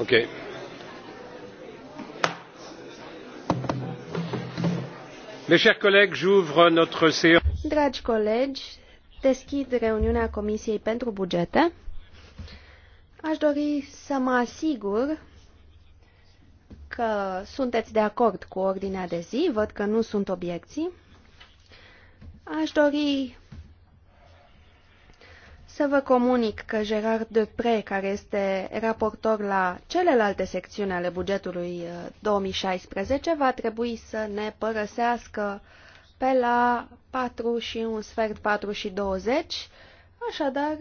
Okay. Mes chers collègues, j'ouvre notre séance. Dragi colegi, deschid reuniunea Comisiei pentru Bugete. Aș dori să mă asigur că sunteți de acord cu ordinea de zi, văd că nu sunt obiecții. Aș dori să vă comunic că Gerard Depre, care este raportor la celelalte secțiuni ale bugetului 2016, uh, va trebui să ne părăsească pe la 4 și un sfert, 4 și 20. Așadar,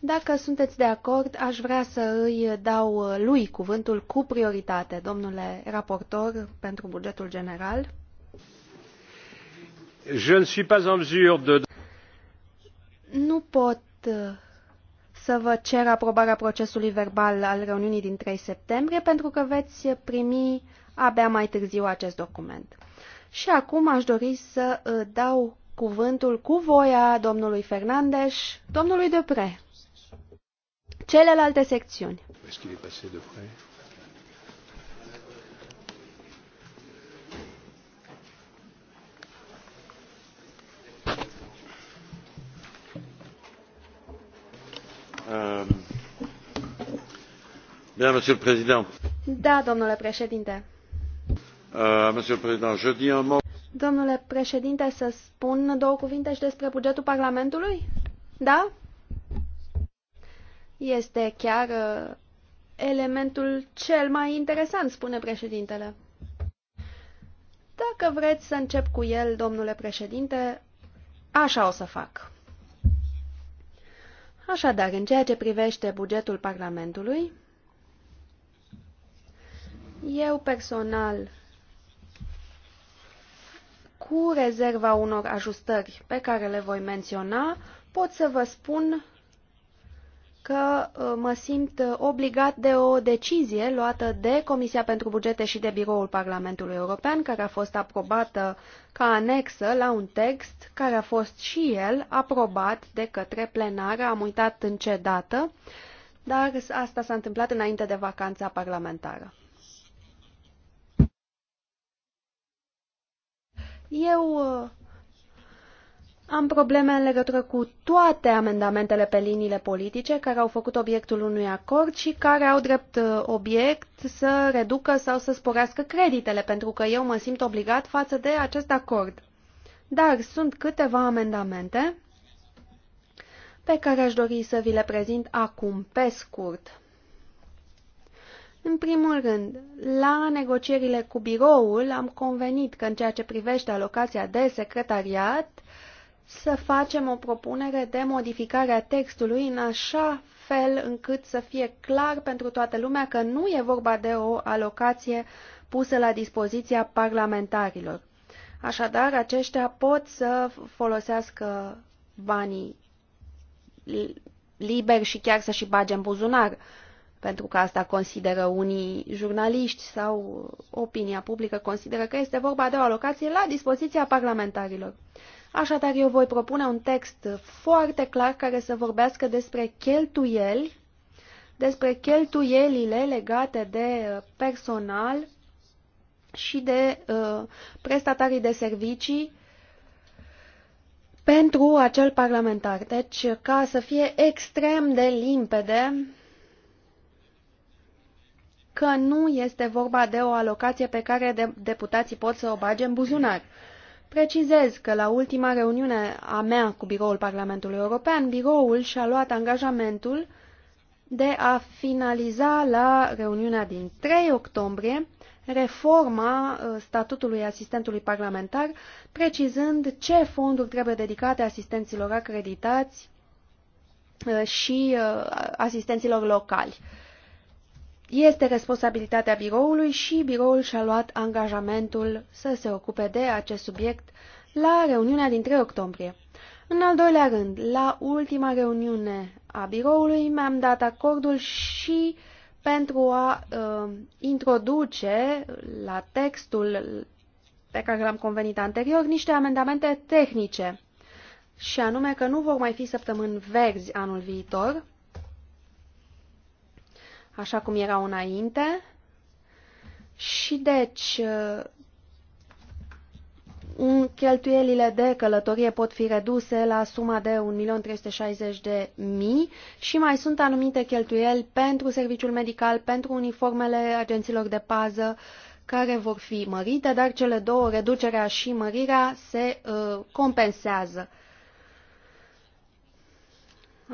dacă sunteți de acord, aș vrea să îi dau uh, lui cuvântul cu prioritate, domnule raportor pentru bugetul general. Je ne suis pas en mesure de nu pot uh, să vă cer aprobarea procesului verbal al reuniunii din 3 septembrie, pentru că veți primi abia mai târziu acest document. Și acum aș dori să uh, dau cuvântul cu voia domnului Fernandes, domnului Depre. Celelalte secțiuni. Est-ce qu'il est passé de près Euh, da, domnule președinte. Euh, domnule președinte, să spun două cuvinte și despre bugetul Parlamentului? Da? Este chiar uh, elementul cel mai interesant, spune președintele. Dacă vreți să încep cu el, domnule președinte, așa o să fac. Așadar, în ceea ce privește bugetul Parlamentului, eu personal, cu rezerva unor ajustări pe care le voi menționa, pot să vă spun că uh, mă simt uh, obligat de o decizie luată de Comisia pentru Bugete și de Biroul Parlamentului European, care a fost aprobată ca anexă la un text care a fost și el aprobat de către plenară, am uitat în ce dată, dar asta s-a întâmplat înainte de vacanța parlamentară. Eu uh, am probleme în legătură cu toate amendamentele pe liniile politice care au făcut obiectul unui acord și care au drept uh, obiect să reducă sau să sporească creditele, pentru că eu mă simt obligat față de acest acord. Dar sunt câteva amendamente pe care aș dori să vi le prezint acum, pe scurt. În primul rând, la negocierile cu biroul am convenit că în ceea ce privește alocația de secretariat, să facem o propunere de modificare a textului în așa fel încât să fie clar pentru toată lumea că nu e vorba de o alocație pusă la dispoziția parlamentarilor. Așadar, aceștia pot să folosească banii liberi și chiar să și bage în buzunar, pentru că asta consideră unii jurnaliști sau opinia publică consideră că este vorba de o alocație la dispoziția parlamentarilor. Așadar, eu voi propune un text foarte clar care să vorbească despre cheltuieli, despre cheltuielile legate de uh, personal și de uh, prestatarii de servicii pentru acel parlamentar. Deci, ca să fie extrem de limpede că nu este vorba de o alocație pe care de deputații pot să o bage în buzunar. Uh, Precizez că la ultima reuniune a mea cu biroul Parlamentului European, biroul și-a luat angajamentul de a finaliza la reuniunea din 3 octombrie reforma uh, statutului asistentului parlamentar, precizând ce fonduri trebuie dedicate asistenților acreditați uh, și uh, asistenților locali. Este responsabilitatea biroului și biroul și-a luat angajamentul să se ocupe de acest subiect la reuniunea din 3 octombrie. În al doilea rând, la ultima reuniune a biroului mi-am dat acordul și pentru a uh, introduce la textul pe care l-am convenit anterior niște amendamente tehnice, și anume că nu vor mai fi săptămâni verzi anul viitor, așa cum erau înainte. Și deci, un, cheltuielile de călătorie pot fi reduse la suma de 1.360.000 și mai sunt anumite cheltuieli pentru serviciul medical, pentru uniformele agenților de pază, care vor fi mărite, dar cele două, reducerea și mărirea, se uh, compensează.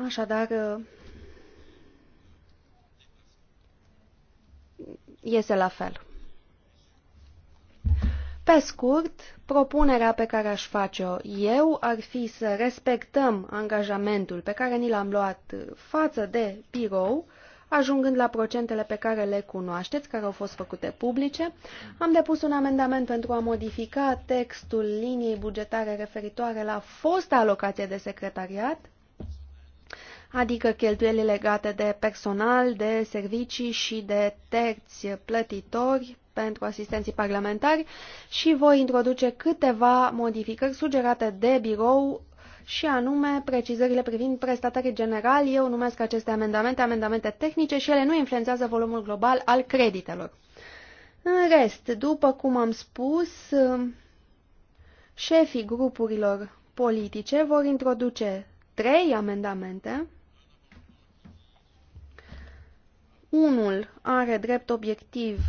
Așadar, uh, iese la fel. Pe scurt, propunerea pe care aș face-o eu ar fi să respectăm angajamentul pe care ni l-am luat față de birou, ajungând la procentele pe care le cunoașteți, care au fost făcute publice. Am depus un amendament pentru a modifica textul liniei bugetare referitoare la fosta alocație de secretariat, adică cheltuieli legate de personal, de servicii și de terți plătitori pentru asistenții parlamentari și voi introduce câteva modificări sugerate de birou și anume precizările privind prestatării generali. Eu numesc aceste amendamente amendamente tehnice și ele nu influențează volumul global al creditelor. În rest, după cum am spus, șefii grupurilor politice vor introduce trei amendamente Unul are drept obiectiv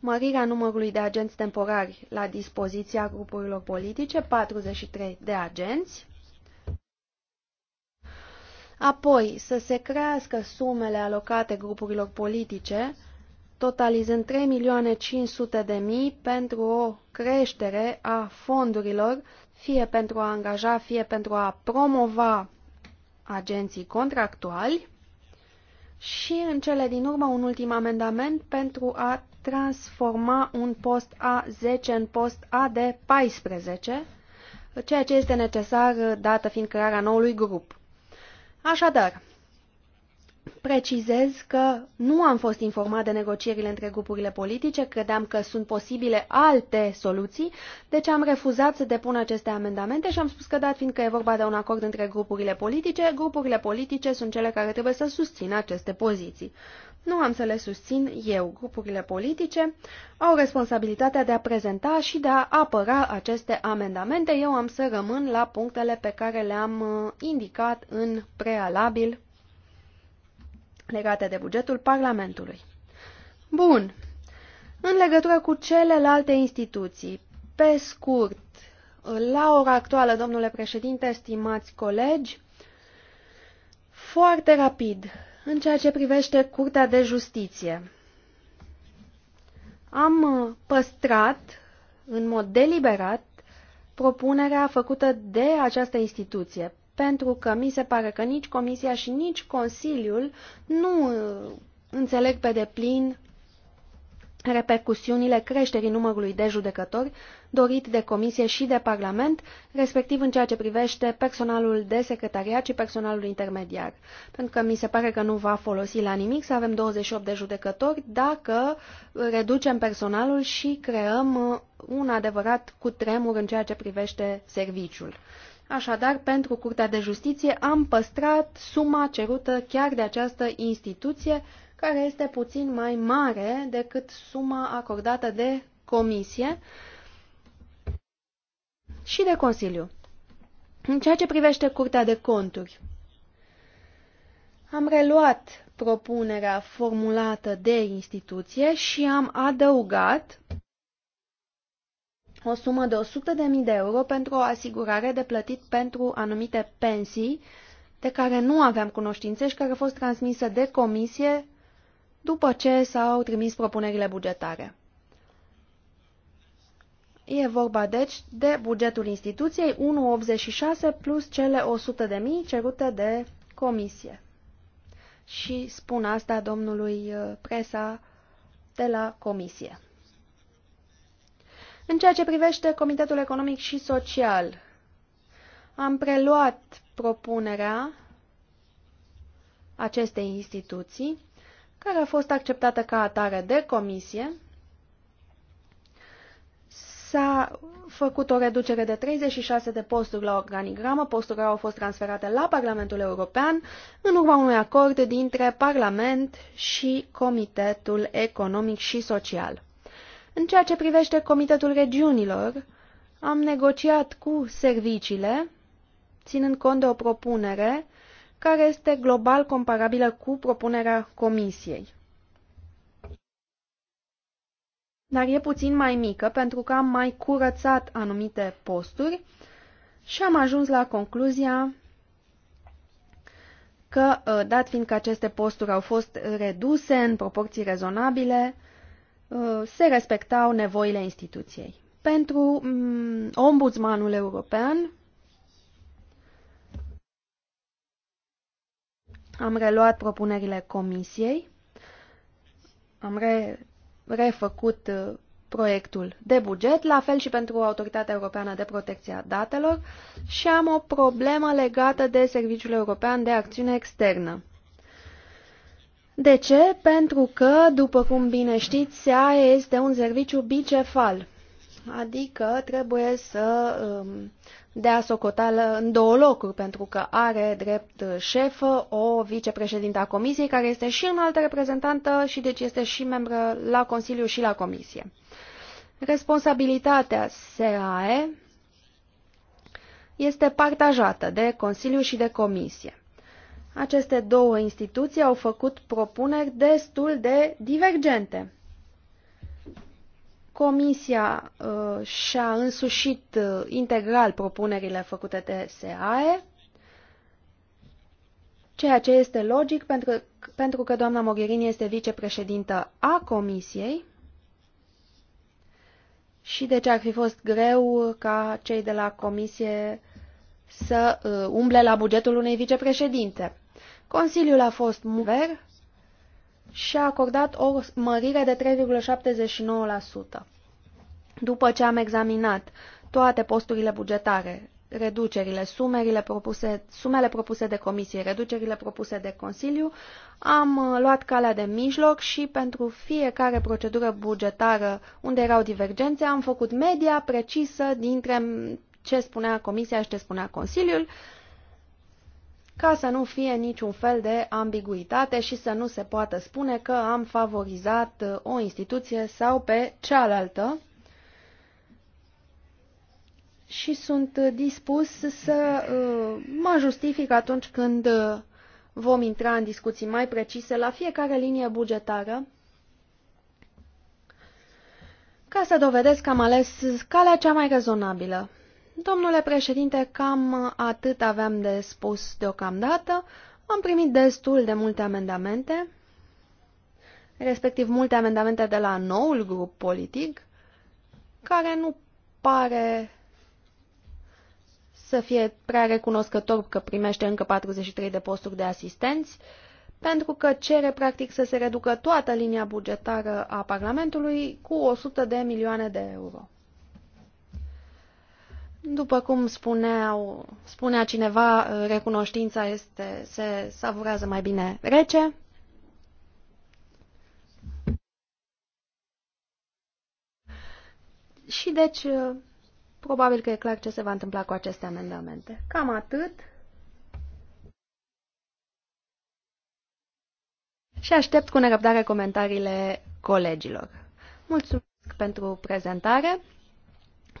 mărirea numărului de agenți temporari la dispoziția grupurilor politice, 43 de agenți, apoi să se crească sumele alocate grupurilor politice, totalizând 3.500.000 pentru o creștere a fondurilor, fie pentru a angaja, fie pentru a promova agenții contractuali și, în cele din urmă, un ultim amendament pentru a transforma un post A10 în post AD14, ceea ce este necesar dată fiind crearea noului grup. Așadar, Precizez că nu am fost informat de negocierile între grupurile politice, credeam că sunt posibile alte soluții, deci am refuzat să depun aceste amendamente și am spus că, dat fiindcă e vorba de un acord între grupurile politice, grupurile politice sunt cele care trebuie să susțină aceste poziții. Nu am să le susțin eu. Grupurile politice au responsabilitatea de a prezenta și de a apăra aceste amendamente. Eu am să rămân la punctele pe care le-am uh, indicat în prealabil legate de bugetul Parlamentului. Bun. În legătură cu celelalte instituții, pe scurt, la ora actuală, domnule președinte, stimați colegi, foarte rapid, în ceea ce privește Curtea de Justiție, am uh, păstrat în mod deliberat propunerea făcută de această instituție pentru că mi se pare că nici Comisia și nici Consiliul nu uh, înțeleg pe deplin repercusiunile creșterii numărului de judecători dorit de Comisie și de Parlament, respectiv în ceea ce privește personalul de secretariat și personalul intermediar. Pentru că mi se pare că nu va folosi la nimic să avem 28 de judecători dacă reducem personalul și creăm uh, un adevărat cutremur în ceea ce privește serviciul. Așadar, pentru Curtea de Justiție am păstrat suma cerută chiar de această instituție, care este puțin mai mare decât suma acordată de Comisie și de Consiliu. În ceea ce privește Curtea de Conturi, am reluat propunerea formulată de instituție și am adăugat o sumă de 100.000 de euro pentru o asigurare de plătit pentru anumite pensii de care nu aveam cunoștințe și care a fost transmisă de comisie după ce s-au trimis propunerile bugetare. E vorba, deci, de bugetul instituției 1,86 plus cele 100.000 cerute de comisie. Și spun asta domnului uh, Presa de la comisie. În ceea ce privește Comitetul Economic și Social, am preluat propunerea acestei instituții, care a fost acceptată ca atare de comisie. S-a făcut o reducere de 36 de posturi la organigramă, posturile au fost transferate la Parlamentul European în urma unui acord dintre Parlament și Comitetul Economic și Social. În ceea ce privește Comitetul Regiunilor, am negociat cu serviciile, ținând cont de o propunere care este global comparabilă cu propunerea Comisiei. Dar e puțin mai mică pentru că am mai curățat anumite posturi și am ajuns la concluzia că, uh, dat fiindcă aceste posturi au fost reduse în proporții rezonabile, Uh, se respectau nevoile instituției. Pentru mm, ombudsmanul european am reluat propunerile comisiei, am re refăcut uh, proiectul de buget, la fel și pentru Autoritatea Europeană de Protecție a Datelor și am o problemă legată de Serviciul European de Acțiune Externă. De ce? Pentru că, după cum bine știți, SEAE este un serviciu bicefal, adică trebuie să um, dea socoteală în două locuri, pentru că are drept șefă o vicepreședintă a Comisiei, care este și înaltă reprezentantă și deci este și membră la Consiliu și la Comisie. Responsabilitatea SEAE este partajată de Consiliu și de Comisie. Aceste două instituții au făcut propuneri destul de divergente. Comisia uh, și-a însușit uh, integral propunerile făcute de SAE, ceea ce este logic pentru, pentru că doamna Mogherini este vicepreședintă a Comisiei și deci ar fi fost greu ca cei de la Comisie să uh, umble la bugetul unei vicepreședinte. Consiliul a fost mover și a acordat o mărire de 3,79%. După ce am examinat toate posturile bugetare, reducerile, sumerile propuse, sumele propuse de comisie, reducerile propuse de Consiliu, am luat calea de mijloc și pentru fiecare procedură bugetară unde erau divergențe am făcut media precisă dintre ce spunea Comisia și ce spunea Consiliul ca să nu fie niciun fel de ambiguitate și să nu se poată spune că am favorizat uh, o instituție sau pe cealaltă. Și sunt uh, dispus să uh, mă justific atunci când vom intra în discuții mai precise la fiecare linie bugetară ca să dovedesc că am ales calea cea mai rezonabilă. Domnule președinte, cam atât aveam de spus deocamdată. Am primit destul de multe amendamente, respectiv multe amendamente de la noul grup politic, care nu pare să fie prea recunoscător că primește încă 43 de posturi de asistenți, pentru că cere practic să se reducă toată linia bugetară a Parlamentului cu 100 de milioane de euro. După cum spuneau, spunea cineva, recunoștința este, se savurează mai bine rece. Și deci, probabil că e clar ce se va întâmpla cu aceste amendamente. Cam atât. Și aștept cu nerăbdare comentariile colegilor. Mulțumesc pentru prezentare.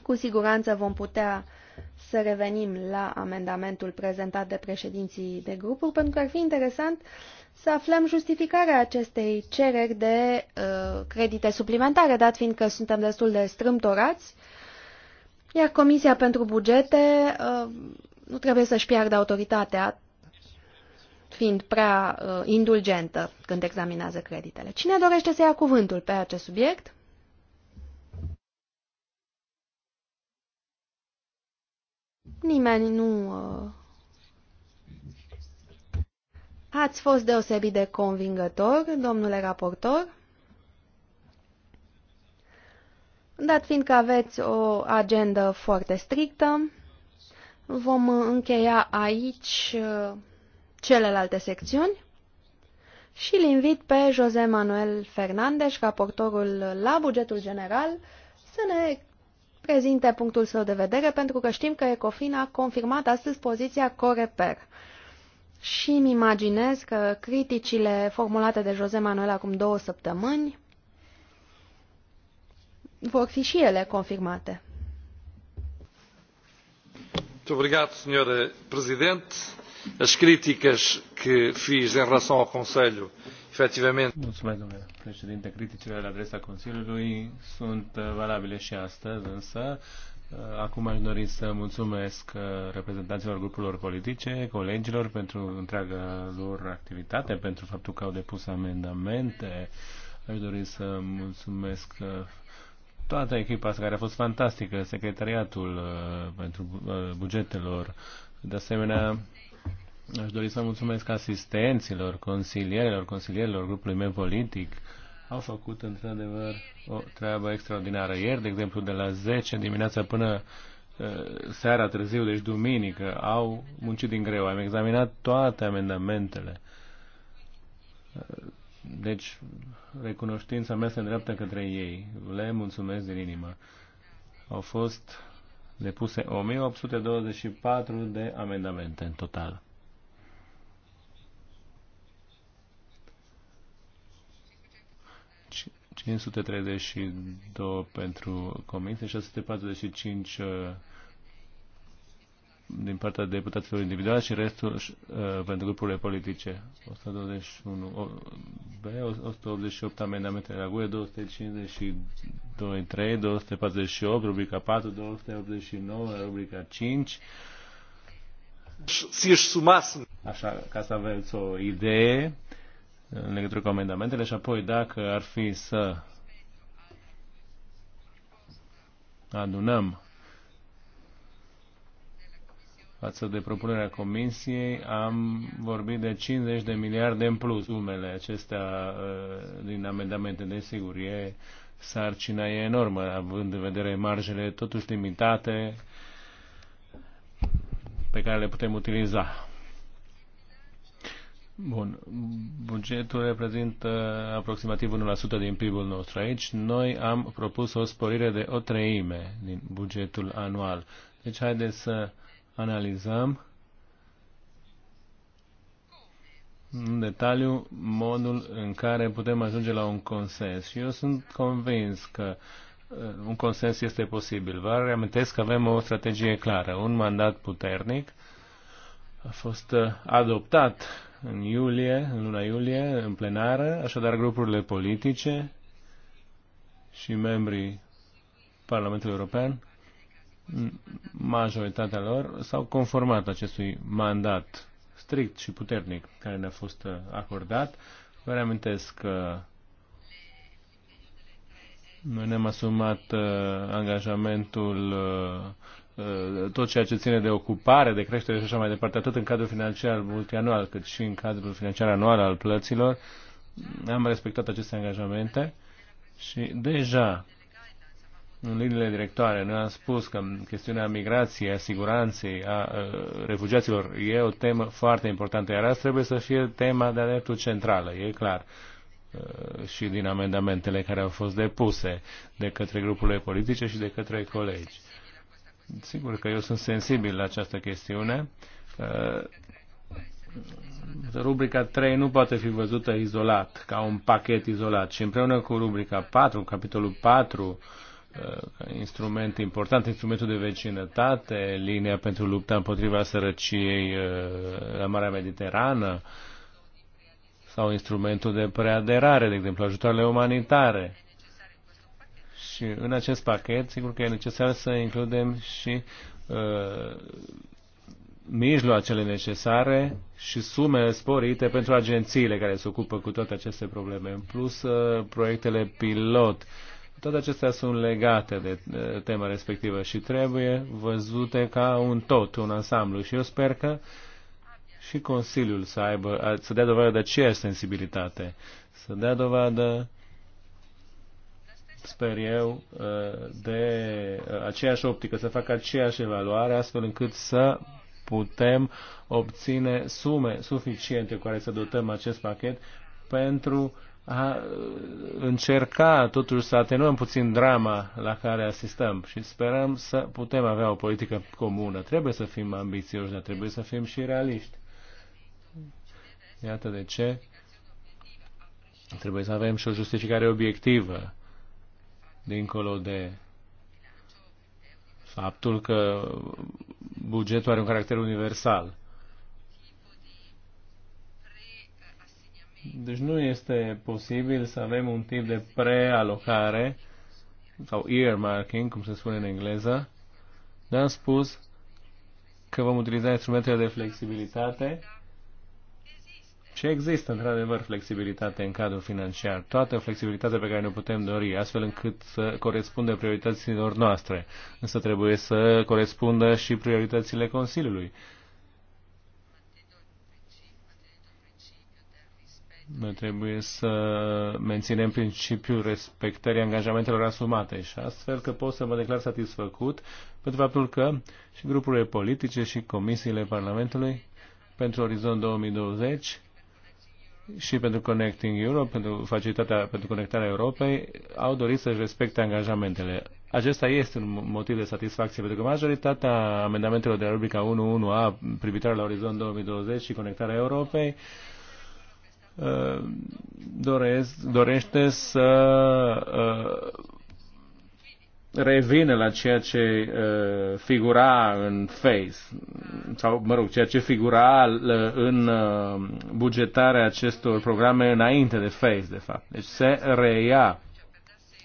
Cu siguranță vom putea să revenim la amendamentul prezentat de președinții de grupuri, pentru că ar fi interesant să aflăm justificarea acestei cereri de uh, credite suplimentare, dat fiindcă suntem destul de strâmtorați, iar Comisia pentru Bugete uh, nu trebuie să-și piardă autoritatea, fiind prea uh, indulgentă când examinează creditele. Cine dorește să ia cuvântul pe acest subiect? Nimeni nu... Uh... Ați fost deosebit de convingător, domnule raportor. Dat fiindcă aveți o agendă foarte strictă, vom încheia aici uh, celelalte secțiuni și îl invit pe José Manuel Fernandez, raportorul la bugetul general, să ne prezinte punctul său de vedere, pentru că știm că Ecofin a confirmat astăzi poziția Coreper. Și îmi imaginez că criticile formulate de Jose Manuel acum două săptămâni vor fi și ele confirmate. Obrigado, Sr. Eh, presidente. As críticas que fiz em relação ao Conselho Efectivamente. Mulțumesc, domnule președinte. Criticile la adresa Consiliului sunt uh, valabile și astăzi, însă uh, Acum aș dori să mulțumesc uh, reprezentanților grupurilor politice, colegilor pentru întreaga lor activitate, pentru faptul că au depus amendamente. Aș dori să mulțumesc toată echipa asta care a fost fantastică, secretariatul pentru bugetelor, de asemenea Aș dori să mulțumesc asistenților, consilierilor, consilierilor grupului meu politic. Au făcut, într-adevăr, o treabă extraordinară. Ieri, de exemplu, de la 10 dimineața până ă, seara târziu, deci duminică, au muncit din greu. Am examinat toate amendamentele. Deci, recunoștința mea se îndreaptă către ei. Le mulțumesc din inimă. Au fost depuse 1824 de amendamente în total. 532 pentru comisie, 645 uh, din partea deputaților individuali și restul uh, pentru grupurile politice. 121, B, 188 amendamente la GUE, 252, 3, 248, rubrica 4, 289, rubrica 5. Așa, ca să aveți o idee, în legătură cu amendamentele și apoi dacă ar fi să adunăm față de propunerea Comisiei, am vorbit de 50 de miliarde în plus sumele acestea uh, din amendamente. Desigur, e, sarcina e enormă, având în vedere marjele totuși limitate pe care le putem utiliza. Bun. Bugetul reprezintă aproximativ 1% din PIB-ul nostru. Aici noi am propus o sporire de o treime din bugetul anual. Deci haideți să analizăm în detaliu modul în care putem ajunge la un consens. Eu sunt convins că uh, un consens este posibil. Vă reamintesc că avem o strategie clară, un mandat puternic a fost uh, adoptat în iulie, în luna iulie, în plenară, așadar grupurile politice și membrii Parlamentului European, majoritatea lor, s-au conformat acestui mandat strict și puternic care ne-a fost acordat. Vă reamintesc că noi ne-am asumat uh, angajamentul uh, Uh, tot ceea ce ține de ocupare, de creștere și așa mai departe, atât în cadrul financiar multianual, cât și în cadrul financiar anual al plăților, am respectat aceste angajamente și deja în liniile directoare noi am spus că chestiunea migrației, a siguranței, a, a uh, refugiaților e o temă foarte importantă, iar asta trebuie să fie tema de-a centrală, e clar uh, și din amendamentele care au fost depuse de către grupurile politice și de către colegi. Sigur că eu sunt sensibil la această chestiune. Uh, rubrica 3 nu poate fi văzută izolat, ca un pachet izolat. Și împreună cu rubrica 4, capitolul 4, uh, instrument important, instrumentul de vecinătate, linia pentru lupta împotriva sărăciei uh, la Marea Mediterană, sau instrumentul de preaderare, de exemplu, ajutoarele umanitare. Și în acest pachet, sigur că e necesar să includem și uh, mijloacele necesare și sume sporite pentru agențiile care se ocupă cu toate aceste probleme, În plus uh, proiectele pilot. Toate acestea sunt legate de uh, tema respectivă și trebuie văzute ca un tot, un ansamblu. Și eu sper că și Consiliul să aibă, să dea dovadă de aceeași sensibilitate, să dea dovadă sper eu, uh, de uh, aceeași optică, să facă aceeași evaluare, astfel încât să putem obține sume suficiente cu care să dotăm acest pachet pentru a uh, încerca totuși să atenuăm puțin drama la care asistăm și sperăm să putem avea o politică comună. Trebuie să fim ambițioși, dar trebuie să fim și realiști. Iată de ce trebuie să avem și o justificare obiectivă dincolo de faptul că bugetul are un caracter universal. Deci nu este posibil să avem un tip de prealocare sau earmarking, cum se spune în engleză. Ne-am spus că vom utiliza instrumentele de flexibilitate și există, într-adevăr, flexibilitate în cadrul financiar, toată flexibilitatea pe care ne putem dori, astfel încât să corespundă priorităților noastre. Însă trebuie să corespundă și prioritățile Consiliului. Noi trebuie să menținem principiul respectării angajamentelor asumate și astfel că pot să mă declar satisfăcut pentru faptul că și grupurile politice și comisiile Parlamentului pentru Orizont 2020 și pentru Connecting Europe, pentru Facilitatea pentru Conectarea Europei, au dorit să-și respecte angajamentele. Acesta este un motiv de satisfacție, pentru că majoritatea amendamentelor de la rubrica 1.1a privitoare la Orizont 2020 și Conectarea Europei uh, doresc, dorește să uh, revine la ceea ce uh, figura în face, sau, mă rog, ceea ce figura uh, în uh, bugetarea acestor programe înainte de face, de fapt. Deci se reia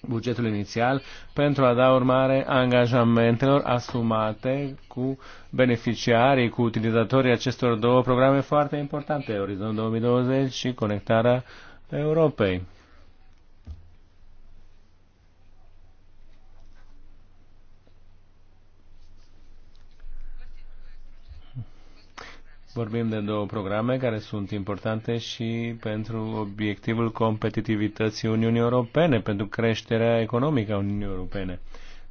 bugetul inițial pentru a da urmare angajamentelor asumate cu beneficiarii, cu utilizatorii acestor două programe foarte importante, Orizont 2020 și Conectarea Europei. Vorbim de două programe care sunt importante și pentru obiectivul competitivității Uniunii Europene, pentru creșterea economică a Uniunii Europene,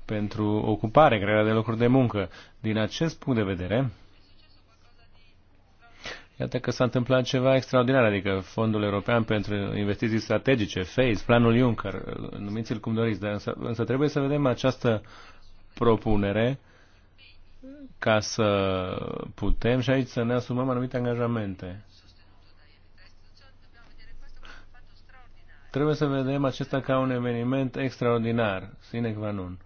pentru ocupare, crearea de locuri de muncă. Din acest punct de vedere, iată că s-a întâmplat ceva extraordinar, adică Fondul European pentru Investiții Strategice, FACE, Planul Juncker, numiți-l cum doriți, dar însă, însă trebuie să vedem această propunere ca să putem și aici să ne asumăm anumite angajamente. Trebuie să vedem acesta ca un eveniment extraordinar, sine qua non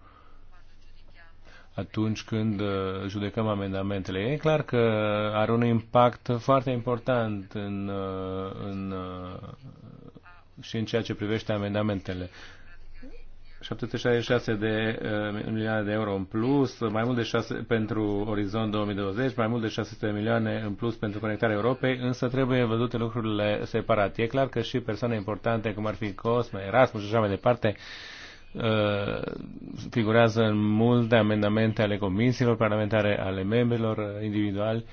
atunci când uh, judecăm amendamentele. E clar că are un impact foarte important în, uh, în, uh, și în ceea ce privește amendamentele. 766 de uh, milioane de euro în plus, mai mult de 6 pentru Orizont 2020, mai mult de 600 de milioane în plus pentru conectarea Europei, însă trebuie văzute lucrurile separat. E clar că și persoane importante, cum ar fi Cosme, Erasmus și așa mai departe, uh, figurează în multe amendamente ale comisiilor parlamentare, ale membrilor eh, individuali,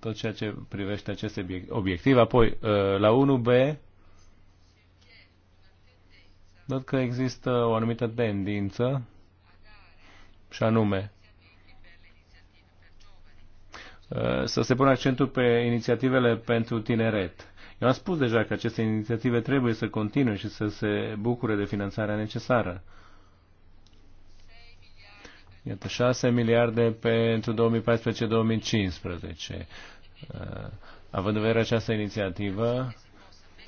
tot ceea ce privește acest obiectiv. Apoi, uh, la 1B, văd că există o anumită tendință și anume uh, să se pună accentul pe inițiativele pentru tineret. Eu am spus deja că aceste inițiative trebuie să continue și să se bucure de finanțarea necesară. Iată, 6 miliarde pentru 2014-2015. Uh, având în vedere această inițiativă,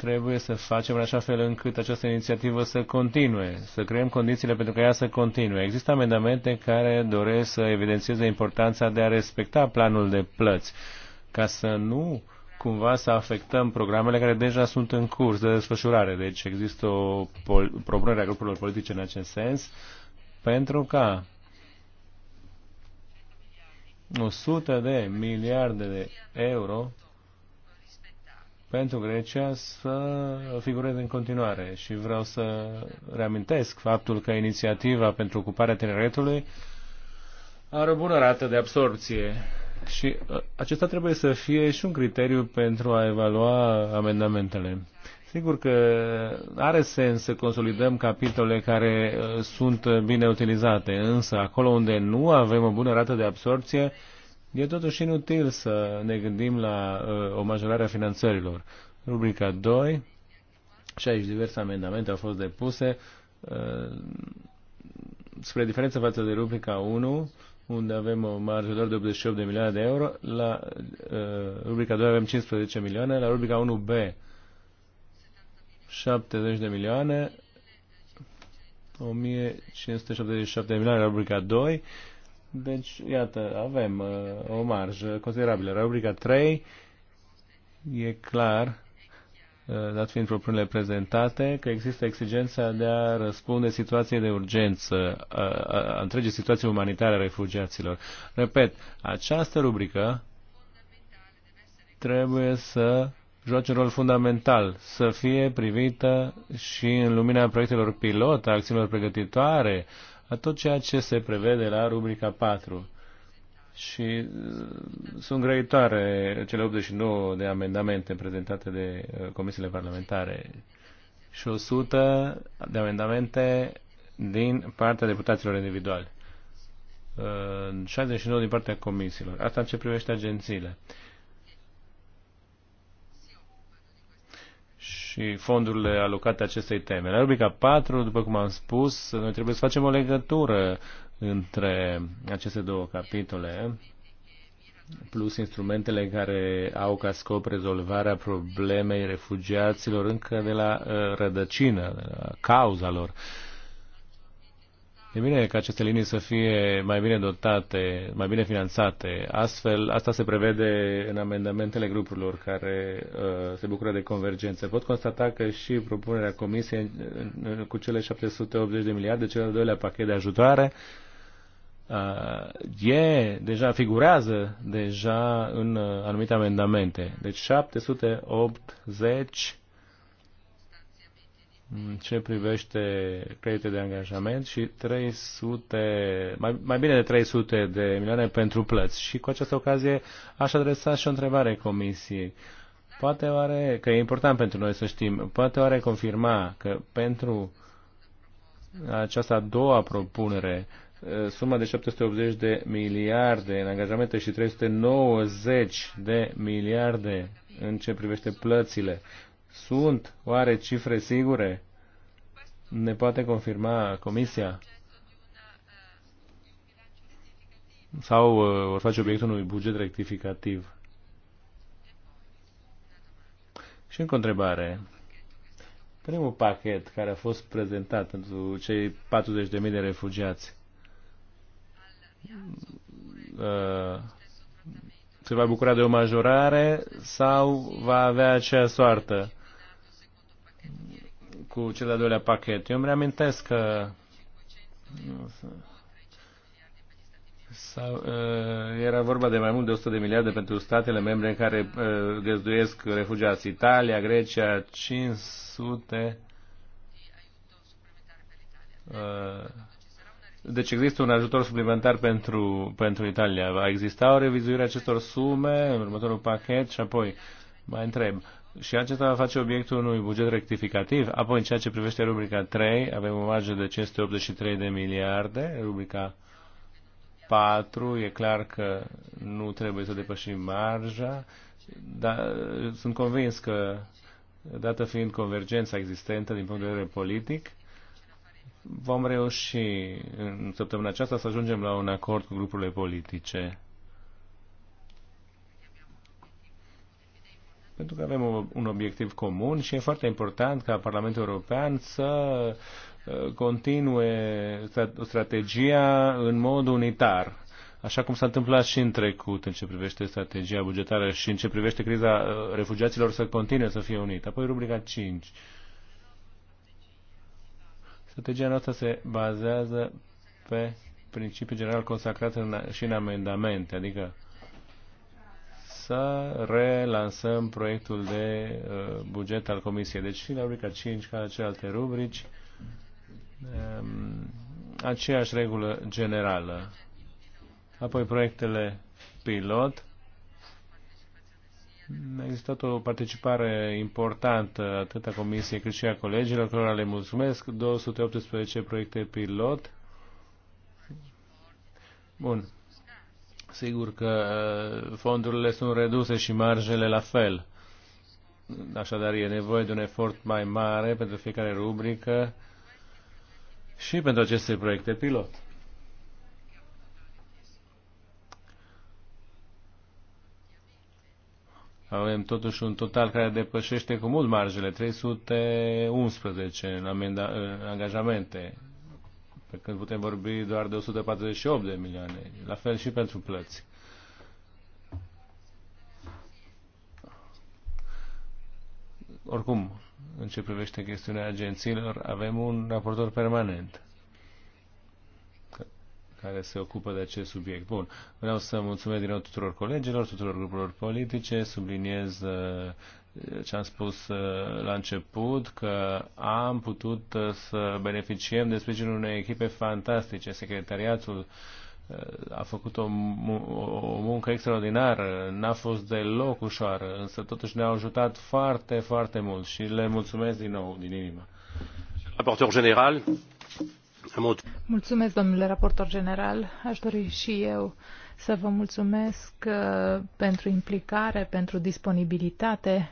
trebuie să facem în așa fel încât această inițiativă să continue, să creăm condițiile pentru ca ea să continue. Există amendamente care doresc să evidențieze importanța de a respecta planul de plăți, ca să nu cumva să afectăm programele care deja sunt în curs de desfășurare. Deci există o propunere a grupurilor politice în acest sens pentru ca 100 de miliarde de euro pentru Grecia să figureze în continuare. Și vreau să reamintesc faptul că inițiativa pentru ocuparea tineretului are o bună rată de absorpție. Și uh, acesta trebuie să fie și un criteriu pentru a evalua amendamentele. Sigur că are sens să consolidăm capitole care uh, sunt uh, bine utilizate, însă acolo unde nu avem o bună rată de absorpție, E totuși inutil să ne gândim la uh, o majorare a finanțărilor. Rubrica 2, și aici diverse amendamente au fost depuse, uh, spre diferență față de rubrica 1, unde avem o marjă doar de 88 de milioane de euro, la uh, rubrica 2 avem 15 milioane, la rubrica 1B 70 de milioane, 1577 de milioane la rubrica 2 deci, iată, avem uh, o marjă considerabilă. Rubrica 3 e clar, uh, dat fiind propunerile prezentate, că există exigența de a răspunde situației de urgență, uh, a, a întregii situații umanitare a refugiaților. Repet, această rubrică trebuie să joace un rol fundamental, să fie privită și în lumina proiectelor pilot, a acțiunilor pregătitoare, uh, la tot ceea ce se prevede la rubrica 4. Și uh, sunt grăitoare cele 89 de amendamente prezentate de uh, comisiile parlamentare și 100 de amendamente din partea deputaților individuali. 69 uh, din partea comisiilor. Asta în ce privește agențiile. și fondurile alocate acestei teme. La rubrica 4, după cum am spus, noi trebuie să facem o legătură între aceste două capitole, plus instrumentele care au ca scop rezolvarea problemei refugiaților încă de la uh, rădăcină, de la cauza lor. E bine ca aceste linii să fie mai bine dotate, mai bine finanțate. Astfel, asta se prevede în amendamentele grupurilor care uh, se bucură de convergență. Pot constata că și propunerea Comisiei uh, cu cele 780 de miliarde, cel al doilea pachet de ajutoare, uh, e deja, figurează deja în uh, anumite amendamente. Deci 780 ce privește credite de angajament și 300, mai, mai bine de 300 de milioane pentru plăți. Și cu această ocazie aș adresa și o întrebare Comisiei. Poate oare, că e important pentru noi să știm, poate oare confirma că pentru această a doua propunere, eh, suma de 780 de miliarde în angajamente și 390 de miliarde în ce privește plățile, sunt oare cifre sigure? Ne poate confirma Comisia? Sau uh, vor face obiectul unui buget rectificativ? Și încă o întrebare. Primul pachet care a fost prezentat pentru cei 40.000 de refugiați uh, se va bucura de o majorare sau va avea aceea soartă cu cel de-al doilea pachet. Eu îmi reamintesc că sau, uh, era vorba de mai mult de 100 de miliarde pentru statele membre în care uh, găzduiesc refugiați Italia, Grecia, 500. Uh, deci există un ajutor suplimentar pentru, pentru Italia. Va exista o revizuire a acestor sume în următorul pachet și apoi mai întreb și acesta va face obiectul unui buget rectificativ. Apoi, în ceea ce privește rubrica 3, avem o marjă de 583 de miliarde. Rubrica 4, e clar că nu trebuie să depășim marja, dar sunt convins că, dată fiind convergența existentă din punct de vedere politic, vom reuși în săptămâna aceasta să ajungem la un acord cu grupurile politice. pentru că avem un obiectiv comun și e foarte important ca Parlamentul European să uh, continue strategia în mod unitar, așa cum s-a întâmplat și în trecut în ce privește strategia bugetară și în ce privește criza uh, refugiaților să continue să fie unită. Apoi rubrica 5. Strategia noastră se bazează pe principii general consacrate și în amendamente, adică să relansăm proiectul de uh, buget al Comisiei. Deci și la rubrica 5, ca la celelalte rubrici, um, aceeași regulă generală. Apoi proiectele pilot. A existat o participare importantă atât a Comisiei cât și a colegilor, cărora le mulțumesc. 218 proiecte pilot. Bun. Sigur că uh, fondurile sunt reduse și marjele la fel. Așadar, e nevoie de un efort mai mare pentru fiecare rubrică și pentru aceste proiecte pilot. Avem totuși un total care depășește cu mult marjele, 311 în, amenda, în uh, angajamente pe când putem vorbi doar de 148 de milioane, la fel și pentru plăți. Oricum, în ce privește chestiunea agențiilor, avem un raportor permanent care se ocupă de acest subiect. Bun, vreau să mulțumesc din nou tuturor colegilor, tuturor grupurilor politice, subliniez uh, ce am spus uh, la început, că am putut uh, să beneficiem de sprijinul unei echipe fantastice. Secretariatul uh, a făcut o, o muncă extraordinară, n-a fost deloc ușoară, însă totuși ne a ajutat foarte, foarte mult și le mulțumesc din nou, din inimă. Raportor general. Mulțumesc, domnule raportor general. Aș dori și eu să vă mulțumesc pentru implicare, pentru disponibilitate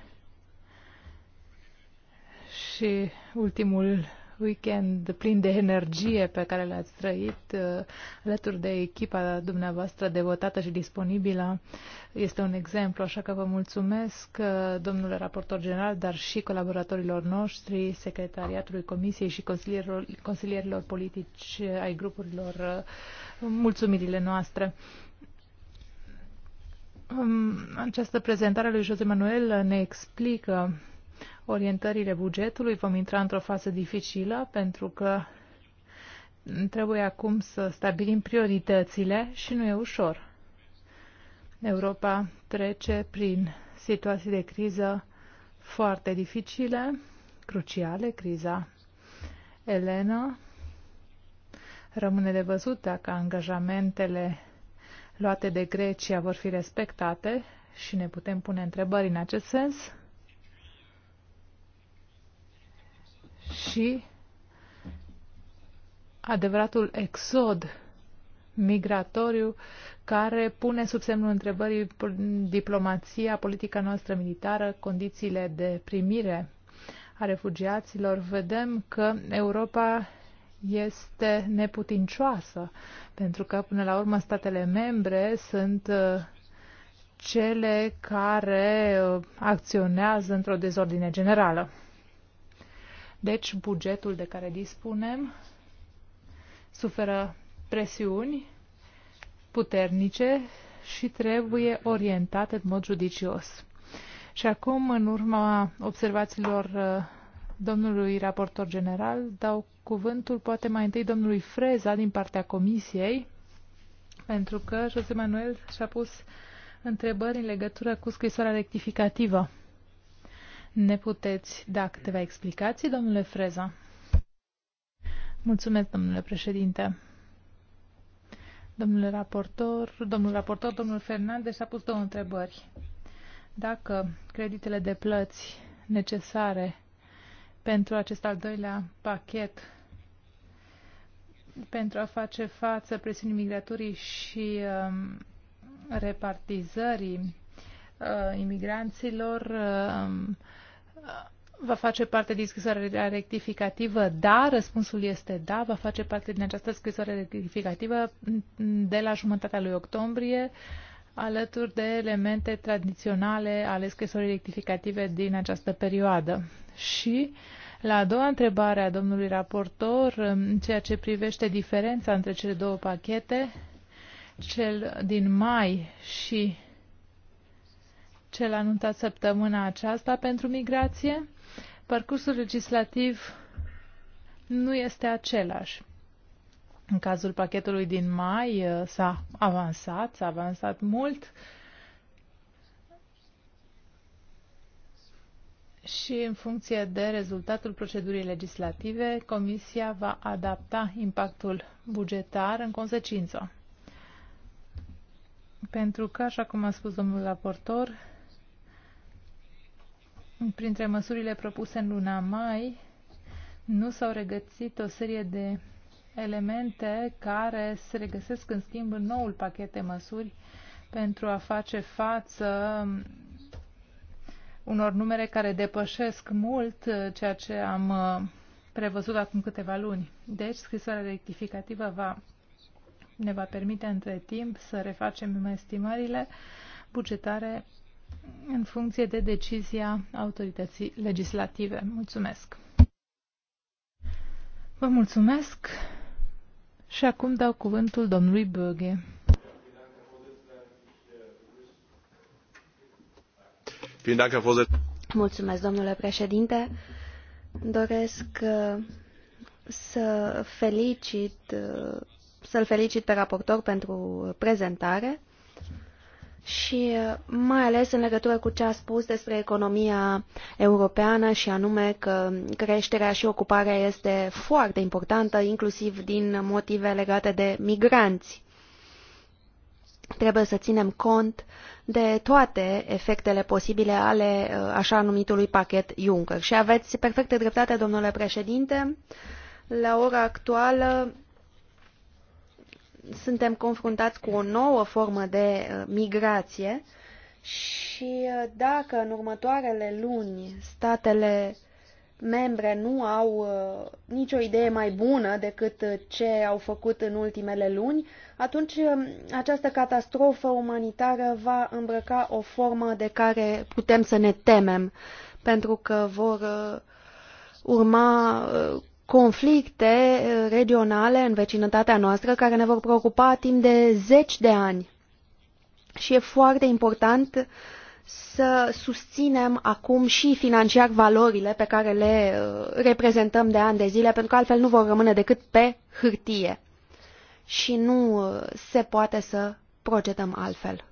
și ultimul weekend plin de energie pe care l-ați trăit uh, alături de echipa dumneavoastră devotată și disponibilă este un exemplu, așa că vă mulțumesc uh, domnule raportor general, dar și colaboratorilor noștri, secretariatului comisiei și consilierilor, consilierilor politici ai grupurilor uh, mulțumirile noastre. Um, această prezentare lui José Manuel ne explică orientările bugetului. Vom intra într-o fază dificilă pentru că trebuie acum să stabilim prioritățile și nu e ușor. Europa trece prin situații de criză foarte dificile, cruciale, criza Elena. Rămâne de văzut dacă angajamentele luate de Grecia vor fi respectate și ne putem pune întrebări în acest sens. și adevăratul exod migratoriu care pune sub semnul întrebării diplomația, politica noastră militară, condițiile de primire a refugiaților. Vedem că Europa este neputincioasă, pentru că, până la urmă, statele membre sunt uh, cele care uh, acționează într-o dezordine generală. Deci, bugetul de care dispunem suferă presiuni puternice și trebuie orientat în mod judicios. Și acum, în urma observațiilor uh, domnului raportor general, dau cuvântul poate mai întâi domnului Freza din partea comisiei, pentru că José Manuel și-a pus întrebări în legătură cu scrisoarea rectificativă. Ne puteți da câteva explicații, domnule Freza? Mulțumesc, domnule președinte. Domnule raportor, domnul raportor, domnul Fernandez a pus două întrebări. Dacă creditele de plăți necesare pentru acest al doilea pachet pentru a face față presiunii migratorii și uh, repartizării uh, imigranților uh, va face parte din scrisoarea rectificativă? Da, răspunsul este da, va face parte din această scrisoare rectificativă de la jumătatea lui octombrie, alături de elemente tradiționale ale scrisorii rectificative din această perioadă. Și la a doua întrebare a domnului raportor, în ceea ce privește diferența între cele două pachete, cel din mai și cel anunțat săptămâna aceasta pentru migrație, parcursul legislativ nu este același. În cazul pachetului din mai uh, s-a avansat, s-a avansat mult și în funcție de rezultatul procedurii legislative, Comisia va adapta impactul bugetar în consecință. Pentru că, așa cum a spus domnul raportor, Printre măsurile propuse în luna mai, nu s-au regăsit o serie de elemente care se regăsesc în schimb în noul pachet de măsuri pentru a face față unor numere care depășesc mult uh, ceea ce am uh, prevăzut acum câteva luni. Deci, scrisoarea rectificativă va, ne va permite între timp să refacem estimările bugetare în funcție de decizia autorității legislative. Mulțumesc! Vă mulțumesc și acum dau cuvântul domnului Böge. Mulțumesc, domnule președinte. Doresc uh, să felicit, uh, să-l felicit pe raportor pentru prezentare și uh, mai ales în legătură cu ce a spus despre economia europeană și anume că creșterea și ocuparea este foarte importantă, inclusiv din motive legate de migranți. Trebuie să ținem cont de toate efectele posibile ale uh, așa numitului pachet Juncker. Și aveți perfectă dreptate, domnule președinte. La ora actuală, suntem confruntați cu o nouă formă de uh, migrație și uh, dacă în următoarele luni statele membre nu au uh, nicio idee mai bună decât ce au făcut în ultimele luni, atunci um, această catastrofă umanitară va îmbrăca o formă de care putem să ne temem, pentru că vor urma conflicte eh, regionale în vecinătatea noastră care ne vor preocupa timp de zeci de ani. Și e foarte important să susținem acum și financiar valorile pe care le eh, reprezentăm de ani de zile, pentru că altfel nu vor rămâne decât pe hârtie. Și nu eh, se poate să procedăm altfel.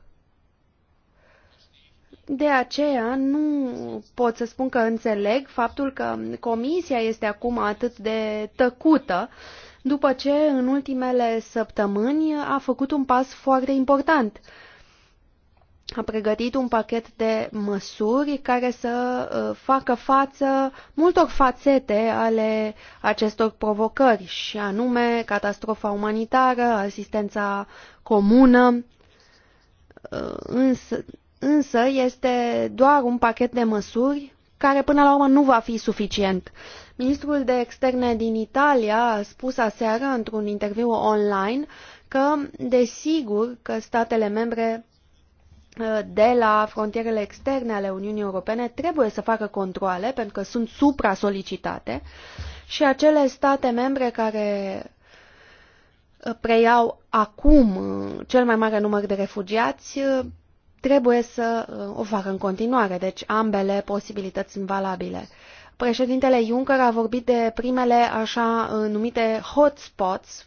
De aceea nu pot să spun că înțeleg faptul că comisia este acum atât de tăcută după ce în ultimele săptămâni a făcut un pas foarte important. A pregătit un pachet de măsuri care să uh, facă față multor fațete ale acestor provocări, și anume catastrofa umanitară, asistența comună, uh, însă însă este doar un pachet de măsuri care până la urmă nu va fi suficient. Ministrul de Externe din Italia a spus aseară într-un interviu online că, desigur, că statele membre ă, de la frontierele externe ale Uniunii Europene trebuie să facă controle pentru că sunt supra-solicitate și acele state membre care ă, preiau acum ă, cel mai mare număr de refugiați trebuie să uh, o facă în continuare, deci ambele posibilități sunt valabile. Președintele Juncker a vorbit de primele așa uh, numite hotspots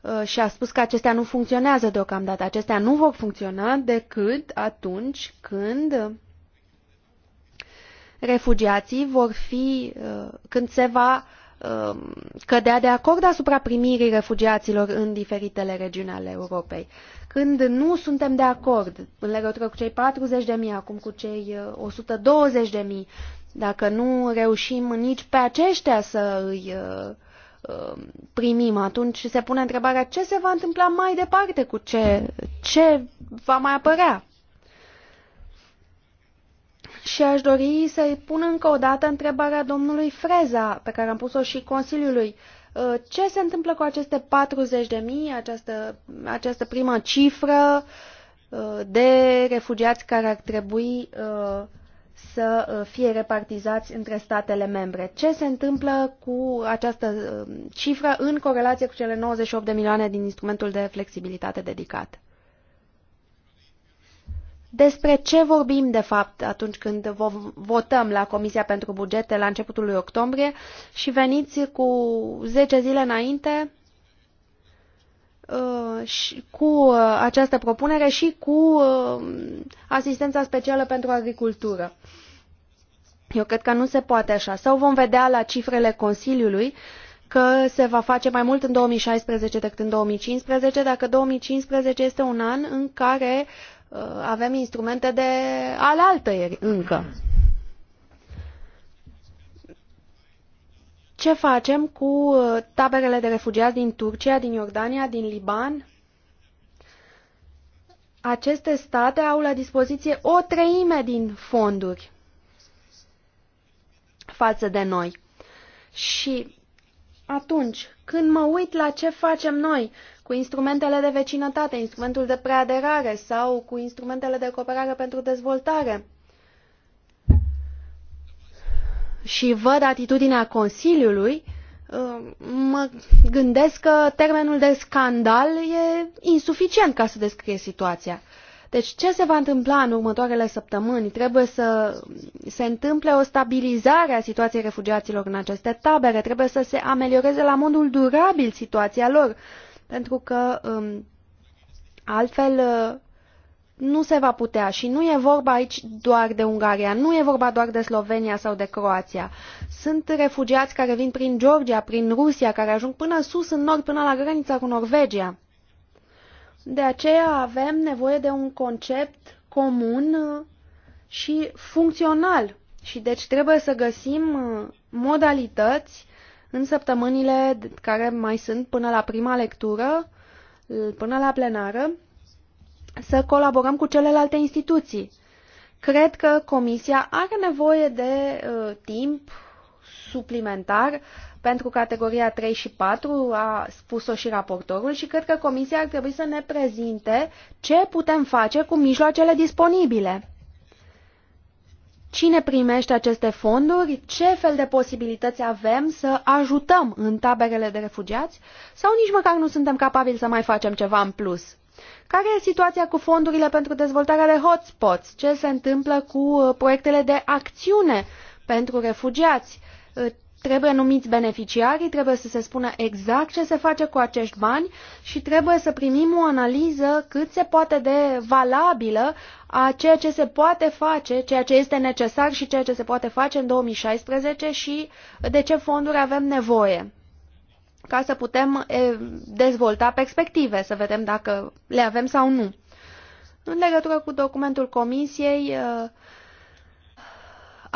uh, și a spus că acestea nu funcționează deocamdată. Acestea nu vor funcționa decât atunci când refugiații vor fi, când se va Um, cădea de acord asupra primirii refugiaților în diferitele regiuni ale Europei. Când nu suntem de acord în legătură cu cei 40.000, acum cu cei 120.000, uh, dacă nu reușim nici pe aceștia să îi uh, um, primim, atunci se pune întrebarea ce se va întâmpla mai departe, cu ce, ce va mai apărea. Și aș dori să-i pun încă o dată întrebarea domnului Freza, pe care am pus-o și Consiliului. Uh, ce se întâmplă cu aceste 40 de mii, această, această primă cifră uh, de refugiați care ar trebui uh, să fie repartizați între statele membre? Ce se întâmplă cu această cifră în corelație cu cele 98 de milioane din instrumentul de flexibilitate dedicat? despre ce vorbim de fapt atunci când votăm la Comisia pentru Bugete la începutul lui octombrie și veniți cu 10 zile înainte uh, cu uh, această propunere și cu uh, asistența specială pentru agricultură. Eu cred că nu se poate așa. Sau vom vedea la cifrele Consiliului că se va face mai mult în 2016 decât în 2015, dacă 2015 este un an în care Uh, avem instrumente de alaltăieri încă. Ce facem cu uh, taberele de refugiați din Turcia, din Iordania, din Liban? Aceste state au la dispoziție o treime din fonduri față de noi. Și atunci, când mă uit la ce facem noi, cu instrumentele de vecinătate, instrumentul de preaderare sau cu instrumentele de cooperare pentru dezvoltare. Și văd atitudinea Consiliului, uh, mă gândesc că termenul de scandal e insuficient ca să descrie situația. Deci ce se va întâmpla în următoarele săptămâni? Trebuie să se întâmple o stabilizare a situației refugiaților în aceste tabere, trebuie să se amelioreze la modul durabil situația lor, pentru că um, altfel uh, nu se va putea și nu e vorba aici doar de Ungaria, nu e vorba doar de Slovenia sau de Croația. Sunt refugiați care vin prin Georgia, prin Rusia, care ajung până sus în nord, până la granița cu Norvegia. De aceea avem nevoie de un concept comun uh, și funcțional. Și deci trebuie să găsim uh, modalități în săptămânile care mai sunt până la prima lectură, până la plenară, să colaborăm cu celelalte instituții. Cred că Comisia are nevoie de uh, timp suplimentar pentru categoria 3 și 4, a spus-o și raportorul, și cred că Comisia ar trebui să ne prezinte ce putem face cu mijloacele disponibile. Cine primește aceste fonduri? Ce fel de posibilități avem să ajutăm în taberele de refugiați? Sau nici măcar nu suntem capabili să mai facem ceva în plus? Care e situația cu fondurile pentru dezvoltarea de hotspots? Ce se întâmplă cu uh, proiectele de acțiune pentru refugiați? Uh, Trebuie numiți beneficiarii, trebuie să se spună exact ce se face cu acești bani și trebuie să primim o analiză cât se poate de valabilă a ceea ce se poate face, ceea ce este necesar și ceea ce se poate face în 2016 și de ce fonduri avem nevoie ca să putem dezvolta perspective, să vedem dacă le avem sau nu. În legătură cu documentul comisiei,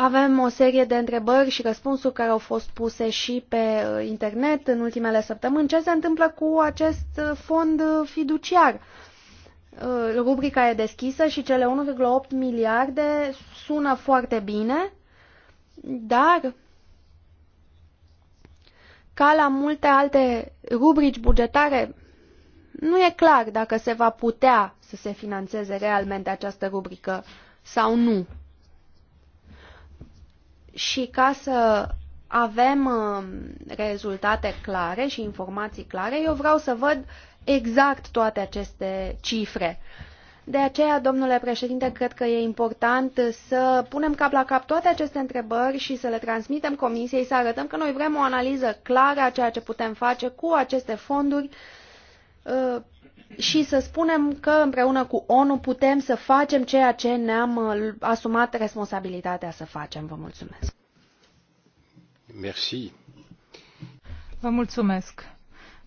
avem o serie de întrebări și răspunsuri care au fost puse și pe uh, internet în ultimele săptămâni. Ce se întâmplă cu acest uh, fond uh, fiduciar? Rubrica e deschisă și cele 1,8 miliarde sună foarte bine, dar ca la multe alte rubrici bugetare, nu e clar dacă se va putea să se financeze realmente această rubrică sau nu. Și ca să avem um, rezultate clare și informații clare, eu vreau să văd exact toate aceste cifre. De aceea, domnule președinte, cred că e important să punem cap la cap toate aceste întrebări și să le transmitem comisiei, să arătăm că noi vrem o analiză clară a ceea ce putem face cu aceste fonduri uh, și să spunem că împreună cu ONU putem să facem ceea ce ne-am uh, asumat responsabilitatea să facem. Vă mulțumesc. Merci. Vă mulțumesc.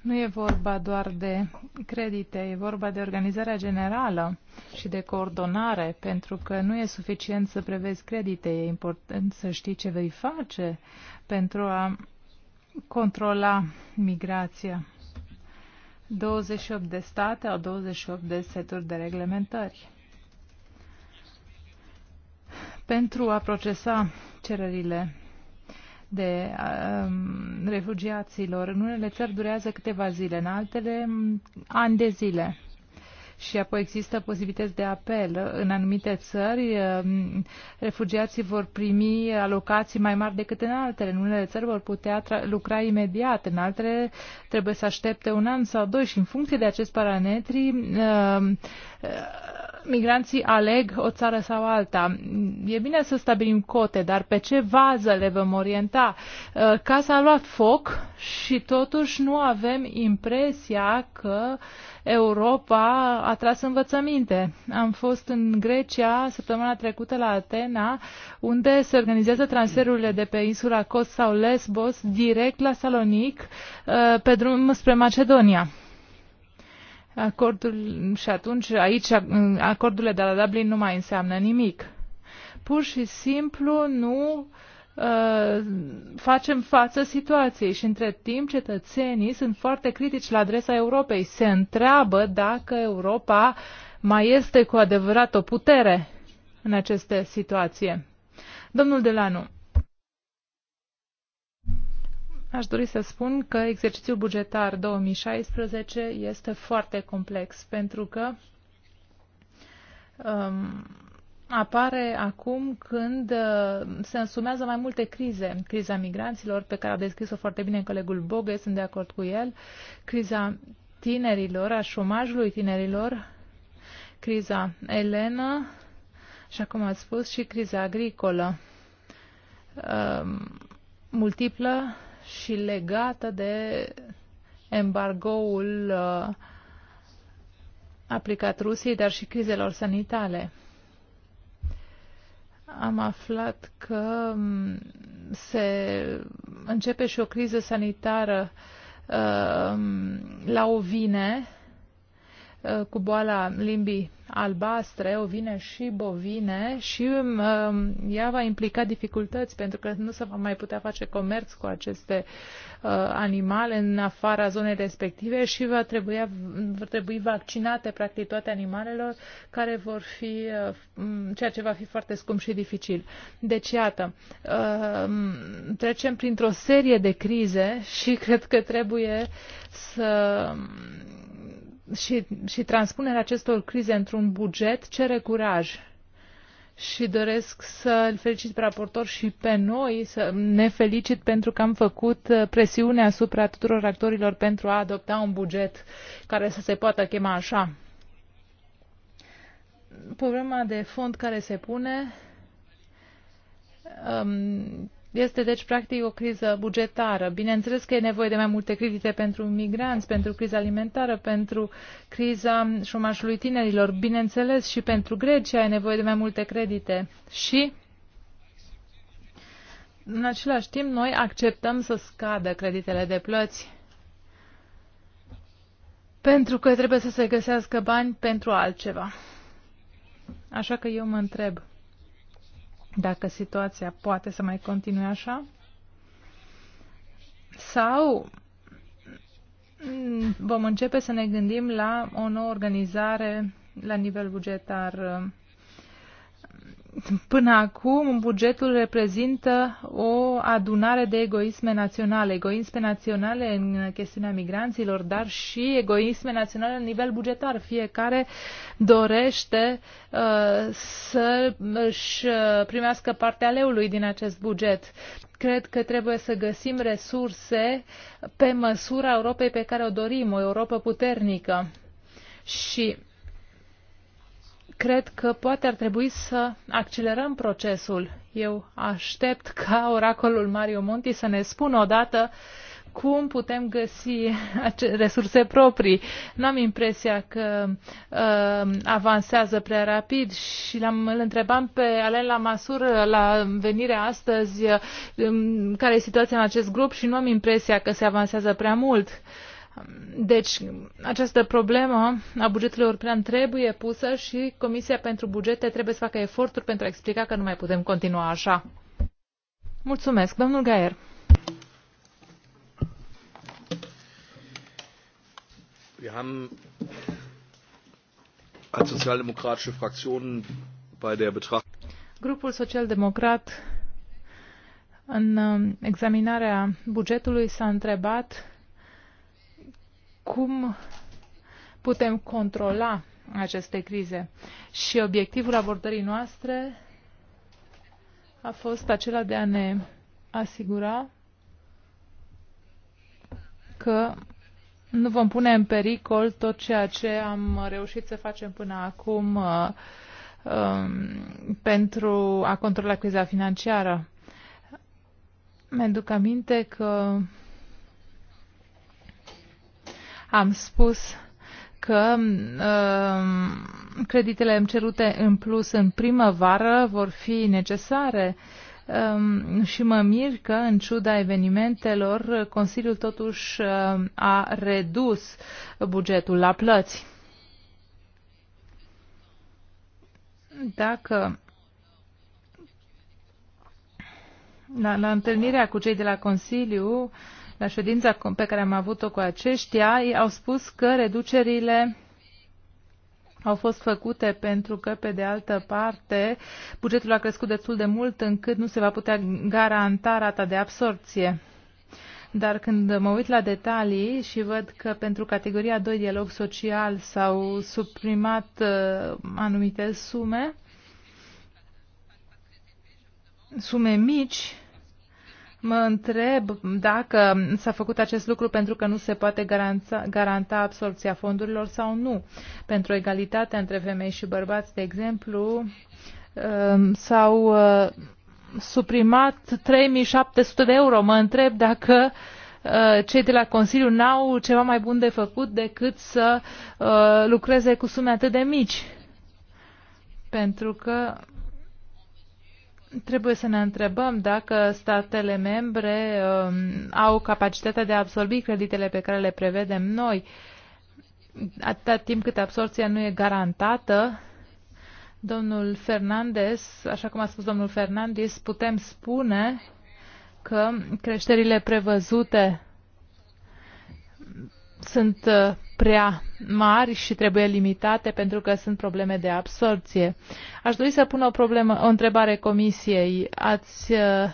Nu e vorba doar de credite, e vorba de organizarea generală și de coordonare, pentru că nu e suficient să prevezi credite, e important să știi ce vei face pentru a controla migrația. 28 de state au 28 de seturi de reglementări. Pentru a procesa cererile de um, refugiaților, în unele țări durează câteva zile, în altele um, ani de zile și apoi există posibilități de apel în anumite țări. Uh, refugiații vor primi alocații mai mari decât în altele. În unele țări vor putea lucra imediat, în altele trebuie să aștepte un an sau doi și în funcție de acest parametri uh, migranții aleg o țară sau alta. E bine să stabilim cote, dar pe ce vază le vom orienta? Uh, casa a luat foc și totuși nu avem impresia că Europa a tras învățăminte. Am fost în Grecia săptămâna trecută la Atena, unde se organizează transferurile de pe insula Kos sau Lesbos direct la Salonic uh, pe drum spre Macedonia. Acordul, și atunci aici acordurile de la Dublin nu mai înseamnă nimic. Pur și simplu nu uh, facem față situației și între timp cetățenii sunt foarte critici la adresa Europei. Se întreabă dacă Europa mai este cu adevărat o putere în aceste situații. Domnul Delanu, Aș dori să spun că exercițiul bugetar 2016 este foarte complex pentru că um, apare acum când uh, se însumează mai multe crize. Criza migranților, pe care a descris-o foarte bine colegul Boghe, sunt de acord cu el, criza tinerilor, a șomajului tinerilor, criza Elena, și, acum ați spus, și criza agricolă uh, multiplă și legată de embargoul uh, aplicat Rusiei, dar și crizelor sanitare. Am aflat că um, se începe și o criză sanitară uh, um, la ovine uh, cu boala limbii albastre, ovine și bovine și uh, ea va implica dificultăți pentru că nu se va mai putea face comerț cu aceste uh, animale în afara zonei respective și va trebui, va trebui vaccinate practic toate animalelor care vor fi, uh, um, ceea ce va fi foarte scump și dificil. Deci, iată, uh, trecem printr-o serie de crize și cred că trebuie să și, și transpunerea acestor crize într-un buget cere curaj. Și doresc să l felicit pe raportor și pe noi, să ne felicit pentru că am făcut uh, presiune asupra tuturor actorilor pentru a adopta un buget care să se poată chema așa. Problema de fond care se pune um, este deci practic o criză bugetară. Bineînțeles că e nevoie de mai multe credite pentru migranți, pentru criza alimentară, pentru criza șomașului tinerilor. Bineînțeles și pentru Grecia e nevoie de mai multe credite. Și în același timp noi acceptăm să scadă creditele de plăți pentru că trebuie să se găsească bani pentru altceva. Așa că eu mă întreb dacă situația poate să mai continue așa sau vom începe să ne gândim la o nouă organizare la nivel bugetar Până acum, bugetul reprezintă o adunare de egoisme naționale. Egoisme naționale în chestiunea migranților, dar și egoisme naționale în nivel bugetar. Fiecare dorește uh, să își uh, primească partea leului din acest buget. Cred că trebuie să găsim resurse pe măsura Europei pe care o dorim, o Europa puternică. Și cred că poate ar trebui să accelerăm procesul. Eu aștept ca oracolul Mario Monti să ne spună odată cum putem găsi resurse proprii. Nu am impresia că uh, avansează prea rapid și l-am, îl întrebam pe Alen la măsură la venirea astăzi uh, care e situația în acest grup și nu am impresia că se avansează prea mult. Uh, deci, această problemă a bugetului european trebuie pusă și Comisia pentru Bugete trebuie să facă eforturi pentru a explica că nu mai putem continua așa. Mulțumesc, domnul Gaer. Wir haben als sozialdemokratische Fraktion bei der Betrachtung Grupul Social-Democrat în um, examinarea bugetului s-a întrebat cum putem controla aceste crize. Și obiectivul abordării noastre a fost acela de a ne asigura că nu vom pune în pericol tot ceea ce am reușit să facem până acum uh, um, pentru a controla criza financiară. Mi-aduc aminte că am spus că uh, creditele cerute în plus în primăvară vor fi necesare uh, și mă mir că, în ciuda evenimentelor, Consiliul totuși uh, a redus bugetul la plăți. Dacă la, la întâlnirea cu cei de la Consiliu uh, la ședința pe care am avut-o cu aceștia, au spus că reducerile au fost făcute pentru că, pe de altă parte, bugetul a crescut destul de mult încât nu se va putea garanta rata de absorție. Dar când mă uit la detalii și văd că pentru categoria 2 dialog social s-au suprimat uh, anumite sume, sume mici, Mă întreb dacă s-a făcut acest lucru pentru că nu se poate garanta, garanta absorpția fondurilor sau nu. Pentru egalitatea între femei și bărbați, de exemplu, um, s-au uh, suprimat 3700 de euro. Mă întreb dacă uh, cei de la Consiliu n-au ceva mai bun de făcut decât să uh, lucreze cu sume atât de mici. Pentru că trebuie să ne întrebăm dacă statele membre um, au capacitatea de a absorbi creditele pe care le prevedem noi. Atâta timp cât absorția nu e garantată, domnul Fernandez, așa cum a spus domnul Fernandez, putem spune că creșterile prevăzute sunt uh, prea mari și trebuie limitate pentru că sunt probleme de absorție. Aș dori să pun o, problemă, o întrebare comisiei. Ați uh,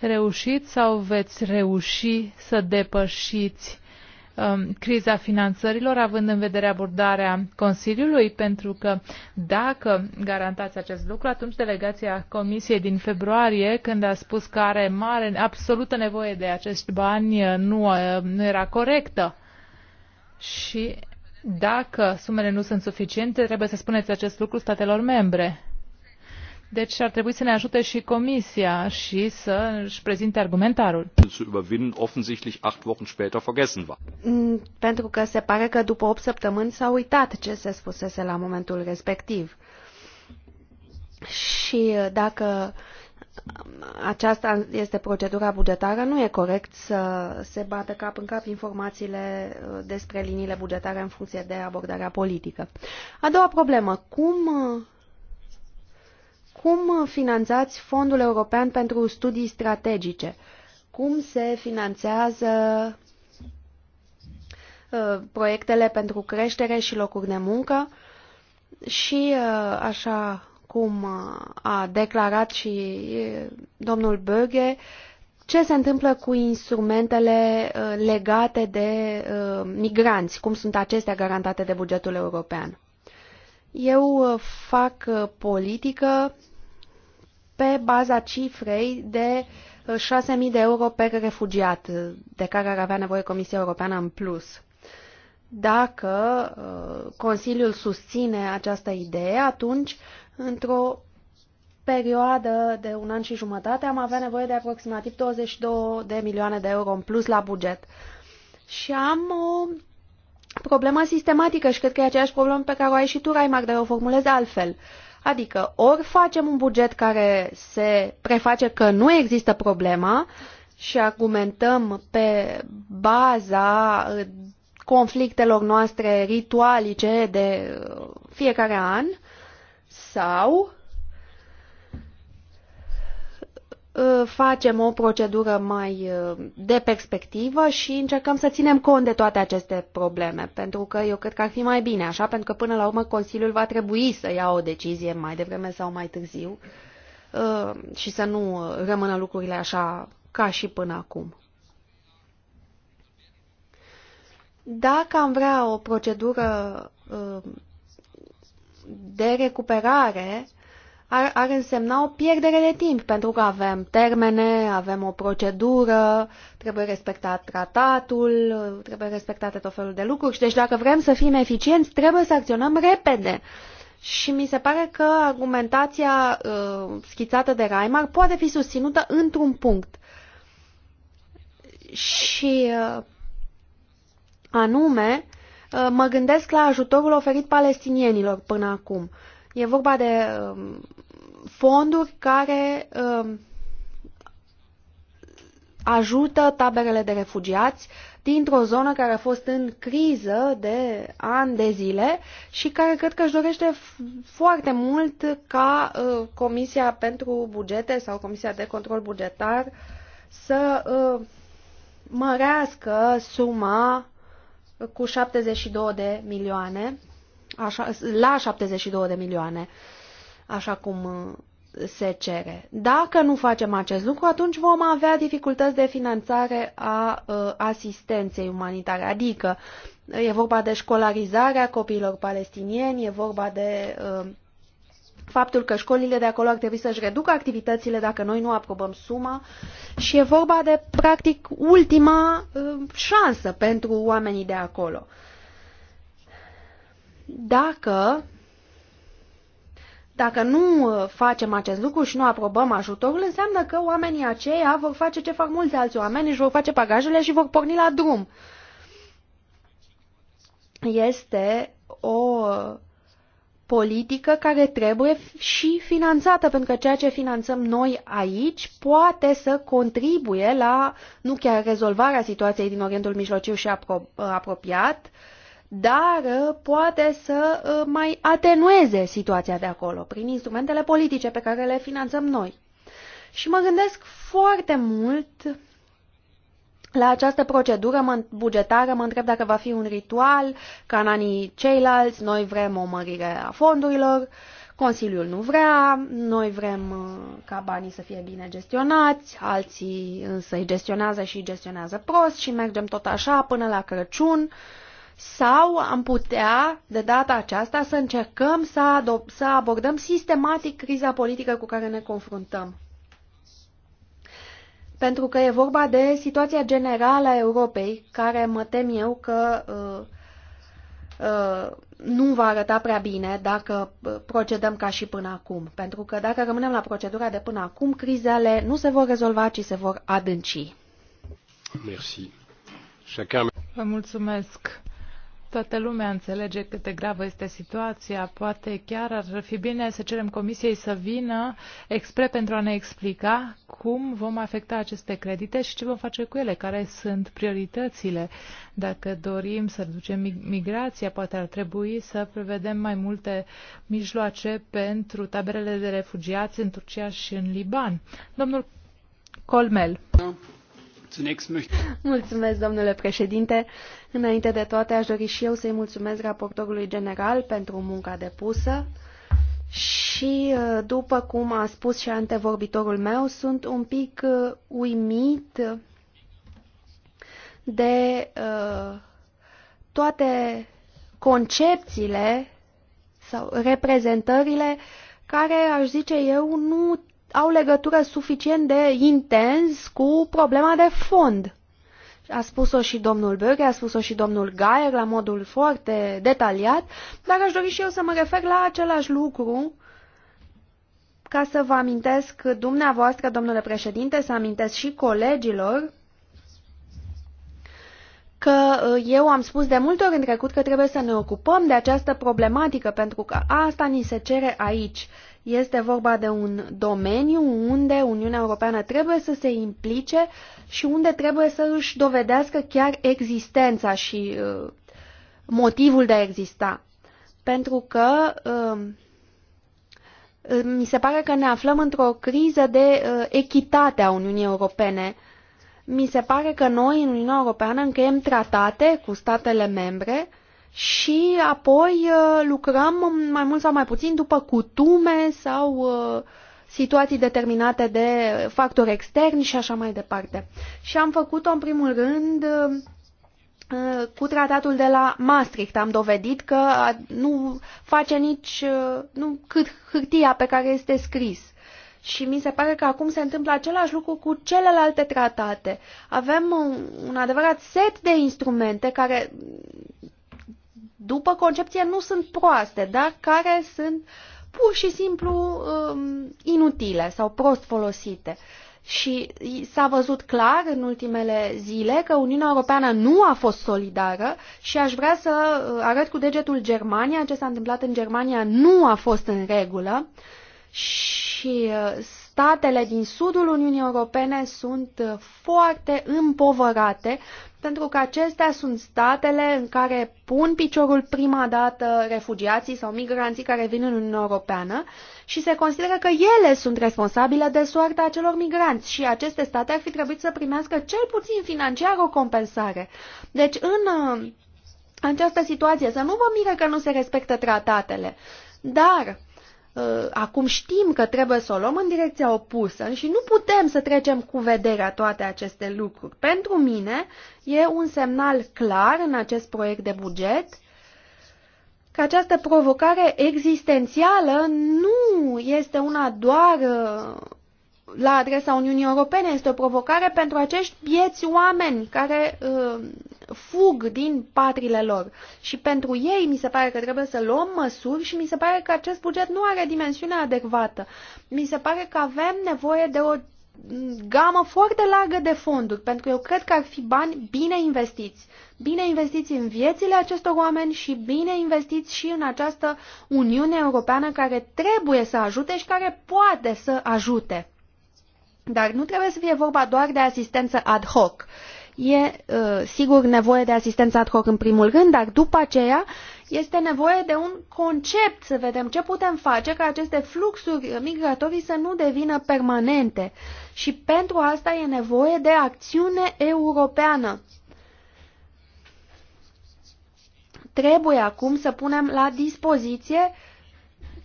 reușit sau veți reuși să depășiți um, criza finanțărilor, având în vedere abordarea Consiliului, pentru că dacă garantați acest lucru, atunci delegația Comisiei din februarie, când a spus că are mare, absolută nevoie de acești bani, uh, nu, uh, nu era corectă și dacă sumele nu sunt suficiente, trebuie să spuneți acest lucru statelor membre. Deci ar trebui să ne ajute și Comisia și să își prezinte argumentarul. Mm, pentru că se pare că după 8 săptămâni s-a uitat ce se spusese la momentul respectiv. Și dacă aceasta este procedura bugetară, nu e corect să se bată cap în cap informațiile uh, despre liniile bugetare în funcție de abordarea politică. A doua problemă, cum, uh, cum finanțați Fondul European pentru Studii Strategice? Cum se finanțează uh, proiectele pentru creștere și locuri de muncă? Și așa cum uh, a declarat și domnul Böge, ce se întâmplă cu instrumentele uh, legate de uh, migranți, cum sunt acestea garantate de bugetul european. Eu fac politică pe baza cifrei de 6.000 de euro pe refugiat, de care ar avea nevoie Comisia Europeană în plus. Dacă Consiliul susține această idee, atunci într-o perioadă de un an și jumătate am avea nevoie de aproximativ 22 de milioane de euro în plus la buget. Și am o problemă sistematică și cred că e aceeași problemă pe care o ai și tu, Raimar, dar o formulez altfel. Adică ori facem un buget care se preface că nu există problema și argumentăm pe baza uh, conflictelor noastre ritualice de uh, fiecare an, uh, sau ă, facem o procedură mai ă, de perspectivă și încercăm să ținem cont de toate aceste probleme, pentru că eu cred că ar fi mai bine așa, pentru că până la urmă Consiliul va trebui să ia o decizie mai devreme sau mai târziu ă, și să nu rămână lucrurile așa ca și până acum. Dacă am vrea o procedură de recuperare ar, ar însemna o pierdere de timp, pentru că avem termene, avem o procedură, trebuie respectat tratatul, trebuie respectate tot felul de lucruri. Și deci dacă vrem să fim eficienți, trebuie să acționăm repede. Și mi se pare că argumentația uh, schițată de Raimar poate fi susținută într-un punct. Și uh, anume, uh, Uh, mă gândesc la ajutorul oferit palestinienilor până acum. E vorba de um, fonduri care um, ajută taberele de refugiați dintr-o zonă care a fost în criză de ani de zile și care cred că își dorește foarte mult ca uh, Comisia pentru Bugete sau Comisia de Control Bugetar să uh, mărească suma cu 72 de milioane, așa, la 72 de milioane, așa cum uh, se cere. Dacă nu facem acest lucru, atunci vom avea dificultăți de finanțare a uh, asistenței umanitare, adică e vorba de școlarizarea copiilor palestinieni, e vorba de uh, faptul că școlile de acolo ar trebui să-și reducă activitățile dacă noi nu aprobăm suma și e vorba de, practic, ultima uh, șansă pentru oamenii de acolo. Dacă dacă nu uh, facem acest lucru și nu aprobăm ajutorul, înseamnă că oamenii aceia vor face ce fac mulți alți oameni, își vor face bagajele și vor porni la drum. Este o politică care trebuie și finanțată, pentru că ceea ce finanțăm noi aici poate să contribuie la, nu chiar rezolvarea situației din Orientul Mijlociu și apro apropiat, dar uh, poate să uh, mai atenueze situația de acolo prin instrumentele politice pe care le finanțăm noi. Și mă gândesc foarte mult la această procedură bugetară mă întreb dacă va fi un ritual, ca în anii ceilalți, noi vrem o mărire a fondurilor, Consiliul nu vrea, noi vrem uh, ca banii să fie bine gestionați, alții însă îi gestionează și îi gestionează prost și mergem tot așa până la Crăciun. Sau am putea, de data aceasta, să încercăm să, să abordăm sistematic criza politică cu care ne confruntăm pentru că e vorba de situația generală a Europei, care mă tem eu că uh, uh, nu va arăta prea bine dacă uh, procedăm ca și până acum. Pentru că dacă rămânem la procedura de până acum, crizele nu se vor rezolva, ci se vor adânci. Merci. Chacun... Vă mulțumesc. Toată lumea înțelege cât de gravă este situația. Poate chiar ar fi bine să cerem comisiei să vină expre pentru a ne explica cum vom afecta aceste credite și ce vom face cu ele, care sunt prioritățile. Dacă dorim să reducem migrația, poate ar trebui să prevedem mai multe mijloace pentru taberele de refugiați în Turcia și în Liban. Domnul Colmel. Da. Mulțumesc, domnule președinte. Înainte de toate, aș dori și eu să-i mulțumesc raportorului general pentru munca depusă. Și, uh, după cum a spus și antevorbitorul meu, sunt un pic uh, uimit de uh, toate concepțiile sau reprezentările care, aș zice eu, nu au legătură suficient de intens cu problema de fond. A spus-o și domnul Böge, a spus-o și domnul Gaier la modul foarte detaliat, dar aș dori și eu să mă refer la același lucru ca să vă amintesc dumneavoastră, domnule președinte, să amintesc și colegilor că uh, eu am spus de multe ori în trecut că trebuie să ne ocupăm de această problematică, pentru că asta ni se cere aici. Este vorba de un domeniu unde Uniunea Europeană trebuie să se implice și unde trebuie să își dovedească chiar existența și uh, motivul de a exista. Pentru că uh, mi se pare că ne aflăm într-o criză de uh, echitate a Uniunii Europene. Mi se pare că noi, în Uniunea Europeană, încheiem tratate cu statele membre uh, și apoi uh, lucrăm mai mult sau mai puțin după cutume sau uh, situații determinate de factori externi și așa mai departe. Și am făcut-o în primul rând uh, cu tratatul de la Maastricht. Am dovedit că nu face nici nu, cât hârtia pe care este scris. Și mi se pare că acum se întâmplă același lucru cu celelalte tratate. Avem un, un adevărat set de instrumente care după concepție, nu sunt proaste, dar care sunt pur și simplu um, inutile sau prost folosite. Și s-a văzut clar în ultimele zile că Uniunea Europeană nu a fost solidară și aș vrea să uh, arăt cu degetul Germania. Ce s-a întâmplat în Germania nu a fost în regulă și uh, statele din sudul Uniunii Europene sunt uh, foarte împovărate, pentru că acestea sunt statele în care pun piciorul prima dată refugiații sau migranții care vin în Uniunea Europeană și se consideră că ele sunt responsabile de soarta acelor migranți și aceste state ar fi trebuit să primească cel puțin financiar o compensare. Deci în uh, această situație să nu vă mire că nu se respectă tratatele, dar Uh, acum știm că trebuie să o luăm în direcția opusă și nu putem să trecem cu vederea toate aceste lucruri. Pentru mine e un semnal clar în acest proiect de buget că această provocare existențială nu este una doar uh, la adresa Uniunii Europene, este o provocare pentru acești vieți oameni care uh, fug din patriile lor. Și pentru ei mi se pare că trebuie să luăm măsuri și mi se pare că acest buget nu are dimensiunea adecvată. Mi se pare că avem nevoie de o gamă foarte largă de fonduri, pentru că eu cred că ar fi bani bine investiți. Bine investiți în viețile acestor oameni și bine investiți și în această Uniune Europeană care trebuie să ajute și care poate să ajute. Dar nu trebuie să fie vorba doar de asistență ad hoc e uh, sigur nevoie de asistență ad hoc în primul rând, dar după aceea este nevoie de un concept să vedem ce putem face ca aceste fluxuri migratorii să nu devină permanente. Și pentru asta e nevoie de acțiune europeană. Trebuie acum să punem la dispoziție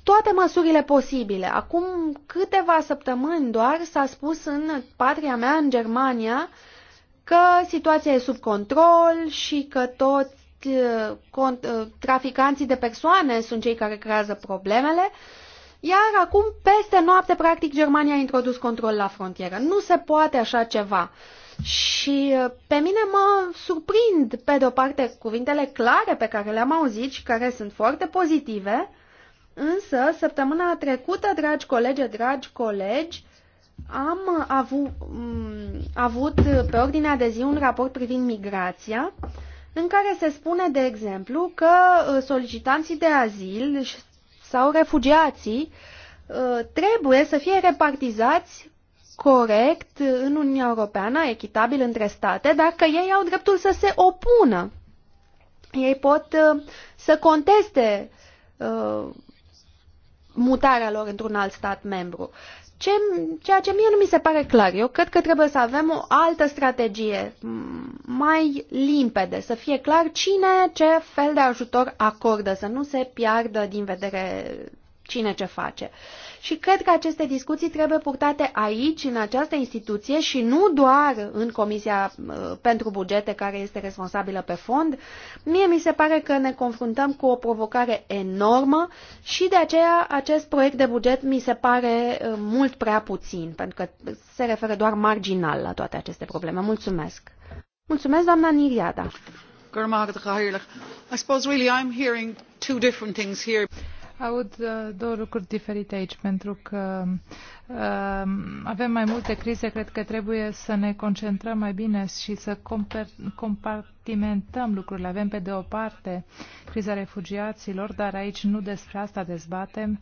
toate măsurile posibile. Acum câteva săptămâni doar s-a spus în patria mea, în Germania, uh, că situația e sub control și că toți eh, eh, traficanții de persoane sunt cei care creează problemele, iar acum, peste noapte, practic, Germania a introdus control la frontieră. Nu se poate așa ceva. Și eh, pe mine mă surprind, pe de-o parte, cuvintele clare pe care le-am auzit și care sunt foarte pozitive, însă, săptămâna trecută, dragi colegi, dragi colegi, am avut, mm, avut pe ordinea de zi un raport privind migrația, în care se spune, de exemplu, că uh, solicitanții de azil sau refugiații uh, trebuie să fie repartizați corect în Uniunea Europeană, echitabil între state, dar că ei au dreptul să se opună. Ei pot uh, să conteste mutarea lor într-un alt stat membru. Ce, ceea ce mie nu mi se pare clar. Eu cred că trebuie să avem o altă strategie mai limpede, să fie clar cine ce fel de ajutor acordă, să nu se piardă din vedere cine ce face. Uh, și cred că aceste discuții trebuie purtate aici, în această instituție și nu doar în Comisia uh, pentru Bugete, care este responsabilă pe fond. Mie mi se pare că ne confruntăm cu o provocare enormă și de aceea acest proiect de buget mi se pare uh, mult prea puțin, pentru că se referă doar marginal la toate aceste probleme. Mulțumesc! Mulțumesc, doamna Niriada! I suppose really I'm hearing two different things here. Aud uh, două lucruri diferite aici, pentru că um, avem mai multe crize, cred că trebuie să ne concentrăm mai bine și să compartimentăm lucrurile. Avem pe de o parte criza refugiaților, dar aici nu despre asta dezbatem,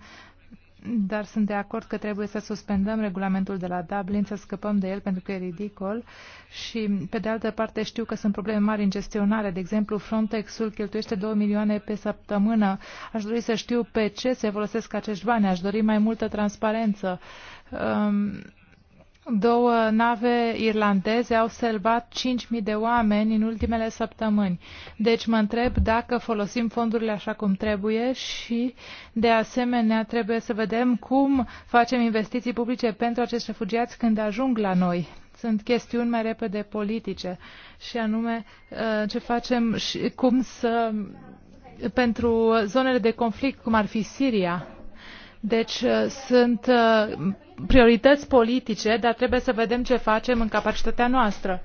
dar sunt de acord că trebuie să suspendăm regulamentul de la Dublin, să scăpăm de el pentru că e ridicol și, pe de altă parte, știu că sunt probleme mari în gestionare. De exemplu, Frontex-ul cheltuiește 2 milioane pe săptămână. Aș dori să știu pe ce se folosesc acești bani. Aș dori mai multă transparență. Um, Două nave irlandeze au sălbat 5.000 de oameni în ultimele săptămâni. Deci mă întreb dacă folosim fondurile așa cum trebuie și, de asemenea, trebuie să vedem cum facem investiții publice pentru acești refugiați când ajung la noi. Sunt chestiuni mai repede politice și anume uh, ce facem și cum să pentru zonele de conflict, cum ar fi Siria deci uh, sunt uh, priorități politice, dar trebuie să vedem ce facem în capacitatea noastră.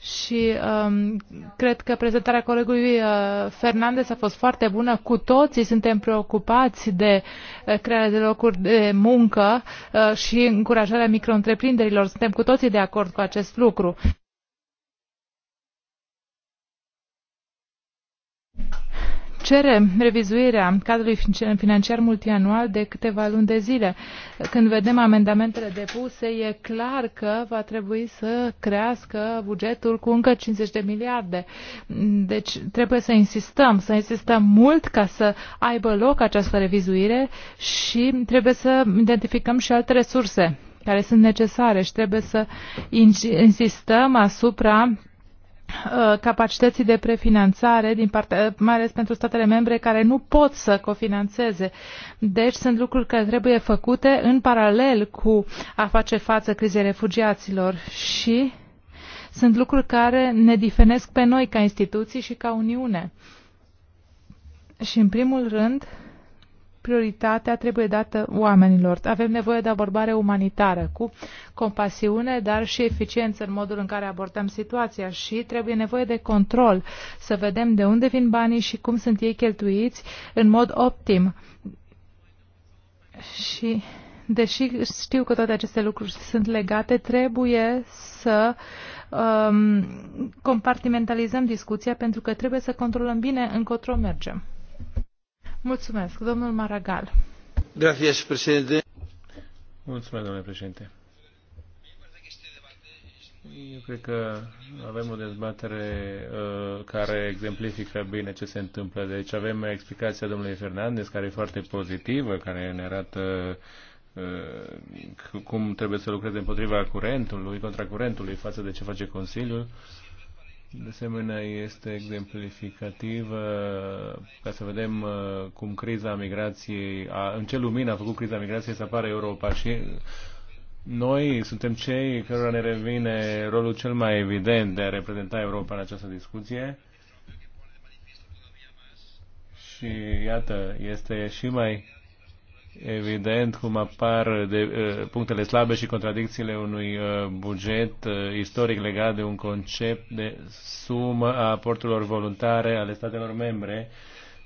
Și um, cred că prezentarea colegului uh, Fernandez a fost foarte bună. Cu toții suntem preocupați de uh, crearea de locuri de muncă uh, și încurajarea micro-întreprinderilor. Suntem cu toții de acord cu acest lucru. cerem revizuirea cadrului financiar multianual de câteva luni de zile. Când vedem amendamentele depuse, e clar că va trebui să crească bugetul cu încă 50 de miliarde. Deci trebuie să insistăm, să insistăm mult ca să aibă loc această revizuire și trebuie să identificăm și alte resurse care sunt necesare și trebuie să insistăm asupra Uh, capacității de prefinanțare, din parte, uh, mai ales pentru statele membre care nu pot să cofinanțeze. Deci sunt lucruri care trebuie făcute în paralel cu a face față crizei refugiaților și sunt lucruri care ne difenesc pe noi ca instituții și ca Uniune. Și în primul rând, prioritatea trebuie dată oamenilor. Avem nevoie de abordare umanitară cu compasiune, dar și eficiență în modul în care abordăm situația și trebuie nevoie de control, să vedem de unde vin banii și cum sunt ei cheltuiți în mod optim. Și deși știu că toate aceste lucruri sunt legate, trebuie să um, compartimentalizăm discuția pentru că trebuie să controlăm bine încotro mergem. Mulțumesc. Domnul Maragal. Gracias, președinte. Mulțumesc, domnule președinte. Eu cred că avem o dezbatere uh, care exemplifică bine ce se întâmplă. Deci avem explicația domnului Fernandez, care e foarte pozitivă, care ne arată uh, cum trebuie să lucreze împotriva curentului, contra curentului, față de ce face Consiliul. De asemenea, este exemplificativ ca să vedem uh, cum criza migrației, a, în ce lumină a făcut criza migrației să apară Europa și noi suntem cei cărora ne revine rolul cel mai evident de a reprezenta Europa în această discuție și iată, este și mai evident cum apar de, uh, punctele slabe și contradicțiile unui uh, buget uh, istoric legat de un concept de sumă a aporturilor voluntare ale statelor membre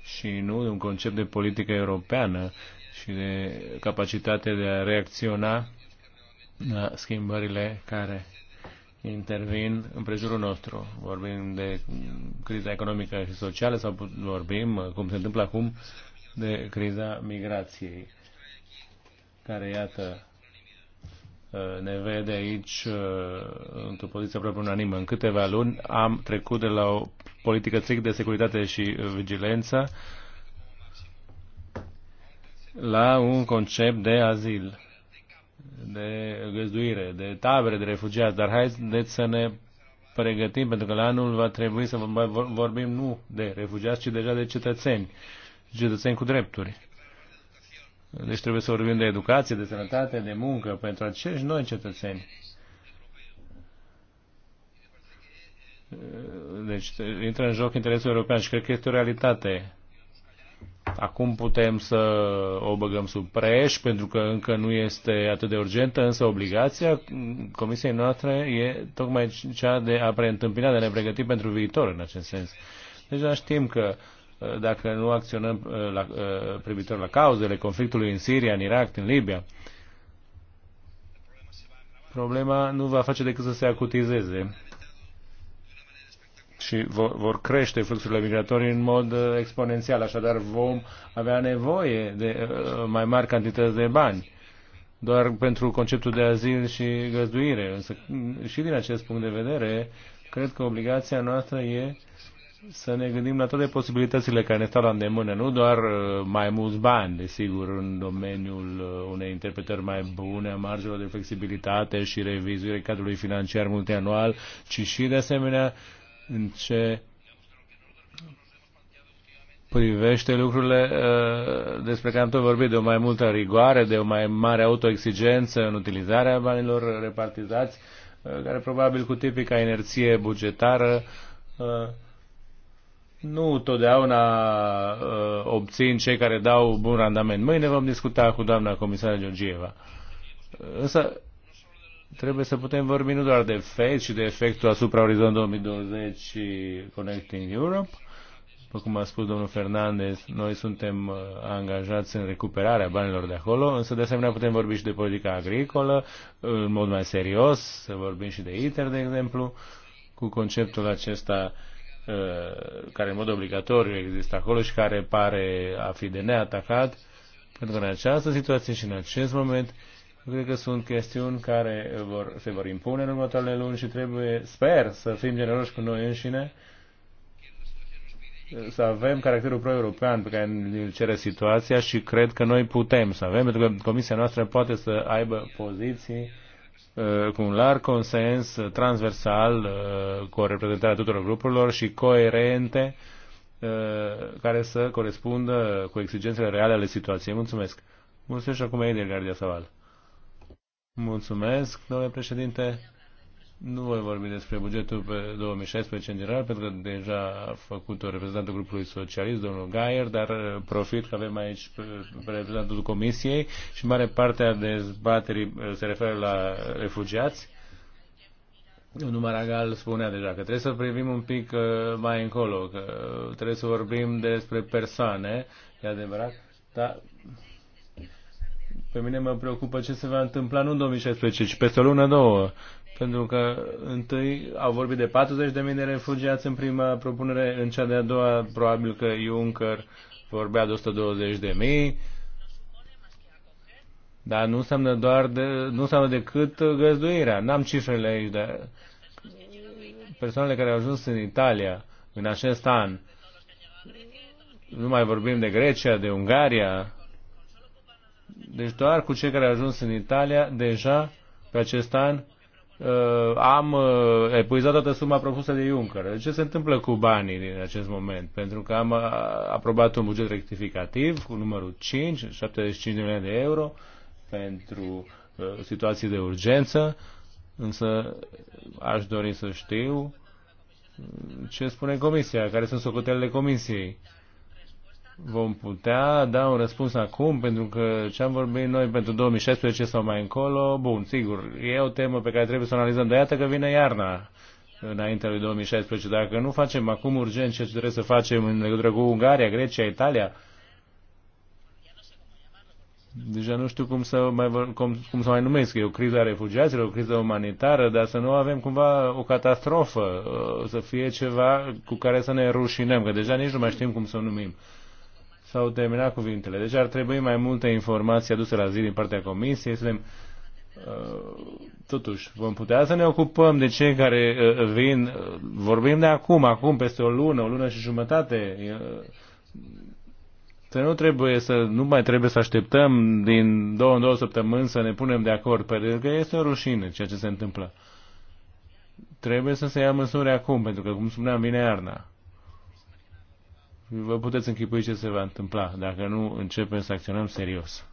și nu de un concept de politică europeană și de capacitate de a reacționa la schimbările care intervin în prejurul nostru. Vorbim de criza economică și socială sau vorbim, cum se întâmplă acum, de criza migrației care, iată, uh, ne vede aici uh, într-o poziție aproape unanimă. În câteva luni am trecut de la o politică strict de securitate și vigilență la un concept de azil, de găzduire, de tabere de refugiați. Dar haideți să ne pregătim, pentru că la anul va trebui să vorbim nu de refugiați, ci deja de cetățeni, cetățeni cu drepturi. Deci trebuie să vorbim de educație, de sănătate, de muncă pentru acești noi cetățeni. Deci intră în joc interesul european și cred că este o realitate. Acum putem să o băgăm sub preș pentru că încă nu este atât de urgentă, însă obligația comisiei noastre e tocmai cea de a preîntâmpina, de a ne pregăti pentru viitor în acest sens. Deja știm că uh, Uh, dacă nu acționăm uh, la, uh, privitor la cauzele conflictului în Siria, în Irak, în Libia. Problema nu va face decât să se acutizeze și vor, vor crește fluxurile migratorii în mod exponențial, așadar vom avea nevoie de mai mari cantități de bani doar pentru conceptul de azil și găzduire. Însă, și din acest punct de vedere, cred că obligația noastră e să ne gândim la toate posibilitățile care ne stau la îndemână, nu doar uh, mai mulți bani, desigur, în domeniul uh, unei interpretări mai bune a marjelor de flexibilitate și revizuire cadrului financiar multianual, ci și, de asemenea, în ce privește lucrurile uh, despre care am tot vorbit, de o mai multă rigoare, de o mai mare autoexigență în utilizarea banilor repartizați, uh, care probabil cu tipica inerție bugetară uh, nu totdeauna uh, obțin cei care dau bun randament. Mâine vom discuta cu doamna comisară Georgieva. Însă trebuie să putem vorbi nu doar de FED, și de efectul asupra Orizont 2020 și Connecting Europe. După cum a spus domnul Fernandez, noi suntem uh, angajați în recuperarea banilor de acolo, însă de asemenea putem vorbi și de politica agricolă, uh, în mod mai serios, să vorbim și de ITER, de exemplu, cu conceptul acesta uh, Uh, care în mod obligatoriu există acolo și care pare a fi de neatacat, pentru că în această situație și în acest moment cred că sunt chestiuni care vor, se vor impune în următoarele luni și trebuie, sper, să fim generoși cu noi înșine, să avem caracterul pro-european pe care îl cere situația și cred că noi putem să avem, pentru că Comisia noastră poate să aibă poziții Uh, cu un larg consens transversal uh, cu o reprezentare a tuturor grupurilor și coerente uh, care să corespundă cu exigențele reale ale situației. Mulțumesc. Mulțumesc și acum Edel Gardia Saval. Mulțumesc, domnule președinte. Nu voi vorbi despre bugetul pe 2016 în general, pentru că deja a făcut-o reprezentantul grupului socialist, domnul Gaier, dar uh, profit că avem aici uh, reprezentantul comisiei și mare parte a dezbaterii uh, se referă la refugiați. Domnul Maragal spunea deja că trebuie să privim un pic mai încolo, că trebuie să vorbim despre persoane, e adevărat, dar pe mine mă preocupă ce se va întâmpla nu în 2016, ci peste o lună, două. Pentru că întâi au vorbit de 40.000 de refugiați în prima propunere, în cea de-a doua probabil că Juncker vorbea de 120.000, dar nu înseamnă doar de, nu înseamnă decât găzduirea. N-am cifrele aici, dar persoanele care au ajuns în Italia în acest an, nu mai vorbim de Grecia, de Ungaria, deci doar cu cei care au ajuns în Italia, deja pe acest an Uh, am uh, epuizat toată suma propusă de Juncker. Ce se întâmplă cu banii în acest moment? Pentru că am uh, aprobat un buget rectificativ cu numărul 5, 75 de milioane de euro pentru situații de urgență, însă aș dori să știu ce spune Comisia, care sunt socotelele Comisiei vom putea da un răspuns acum, pentru că ce am vorbit noi pentru 2016 sau mai încolo, bun, sigur, e o temă pe care trebuie să o analizăm, dar iată că vine iarna înainte lui 2016. Dacă nu facem acum urgent ce trebuie să facem în legătură cu Ungaria, Grecia, Italia, deja nu știu cum să mai, cum, cum să mai numesc, e o criză a refugiaților, o criză umanitară, dar să nu avem cumva o catastrofă, uh, să fie ceva cu care să ne rușinăm, că deja nici nu mai știm cum să o numim s-au terminat cuvintele. Deci ar trebui mai multe informații aduse la zi din partea Comisiei. Suntem, uh, totuși, vom putea să ne ocupăm de cei care uh, vin. Uh, vorbim de acum, acum, peste o lună, o lună și jumătate. Să nu trebuie să, nu mai trebuie să așteptăm din două în două săptămâni să ne punem de acord, pentru că este o rușine ceea ce se întâmplă. Trebuie să se ia măsuri acum, pentru că, cum spuneam, vine iarna vă puteți închipui ce se va întâmpla dacă nu începem să acționăm serios.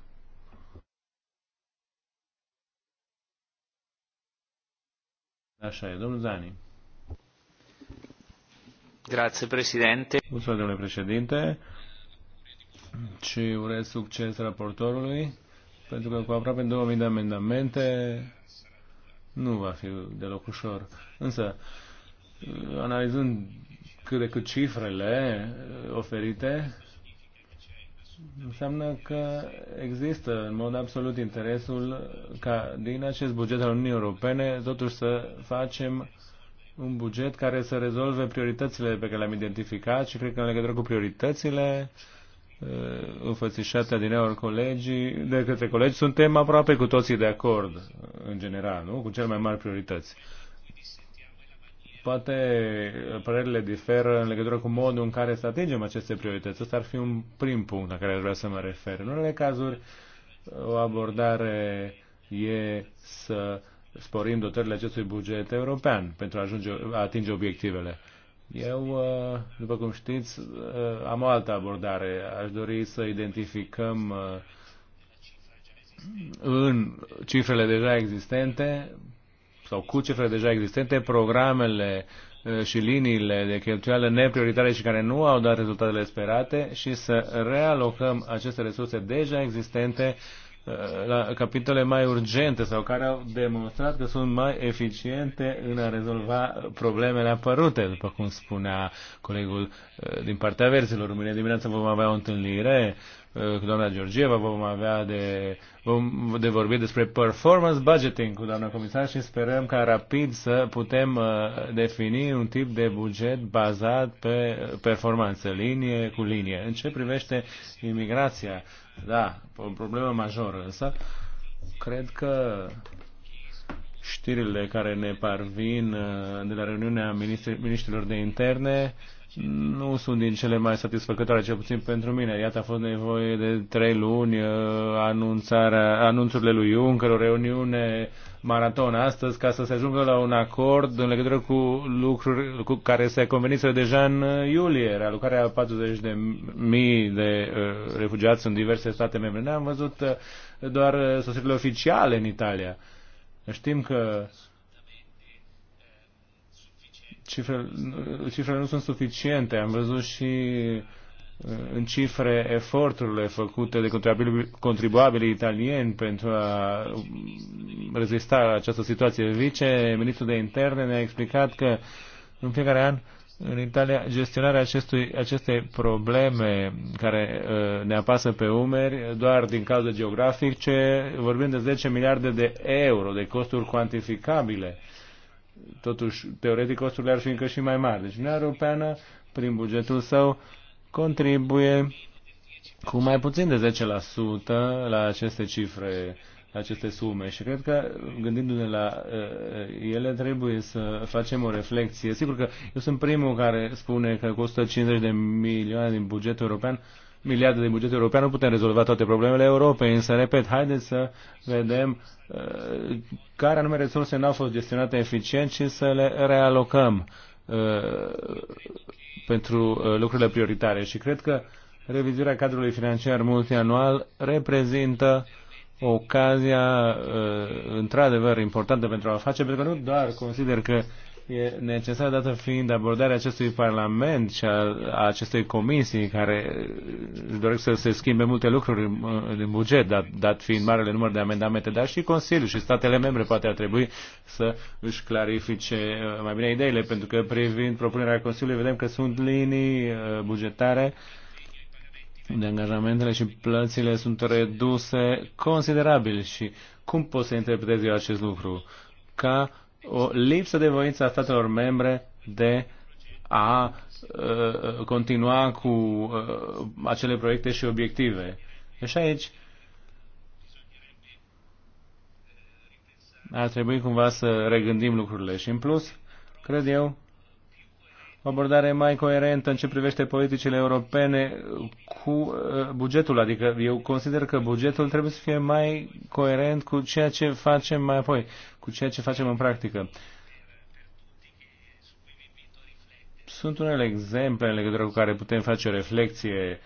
Așa e, domnul Zani. Grazie, președinte. Mulțumesc, domnule președinte. Și urez succes raportorului, pentru că cu aproape 2000 de amendamente nu va fi deloc ușor. Însă, analizând cât de cât cifrele uh, oferite, înseamnă că există în mod absolut interesul ca din acest buget al Uniunii Europene totuși să facem un buget care să rezolve prioritățile pe care le-am identificat și cred că în legătură cu prioritățile uh, înfățișate din ori colegii, de către colegi, suntem aproape cu toții de acord în general, nu? Cu cele mai mari priorități poate uh, părerile diferă în legătură cu modul în care să atingem aceste priorități. Asta ar fi un prim punct la care aș vrea să mă refer. În unele cazuri, o abordare e să sporim dotările acestui buget european pentru a, ajunge, a atinge obiectivele. Eu, uh, după cum știți, uh, am o altă abordare. Aș dori să identificăm în cifrele deja existente sau cu cifre deja existente, programele uh, și liniile de cheltuială neprioritare și care nu au dat rezultatele sperate și să realocăm aceste resurse deja existente Uh, la capitole mai urgente sau care au demonstrat că sunt mai eficiente în a rezolva problemele apărute, după cum spunea colegul uh, din partea verzilor. Mâine dimineață vom avea o întâlnire uh, cu doamna Georgieva, vom avea de, vom, de vorbit despre performance budgeting cu doamna comisar și sperăm ca rapid să putem defini un tip de buget bazat pe performanță, linie cu linie. În ce privește imigrația, da, o problemă majoră, însă cred că știrile care ne parvin uh, de la reuniunea ministrilor de interne nu sunt din cele mai satisfăcătoare, cel puțin pentru mine. Iată, a fost nevoie de trei luni uh, anunțarea, anunțurile lui Juncker, o reuniune maraton astăzi ca să se ajungă la un acord în legătură cu lucruri cu care se conveniseră deja în iulie, realocarea 40 de mii de uh, refugiați în diverse state membre. Ne-am văzut uh, doar sosirile oficiale în Italia. Știm că cifrele, cifrele nu sunt suficiente. Am văzut și uh, în cifre eforturile făcute de contribuabilii italieni pentru a rezista la această situație. Vice-ministrul de interne ne-a explicat că în fiecare an în Italia gestionarea acestui, acestei probleme care uh, ne apasă pe umeri doar din cauza geografice, vorbim de 10 miliarde de euro de costuri cuantificabile. Uh, totuși, teoretic, costurile ar fi încă și mai mari. Deci Uniunea Europeană, prin bugetul său, contribuie cu mai puțin de 10% la aceste cifre, la aceste sume. Și cred că, gândindu-ne la uh, ele, trebuie să facem o reflexie. Sigur că eu sunt primul care spune că costă 50 de milioane din bugetul european, uh, miliarde de buget european, nu putem rezolva toate problemele Europei, însă, repet, haideți să vedem uh, care anume resurse n-au fost gestionate eficient și să le realocăm uh, pentru uh, lucrurile prioritare. Și cred că revizuirea cadrului financiar multianual reprezintă ocazia într-adevăr importantă pentru a face, pentru că nu doar consider că e necesar dată fiind abordarea acestui Parlament și a, a acestei comisii care își doresc să se schimbe multe lucruri în, în buget, dat, dat fiind marele număr de amendamente, dar și Consiliul și statele membre poate ar trebui să își clarifice mai bine ideile, pentru că privind propunerea Consiliului vedem că sunt linii bugetare de angajamentele și plățile sunt reduse considerabil și cum pot să interpretez eu acest lucru? Ca o lipsă de voință a statelor membre de a uh, continua cu uh, acele proiecte și obiective. Deci aici ar trebui cumva să regândim lucrurile și în plus, cred eu, o abordare mai coerentă în ce privește politicile europene cu uh, bugetul. Adică eu consider că bugetul trebuie să fie mai coerent cu ceea ce facem mai apoi, cu ceea ce facem în practică. Sunt unele exemple în legătură cu care putem face o reflexie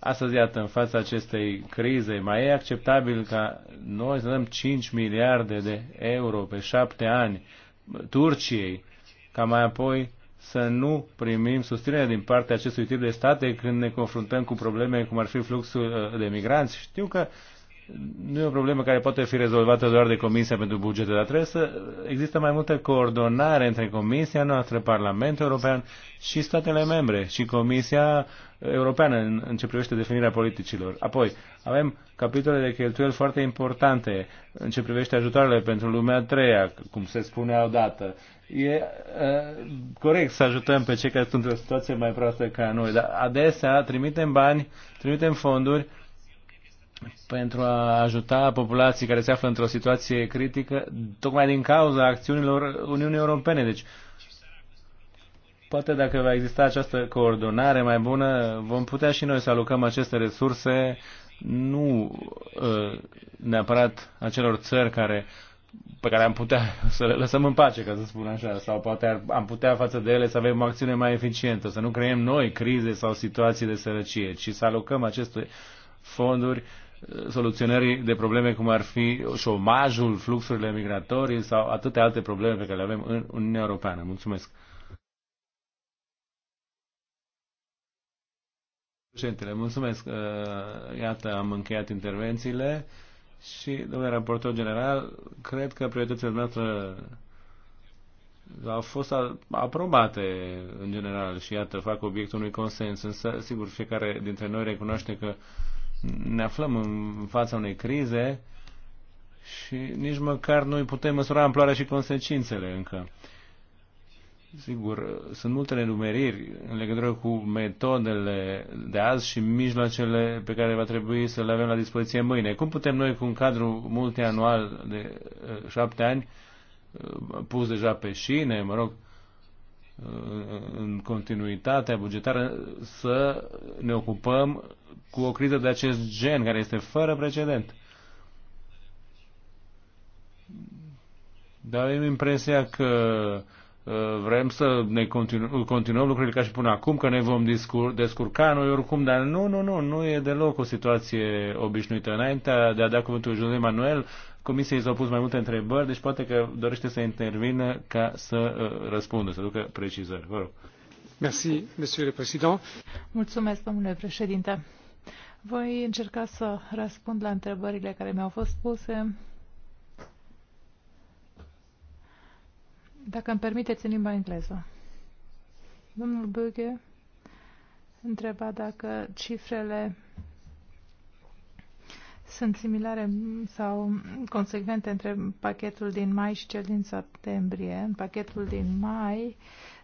Astăzi, iată, în fața acestei crize, mai e acceptabil ca noi să dăm 5 miliarde de euro pe șapte ani Turciei, ca mai apoi să nu primim susținere din partea acestui tip de state când ne confruntăm cu probleme cum ar fi fluxul uh, de migranți. Știu că nu e o problemă care poate fi rezolvată doar de Comisia pentru Bugete, dar trebuie să există mai multă coordonare între Comisia noastră, Parlamentul European și statele membre și Comisia Europeană în, în ce privește definirea politicilor. Apoi, avem capitole de cheltuieli foarte importante în ce privește ajutoarele pentru lumea a treia, cum se spunea odată. E uh, corect să ajutăm pe cei care sunt într-o situație mai proastă ca noi, dar adesea trimitem bani, trimitem fonduri, pentru a ajuta populații care se află într-o situație critică, tocmai din cauza acțiunilor Uniunii Europene. Deci, poate dacă va exista această coordonare mai bună, vom putea și noi să alocăm aceste resurse nu ă, neapărat acelor țări care, pe care am putea să le lăsăm în pace, ca să spun așa, sau poate am putea față de ele să avem o acțiune mai eficientă, să nu creăm noi crize sau situații de sărăcie, ci să alocăm aceste fonduri uh, soluționării de probleme cum ar fi șomajul, fluxurile migratorii sau atâtea alte probleme pe care le avem în Uniunea Europeană. Mulțumesc! Președintele, mulțumesc. Uh, iată, am încheiat intervențiile și, domnule raportor general, cred că prioritățile noastre au fost aprobate în general și, iată, fac obiectul unui consens. Însă, sigur, fiecare dintre noi recunoaște că ne aflăm în fața unei crize și nici măcar nu putem măsura amploarea și consecințele încă. Sigur, sunt multe nedumeriri în legătură cu metodele de azi și mijloacele pe care va trebui să le avem la dispoziție mâine. Cum putem noi, cu un cadru multianual de uh, șapte ani, uh, pus deja pe șine, mă rog, în continuitatea bugetară să ne ocupăm cu o criză de acest gen, care este fără precedent. Dar avem impresia că uh, vrem să ne continu- continuăm lucrurile ca și până acum, că ne vom descurca noi oricum, dar nu, nu, nu, nu e deloc o situație obișnuită. Înainte de a da cuvântul José Manuel, Comisiei s-au pus mai multe întrebări, deci poate că dorește să intervină ca să uh, răspundă, să ducă precizări. Vă rog. Merci, monsieur le président. Mulțumesc, domnule președinte. Voi încerca să răspund la întrebările care mi-au fost puse. Dacă îmi permiteți în limba engleză. Domnul Böge întreba dacă cifrele sunt similare sau consecvente între pachetul din mai și cel din septembrie. În pachetul din mai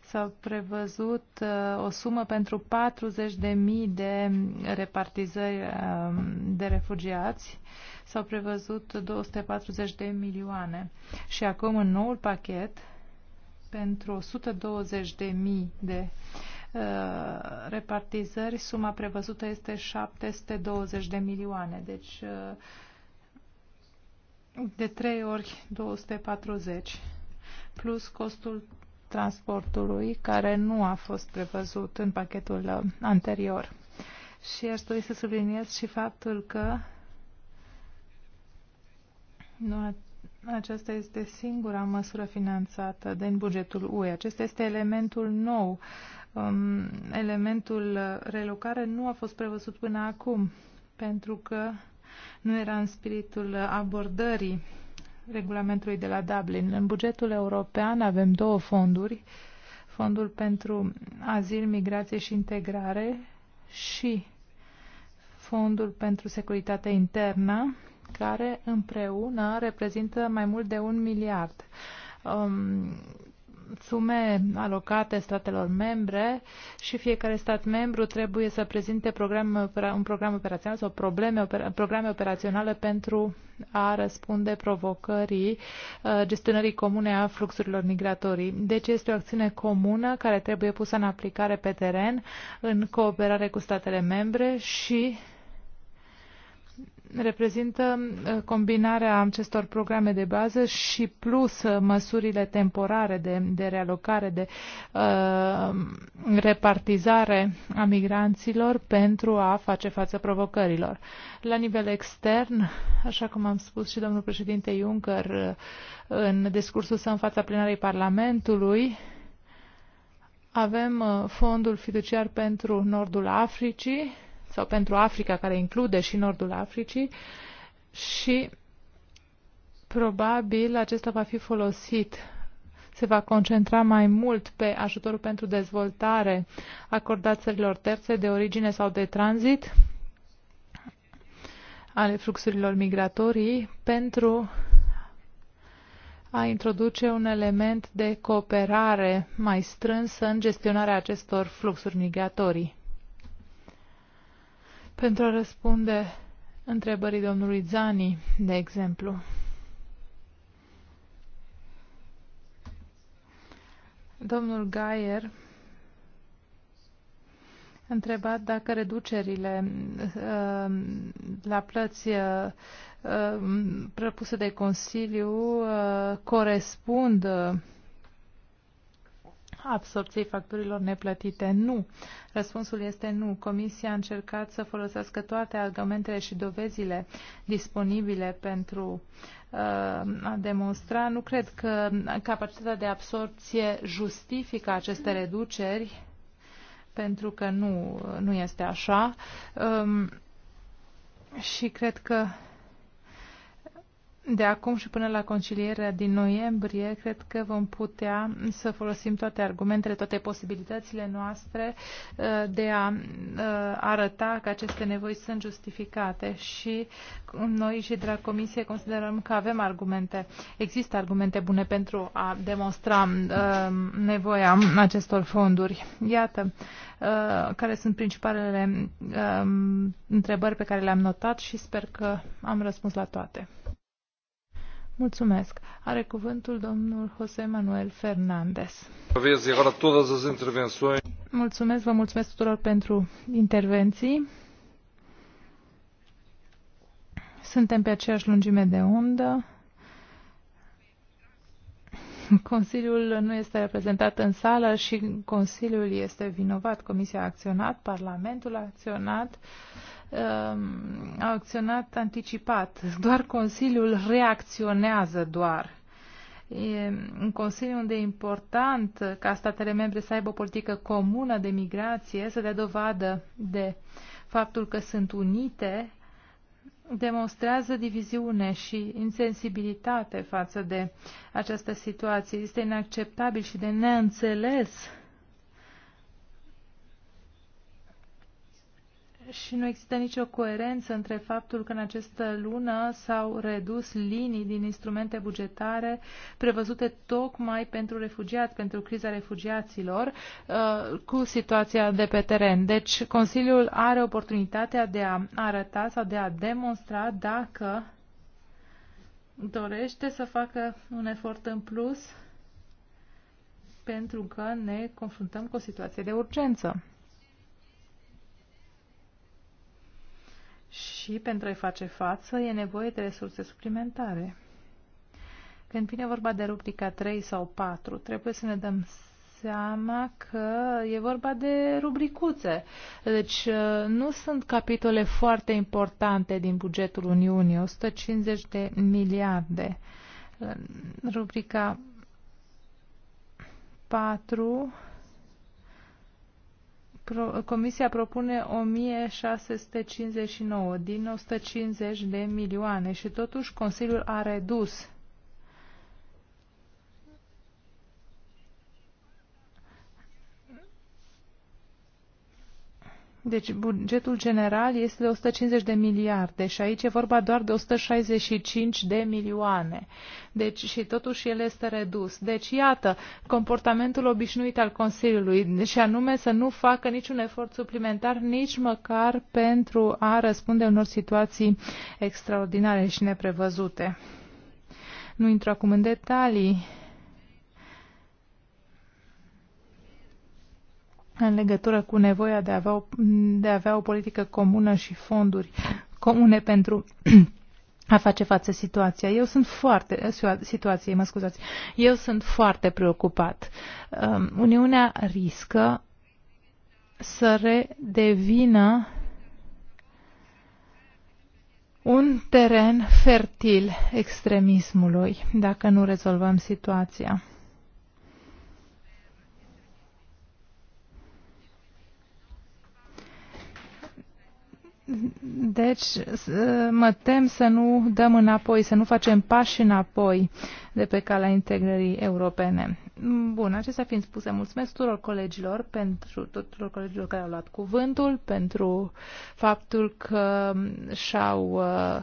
s-a prevăzut uh, o sumă pentru 40.000 de repartizări uh, de refugiați. S-au prevăzut 240 de milioane. Și acum în noul pachet pentru 120.000 de Uh, repartizări, suma prevăzută este 720 de milioane, deci uh, de 3 ori 240, plus costul transportului, care nu a fost prevăzut în pachetul uh, anterior. Și aș dori să subliniez și faptul că nu, aceasta este singura măsură finanțată din bugetul UE. Acesta este elementul nou uh, um, elementul relocare nu a fost prevăzut până acum, pentru că nu era în spiritul abordării regulamentului de la Dublin. În bugetul european avem două fonduri, fondul pentru azil, migrație și integrare și fondul pentru securitate internă, care împreună reprezintă mai mult de un miliard. Um, sume alocate statelor membre și fiecare stat membru trebuie să prezinte program, un program operațional sau probleme, programe operaționale pentru a răspunde provocării uh, gestionării comune a fluxurilor migratorii. Deci este o acțiune comună care trebuie pusă în aplicare pe teren în cooperare cu statele membre și reprezintă uh, combinarea acestor programe de bază și plus uh, măsurile temporare de, de realocare, de uh, repartizare a migranților pentru a face față provocărilor. La nivel extern, așa cum am spus și domnul președinte Juncker uh, în discursul său în fața plenarei Parlamentului, avem fondul fiduciar pentru Nordul Africii, sau pentru Africa, care include și nordul Africii și probabil acesta va fi folosit se va concentra mai mult pe ajutorul pentru dezvoltare acordat țărilor terțe de origine sau de tranzit ale fluxurilor migratorii pentru a introduce un element de cooperare mai strânsă în gestionarea acestor fluxuri migratorii pentru a răspunde întrebării domnului Zani, de exemplu. Domnul Gaier întrebat dacă reducerile uh, la plăți uh, uh propuse de Consiliu uh, corespund uh, absorbției facturilor neplătite? Nu. Răspunsul este nu. Comisia a încercat să folosească toate argumentele și dovezile disponibile pentru uh, a demonstra. Nu cred că capacitatea de absorpție justifică aceste reduceri, pentru că nu, nu este așa. Um, și cred că de acum și până la concilierea din noiembrie, cred că vom putea să folosim toate argumentele, toate posibilitățile noastre uh, de a uh, arăta că aceste nevoi sunt justificate și noi și de la Comisie considerăm că avem argumente, există argumente bune pentru a demonstra uh, nevoia acestor fonduri. Iată care sunt principalele um, întrebări pe care le-am notat și sper că am răspuns la toate. Mulțumesc. Are cuvântul domnul José Manuel Fernández. Mulțumesc, vă mulțumesc tuturor pentru intervenții. Suntem pe aceeași lungime de undă. Consiliul nu este reprezentat în sală și Consiliul este vinovat. Comisia a acționat, Parlamentul a acționat. Uh, Um, au acționat anticipat. Doar Consiliul reacționează doar. E un consiliu unde e important ca statele membre să aibă o politică comună de migrație, să dea dovadă de faptul că sunt unite, demonstrează diviziune și insensibilitate față de această situație. Este inacceptabil și de neînțeles uh, și nu există nicio coerență între faptul că în această lună s-au redus linii din instrumente bugetare prevăzute tocmai pentru refugiați, pentru criza refugiaților, uh, cu situația de pe teren. Deci Consiliul are oportunitatea de a arăta sau de a demonstra dacă dorește să facă un efort în plus pentru că ne confruntăm cu o situație de urgență. și pentru a-i face față e nevoie de resurse suplimentare. Când vine vorba de rubrica 3 sau 4, trebuie să ne dăm seama că e vorba de rubricuțe. Deci uh, nu sunt capitole foarte importante din bugetul Uniunii, 150 de miliarde. Rubrica 4 Pro, Comisia propune 1659 din 150 de milioane și totuși Consiliul a redus Deci bugetul general este de 150 de miliarde și aici e vorba doar de 165 de milioane. Deci și totuși el este redus. Deci iată comportamentul obișnuit al Consiliului și anume să nu facă niciun efort suplimentar nici măcar pentru a răspunde unor situații extraordinare și neprevăzute. Nu intru acum în detalii în legătură cu nevoia de a avea o, de a avea o politică comună și fonduri comune pentru a face față situația. Eu sunt foarte situației, mă scuzați. Eu sunt foarte preocupat. Um, Uniunea riscă să redevină un teren fertil extremismului dacă nu rezolvăm situația. Deci mă tem să nu dăm înapoi, să nu facem pași înapoi de pe calea integrării europene. Bun, acestea fiind spuse, mulțumesc tuturor colegilor pentru tuturor colegilor care au luat cuvântul, pentru faptul că și-au uh,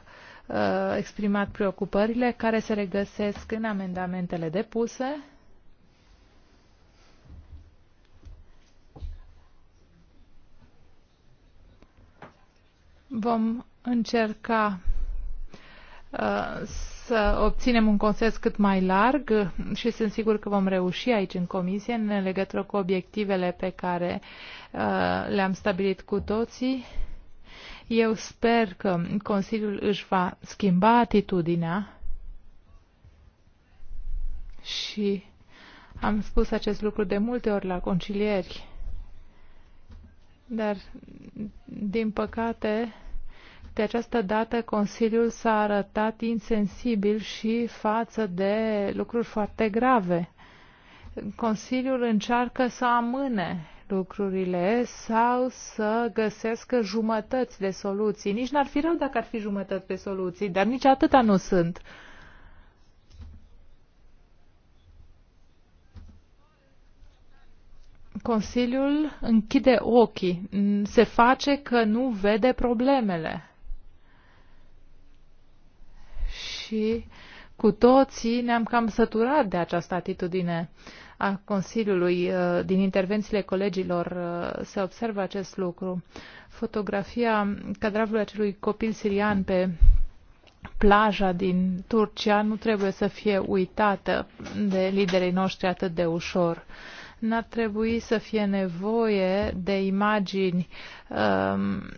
uh exprimat preocupările care se regăsesc în amendamentele depuse. Vom încerca uh, să obținem un consens cât mai larg și sunt sigur că vom reuși aici în comisie în legătură cu obiectivele pe care uh, le-am stabilit cu toții. Eu sper că Consiliul își va schimba atitudinea și am spus acest lucru de multe ori la concilieri. Dar, din păcate, de această dată Consiliul s-a arătat insensibil și față de lucruri foarte grave. Consiliul încearcă să amâne lucrurile sau să găsească jumătăți de soluții. Nici n-ar fi rău dacă ar fi jumătăți de soluții, dar nici atâta nu sunt. Uh, Consiliul închide ochii, se face că nu vede problemele. Și cu toții ne-am cam săturat de această atitudine a Consiliului. Uh, din intervențiile colegilor uh, se observă acest lucru. Fotografia cadravului acelui copil sirian pe plaja din Turcia nu trebuie să fie uitată de liderii noștri atât de ușor n-ar trebui să fie nevoie de imagini um,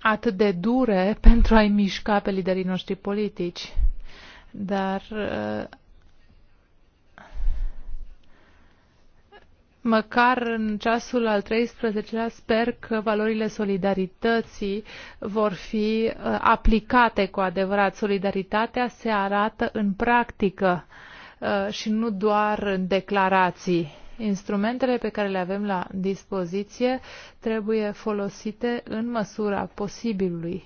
atât de dure pentru a-i mișca pe liderii noștri politici. Dar uh, măcar în ceasul al 13-lea sper că valorile solidarității vor fi uh, aplicate cu adevărat. Solidaritatea se arată în practică uh, și nu doar în declarații. Instrumentele pe care le avem la dispoziție trebuie folosite în măsura posibilului.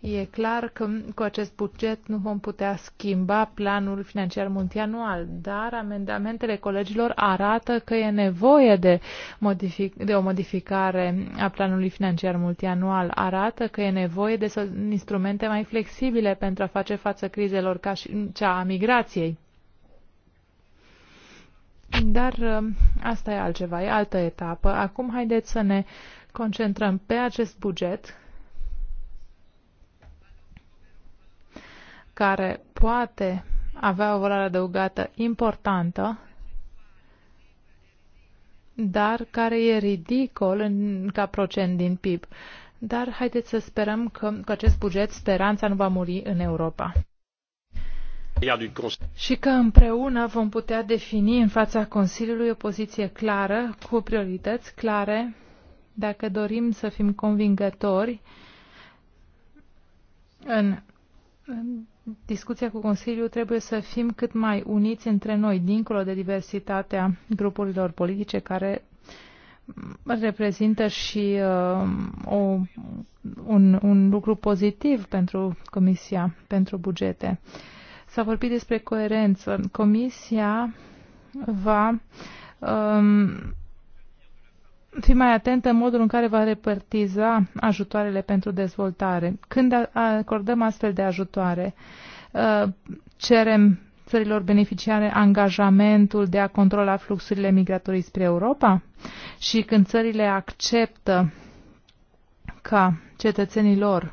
E clar că cu acest buget nu vom putea schimba planul financiar multianual, dar amendamentele colegilor arată că e nevoie de, modific- de o modificare a planului financiar multianual, arată că e nevoie de instrumente mai flexibile pentru a face față crizelor ca și cea a migrației. Dar um, asta e altceva, e altă etapă. Acum haideți să ne concentrăm pe acest buget care poate avea o valoare adăugată importantă, dar care e ridicol în, ca procent din PIB. Dar haideți să sperăm că cu acest buget speranța nu va muri în Europa și că împreună vom putea defini în fața Consiliului o poziție clară, cu priorități clare, dacă dorim să fim convingători în discuția cu Consiliul trebuie să fim cât mai uniți între noi, dincolo de diversitatea grupurilor politice care reprezintă și uh, o, un, un lucru pozitiv pentru Comisia pentru Bugete. Uh, S-a vorbit despre coerență. Comisia va um, fi mai atentă în modul în care va repartiza ajutoarele pentru dezvoltare. Când acordăm astfel de ajutoare, uh, cerem țărilor beneficiare angajamentul de a controla fluxurile migratorii spre Europa și când țările acceptă ca cetățenii lor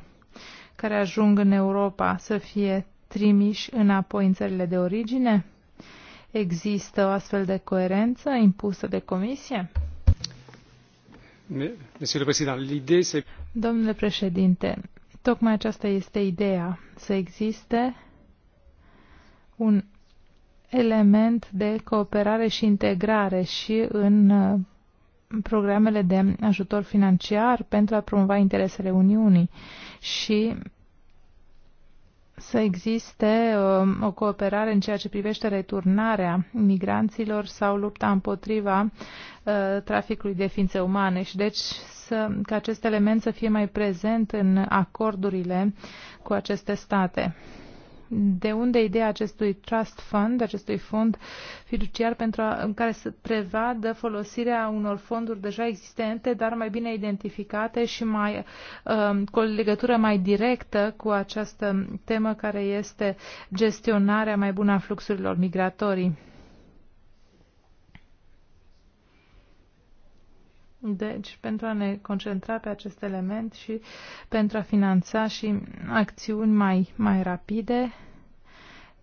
care ajung în Europa să fie trimiși înapoi în țările de origine? Există o astfel de coerență impusă de comisie? Domnule președinte, tocmai aceasta este ideea, să existe un element de cooperare și integrare și în uh, programele de ajutor financiar pentru a promova interesele Uniunii și să existe um, o cooperare în ceea ce privește returnarea migranților sau lupta împotriva uh, traficului de ființe umane și deci să, ca acest element să fie mai prezent în acordurile cu aceste state de unde ideea acestui trust fund, acestui fond fiduciar pentru a, în care să prevadă folosirea unor fonduri deja existente, dar mai bine identificate și mai um, cu o legătură mai directă cu această temă care este gestionarea mai bună a fluxurilor migratorii. Deci, pentru a ne concentra pe acest element și pentru a finanța și acțiuni mai, mai rapide,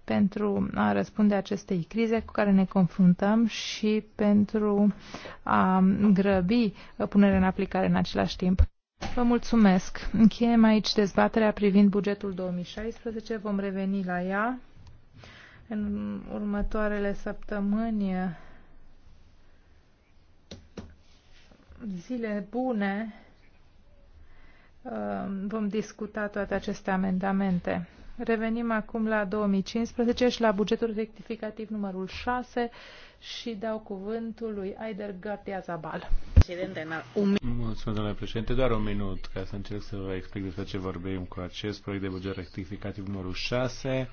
pentru a răspunde acestei crize cu care ne confruntăm și pentru a grăbi punerea în aplicare în același timp. Vă mulțumesc. Încheiem aici dezbaterea privind bugetul 2016. Vom reveni la ea în următoarele săptămâni. zile bune uh, vom discuta toate aceste amendamente. Revenim acum la 2015 și la bugetul rectificativ numărul 6 și dau cuvântul lui Aider Gartia Zabal. Mulțumesc, domnule președinte. Doar un minut ca să încerc să vă explic despre ce vorbim cu acest proiect de buget rectificativ numărul 6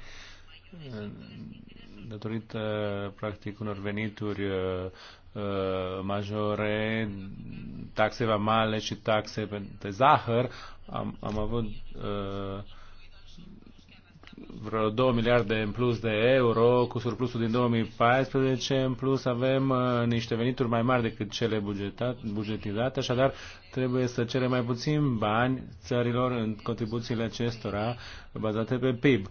datorită practic unor venituri uh, Uh, majore, taxe vamale și taxe pe zahăr. Am, am avut uh, vreo 2 miliarde în plus de euro, cu surplusul din 2014 în plus avem uh, niște venituri mai mari decât cele bugetate, bugetizate, așadar trebuie să cerem mai puțin bani țărilor în contribuțiile acestora bazate pe PIB.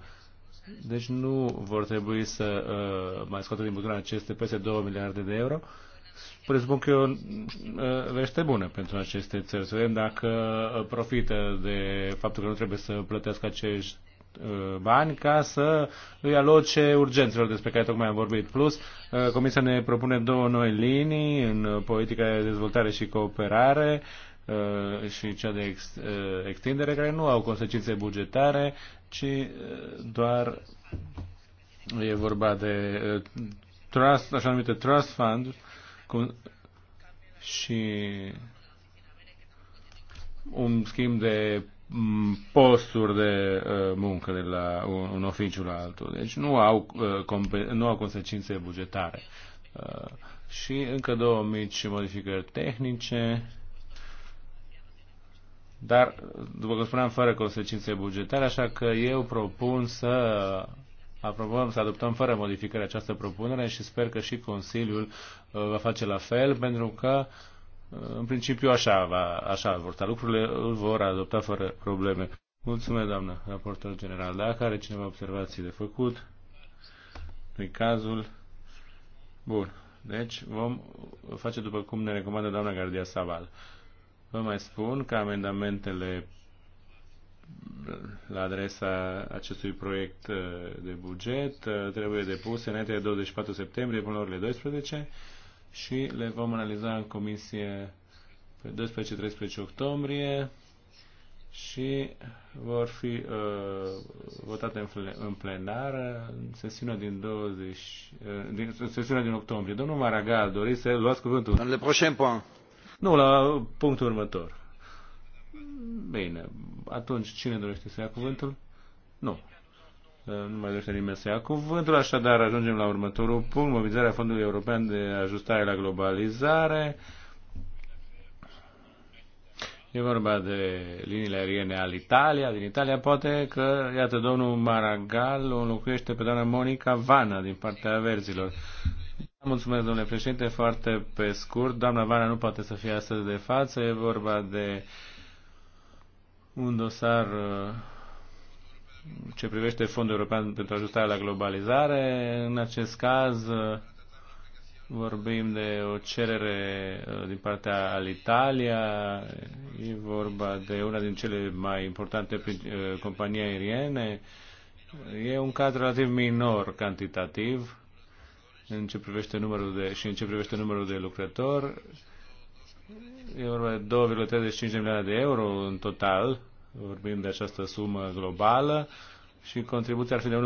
Deci nu vor trebui să uh, mai scoată din buzunar aceste peste 2 miliarde de euro. Uh, presupun că e o veste bună pentru aceste țări. Să vedem dacă profită de faptul că nu trebuie să plătească acești bani ca să îi aloce urgențelor despre care tocmai am vorbit. Plus, Comisia ne propune două noi linii în politica de dezvoltare și cooperare și cea de extindere, care nu au consecințe bugetare, ci doar e vorba de trust, așa numite trust fund și un schimb de mm, posturi de uh, muncă de la un oficiu la altul. Deci nu au, uh, nu au consecințe bugetare. Uh, și încă două mici modificări tehnice, dar, după cum spuneam, fără consecințe bugetare, așa că eu propun să aprobăm, să adoptăm fără modificări această propunere și sper că și Consiliul uh, va face la fel, pentru că uh, în principiu așa, va, așa vor sta lucrurile, îl vor adopta fără probleme. Mulțumesc, doamnă, raportor general. Dacă are cineva observații de făcut, nu cazul. Bun. Deci vom face după cum ne recomandă doamna Gardia Saval. Vă mai spun că amendamentele la adresa acestui proiect uh, de buget uh, trebuie depuse înainte de 24 septembrie până la orele 12 și le vom analiza în comisie pe 12-13 octombrie și vor fi uh, votate în, plen în plenar în sesiunea din 20 uh, din, sesiunea din octombrie. Domnul Maragal, doriți să luați cuvântul? În le prochain point. Nu, la punctul următor. Bine, atunci, cine dorește să ia cuvântul? Nu. Uh, nu mai dorește nimeni să ia cuvântul, așadar ajungem la următorul punct, mobilizarea Fondului European de Ajustare la Globalizare. E vorba de liniile aeriene al Italia, din Italia poate că, iată, domnul Maragal o înlocuiește pe doamna Monica Vana din partea verzilor. Mulțumesc, domnule președinte, foarte pe scurt. Doamna Vana nu poate să fie astăzi de față, e vorba de uh, un dosar uh, ce privește Fondul European pentru Ajustarea la Globalizare. În acest caz uh, vorbim de o cerere uh, din partea al Italia. E vorba de una din cele mai importante companii aeriene. E un caz relativ minor cantitativ în ce privește numărul de, și în ce privește numărul de lucrători E vorba de 2,35 de milioane de euro în total, vorbim de această sumă globală și contribuția ar fi de 1,4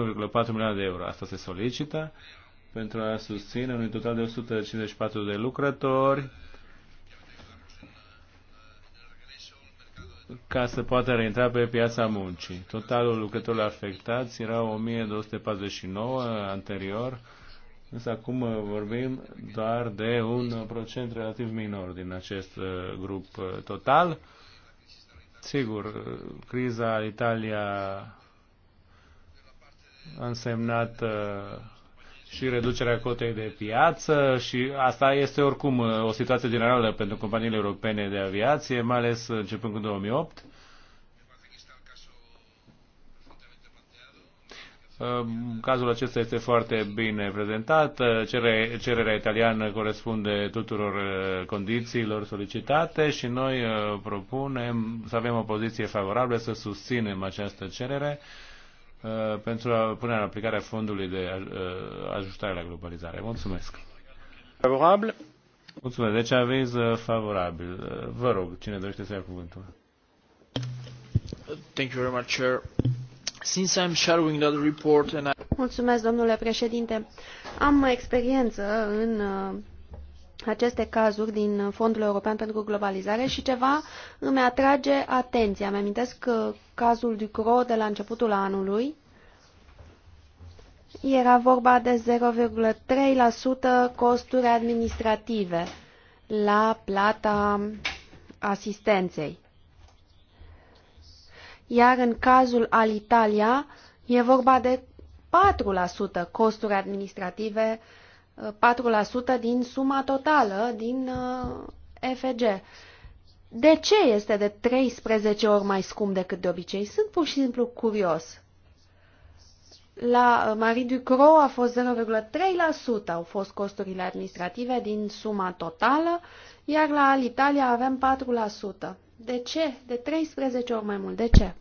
milioane de euro. Asta se solicită pentru a susține un total de 154 de lucrători ca să poată reintra pe piața muncii. Totalul lucrătorilor afectați era 1249 anterior, Însă acum uh, vorbim doar de un uh, procent relativ minor din acest uh, grup total. Sigur, criza Italia a însemnat și reducerea cotei de piață și asta este oricum o situație generală pentru companiile europene de aviație, mai ales începând cu 2008. Ehm, cazul acesta este foarte bine prezentat. Ehm, cererea italiană corespunde tuturor ehm, condițiilor solicitate și noi propunem să avem o poziție favorabilă, să susținem această cerere pentru a pune în aplicare fondului de ajustare la globalizare. Mulțumesc. Favorabil. Mulțumesc. Deci aveți favorabil. Vă rog, cine dorește să ia cuvântul. Thank you very much, Chair. Mulțumesc, domnule președinte. Am experiență în uh, aceste cazuri din Fondul European pentru Globalizare și ceva îmi atrage atenția. Îmi amintesc că cazul Ducro de la începutul anului. Era vorba de 0,3% costuri administrative la plata asistenței iar în cazul al Italia e vorba de 4% costuri administrative, 4% din suma totală din uh, FG. De ce este de 13 ori mai scump decât de obicei? Sunt pur și simplu curios. La uh, Marie Ducro a fost 0,3% au fost costurile administrative din suma totală, iar la Alitalia avem 4%. De ce? De 13 ori mai mult. De ce?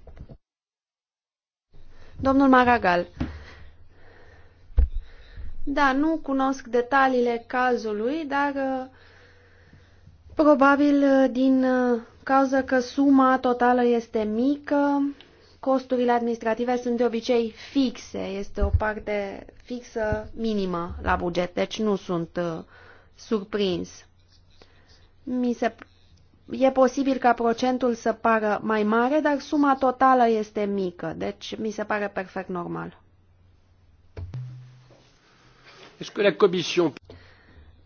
Domnul Maragal. Da, nu cunosc detaliile cazului, dar uh, probabil uh, din uh, cauza că suma totală este mică, costurile administrative sunt de obicei fixe, este o parte fixă minimă la buget, deci nu sunt surprins. Mi se E posibil ca procentul să pară mai mare, dar suma totală este mică, deci mi se pare perfect normal.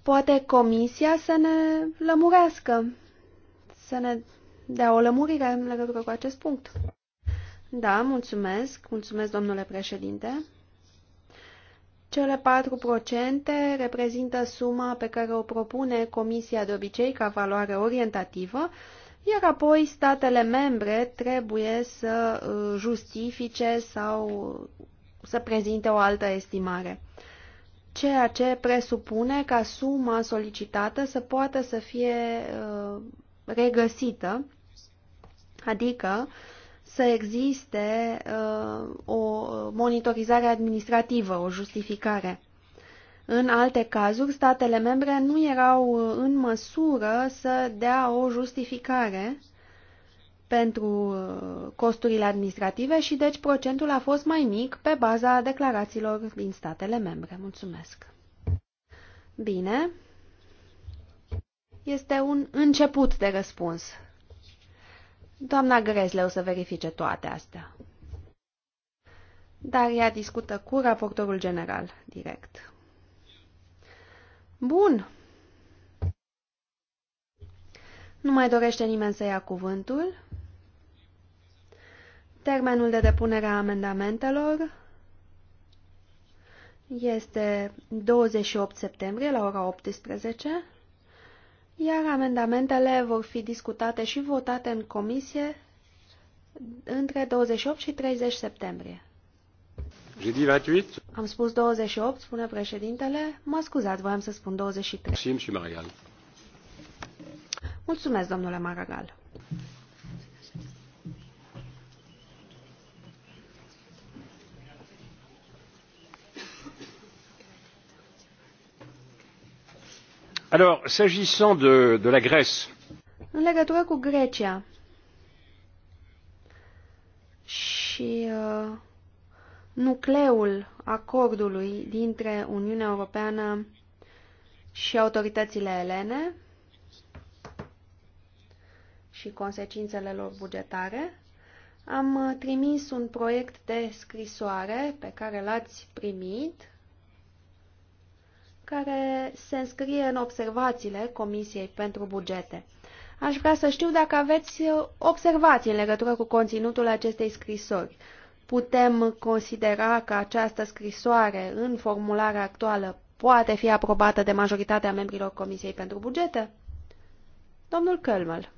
Poate comisia să ne lămurească, să ne dea o lămurire în legătură cu acest punct. Da, mulțumesc, mulțumesc domnule președinte. Cele 4% reprezintă suma pe care o propune Comisia de obicei ca valoare orientativă, iar apoi statele membre trebuie să uh, justifice sau să prezinte o altă estimare, ceea ce presupune ca suma solicitată să poată să fie uh, regăsită, adică să existe uh, o monitorizare administrativă, o justificare. În alte cazuri, statele membre nu erau în măsură să dea o justificare pentru uh, costurile administrative și deci procentul a fost mai mic pe baza declarațiilor din statele membre. Mulțumesc! Bine, este un început de răspuns. Doamna Gresle o să verifice toate astea. Dar ea discută cu raportorul general direct. Bun. Nu mai dorește nimeni să ia cuvântul. Termenul de depunere a amendamentelor este 28 septembrie la ora 18 iar amendamentele vor fi discutate și votate în comisie între 28 și 30 septembrie. J'ai dit 28. Am spus 28, spune președintele. Mă scuzați, voiam să spun 23. Mulțumesc, domnule Maragal. Alors, s'agissant de, de la Grèce. În legătură cu Grecia și uh, nucleul acordului dintre Uniunea Europeană și autoritățile elene și consecințele lor bugetare, am trimis un proiect de scrisoare pe care l-ați primit care se înscrie în observațiile Comisiei pentru Bugete. Aș vrea să știu dacă aveți observații în legătură cu conținutul acestei scrisori. Putem considera că această scrisoare, în formularea actuală, poate fi aprobată de majoritatea membrilor Comisiei pentru Bugete? Domnul Kölmel.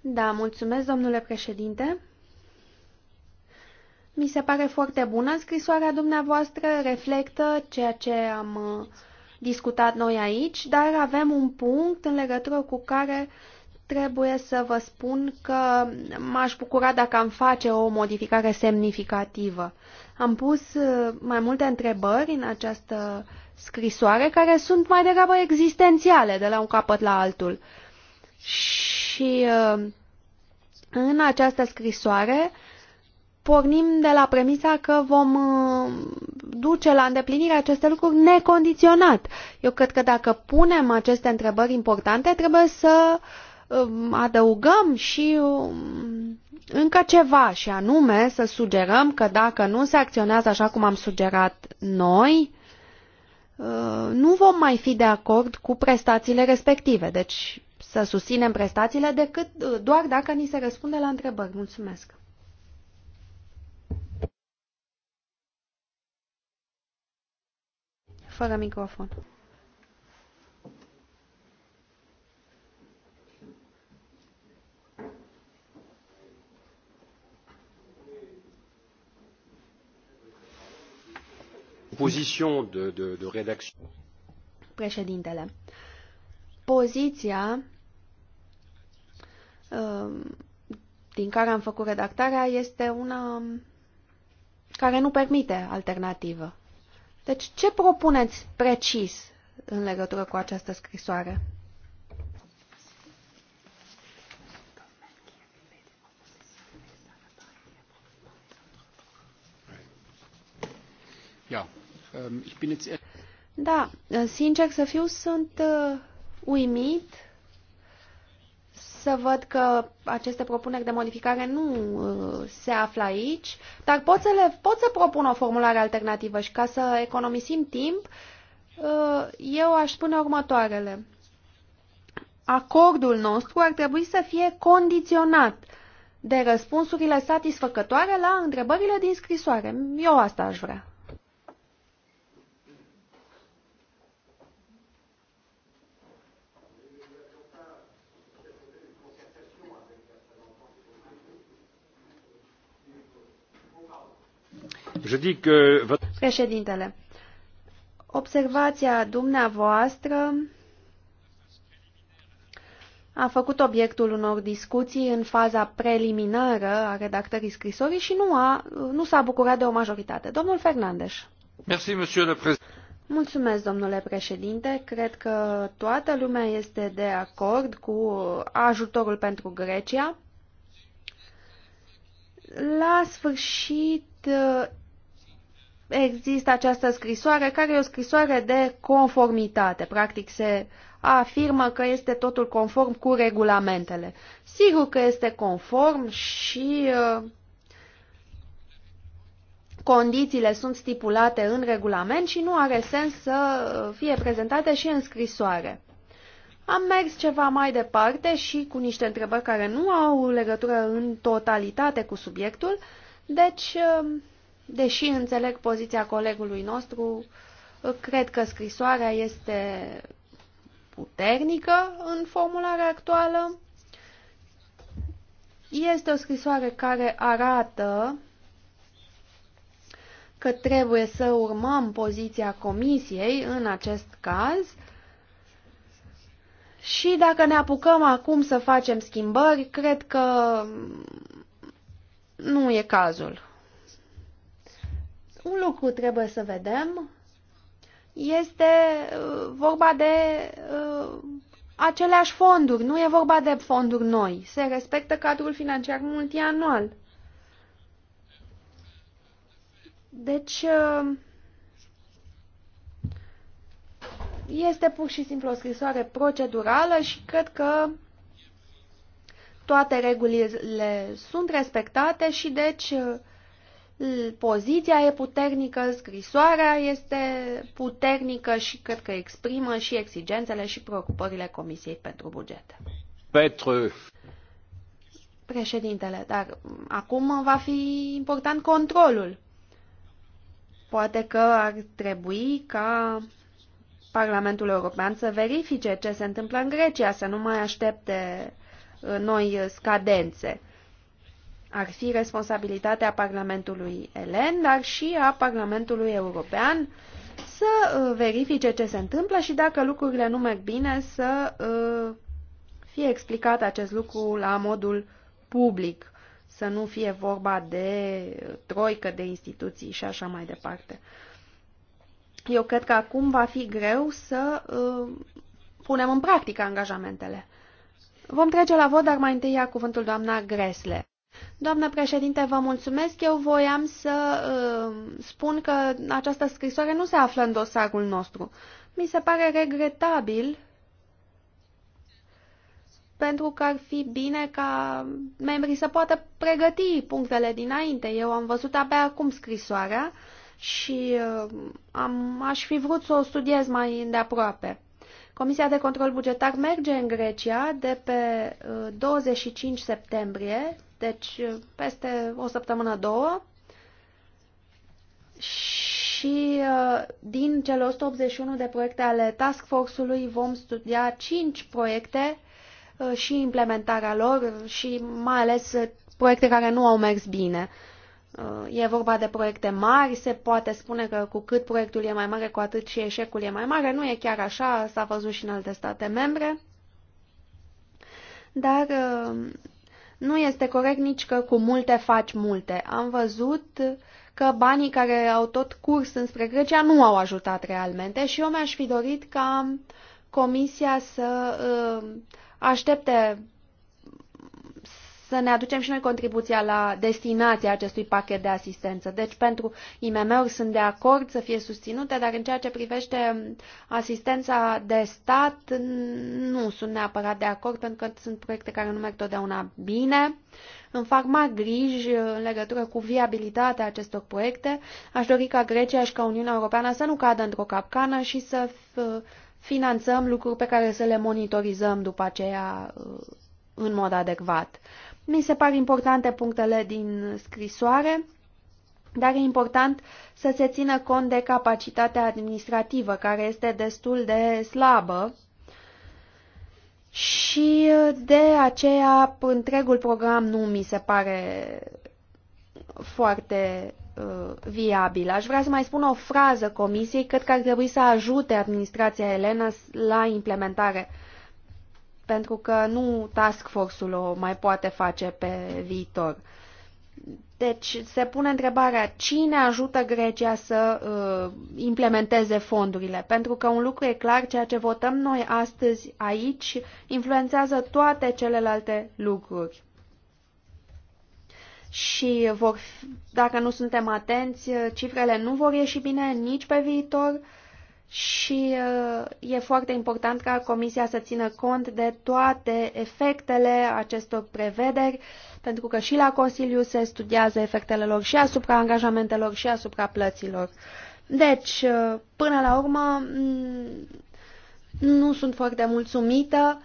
Da, mulțumesc, domnule președinte. Mi se pare foarte bună. Scrisoarea dumneavoastră reflectă ceea ce am uh, discutat noi aici, dar avem un punct în legătură cu care trebuie să vă spun că m-aș bucura dacă am face o modificare semnificativă. Am pus uh, mai multe întrebări în această scrisoare care sunt mai degrabă existențiale de la un capăt la altul. Și uh, în această scrisoare pornim de la premisa că vom uh, duce la îndeplinire aceste lucruri necondiționat. Eu cred că dacă punem aceste întrebări importante, trebuie să um, adăugăm și um, încă ceva, și anume să sugerăm că dacă nu se acționează așa cum am sugerat noi, uh, nu vom mai fi de acord cu prestațiile respective. Deci să susținem prestațiile decât uh, doar dacă ni se răspunde la întrebări. Mulțumesc! fără microfon. Position de, de, de Președintele, poziția um, din care am făcut redactarea este una care nu permite alternativă. Deci, ce propuneți precis în legătură cu această scrisoare? Ähm, da, sincer să fiu, sunt uh, uimit să văd că aceste propuneri de modificare nu uh, se află aici, dar pot să, le, pot să propun o formulare alternativă și ca să economisim timp, uh, eu aș spune următoarele. Acordul nostru ar trebui să fie condiționat de răspunsurile satisfăcătoare la întrebările din scrisoare. Eu asta aș vrea. Președintele, observația dumneavoastră a făcut obiectul unor discuții în faza preliminară a redactării scrisorii și nu, a, nu s-a bucurat de o majoritate. Domnul Fernandes. Mulțumesc, domnule președinte. Cred că toată lumea este de acord cu ajutorul pentru Grecia. La sfârșit, există această scrisoare, care e o scrisoare de conformitate. Practic se afirmă că este totul conform cu regulamentele. Sigur că este conform și uh, condițiile sunt stipulate în regulament și nu are sens să fie prezentate și în scrisoare. Am mers ceva mai departe și cu niște întrebări care nu au legătură în totalitate cu subiectul, deci uh, Deși înțeleg poziția colegului nostru, cred că scrisoarea este puternică în formularea actuală. Este o scrisoare care arată că trebuie să urmăm poziția comisiei în acest caz și dacă ne apucăm acum să facem schimbări, cred că nu e cazul. Un lucru trebuie să vedem este uh, vorba de uh, aceleași fonduri, nu e vorba de fonduri noi. Se respectă cadrul financiar multianual. Deci, uh, este pur și simplu o scrisoare procedurală și cred că toate regulile sunt respectate și deci uh, poziția e puternică, scrisoarea este puternică și cred că exprimă și exigențele și preocupările Comisiei pentru buget. Petru. Președintele, dar acum va fi important controlul. Poate că ar trebui ca Parlamentul European să verifice ce se întâmplă în Grecia, să nu mai aștepte uh, noi scadențe ar fi responsabilitatea Parlamentului Elen, dar și a Parlamentului European să uh, verifice ce se întâmplă și dacă lucrurile nu merg bine să uh, fie explicat acest lucru la modul public, să nu fie vorba de troică, de instituții și așa mai departe. Eu cred că acum va fi greu să uh, punem în practică angajamentele. Vom trece la vot, dar mai întâi ia cuvântul doamna Gresle. Doamnă președinte, vă mulțumesc. Eu voiam să uh, spun că această scrisoare nu se află în dosarul nostru. Mi se pare regretabil pentru că ar fi bine ca membrii să poată pregăti punctele dinainte. Eu am văzut abia acum scrisoarea și uh, am, aș fi vrut să o studiez mai îndeaproape. Comisia de control bugetar merge în Grecia de pe 25 uh, septembrie deci peste o săptămână, două, și uh, din cele 181 de proiecte ale Task Force-ului vom studia 5 proiecte uh, și implementarea lor și mai ales uh, proiecte care nu au mers bine. E vorba de proiecte mari, se poate spune că cu cât proiectul e mai mare, cu atât și eșecul e mai mare. Nu e chiar așa, s-a văzut și în alte state membre. Dar nu este corect nici că cu multe faci multe. Am văzut că banii care au tot curs înspre Grecia nu au ajutat realmente și eu mi-aș fi dorit ca Comisia să uh, aștepte să ne aducem și noi contribuția la destinația acestui pachet de asistență. Deci pentru IMM-uri sunt de acord să fie susținute, dar în ceea ce privește asistența de stat nu sunt neapărat de acord pentru că sunt proiecte care nu merg totdeauna bine. Îmi fac mari griji în legătură cu viabilitatea acestor proiecte. Aș dori ca Grecia și ca Uniunea Europeană să nu cadă într-o capcană și să finanțăm lucruri pe care să le monitorizăm după aceea uh, în mod adecvat. Mi se par importante punctele din scrisoare, dar e important să se țină cont de capacitatea administrativă, care este destul de slabă și de aceea întregul program nu mi se pare foarte uh, viabil. Aș vrea să mai spun o frază comisiei, cred că ar trebui să ajute administrația Elena la implementare. Uh, pentru că nu task force-ul o mai poate face pe viitor. Deci se pune întrebarea cine ajută Grecia să uh, implementeze fondurile, pentru că un lucru e clar, ceea ce votăm noi astăzi aici influențează toate celelalte lucruri. Și vor, dacă nu suntem atenți, cifrele nu vor ieși bine nici pe viitor, uh, și uh, e foarte important ca Comisia să țină cont de toate efectele acestor prevederi, pentru că și la Consiliu se studiază efectele lor și asupra angajamentelor și asupra plăților. Deci, uh, până la urmă, mm, nu sunt foarte mulțumită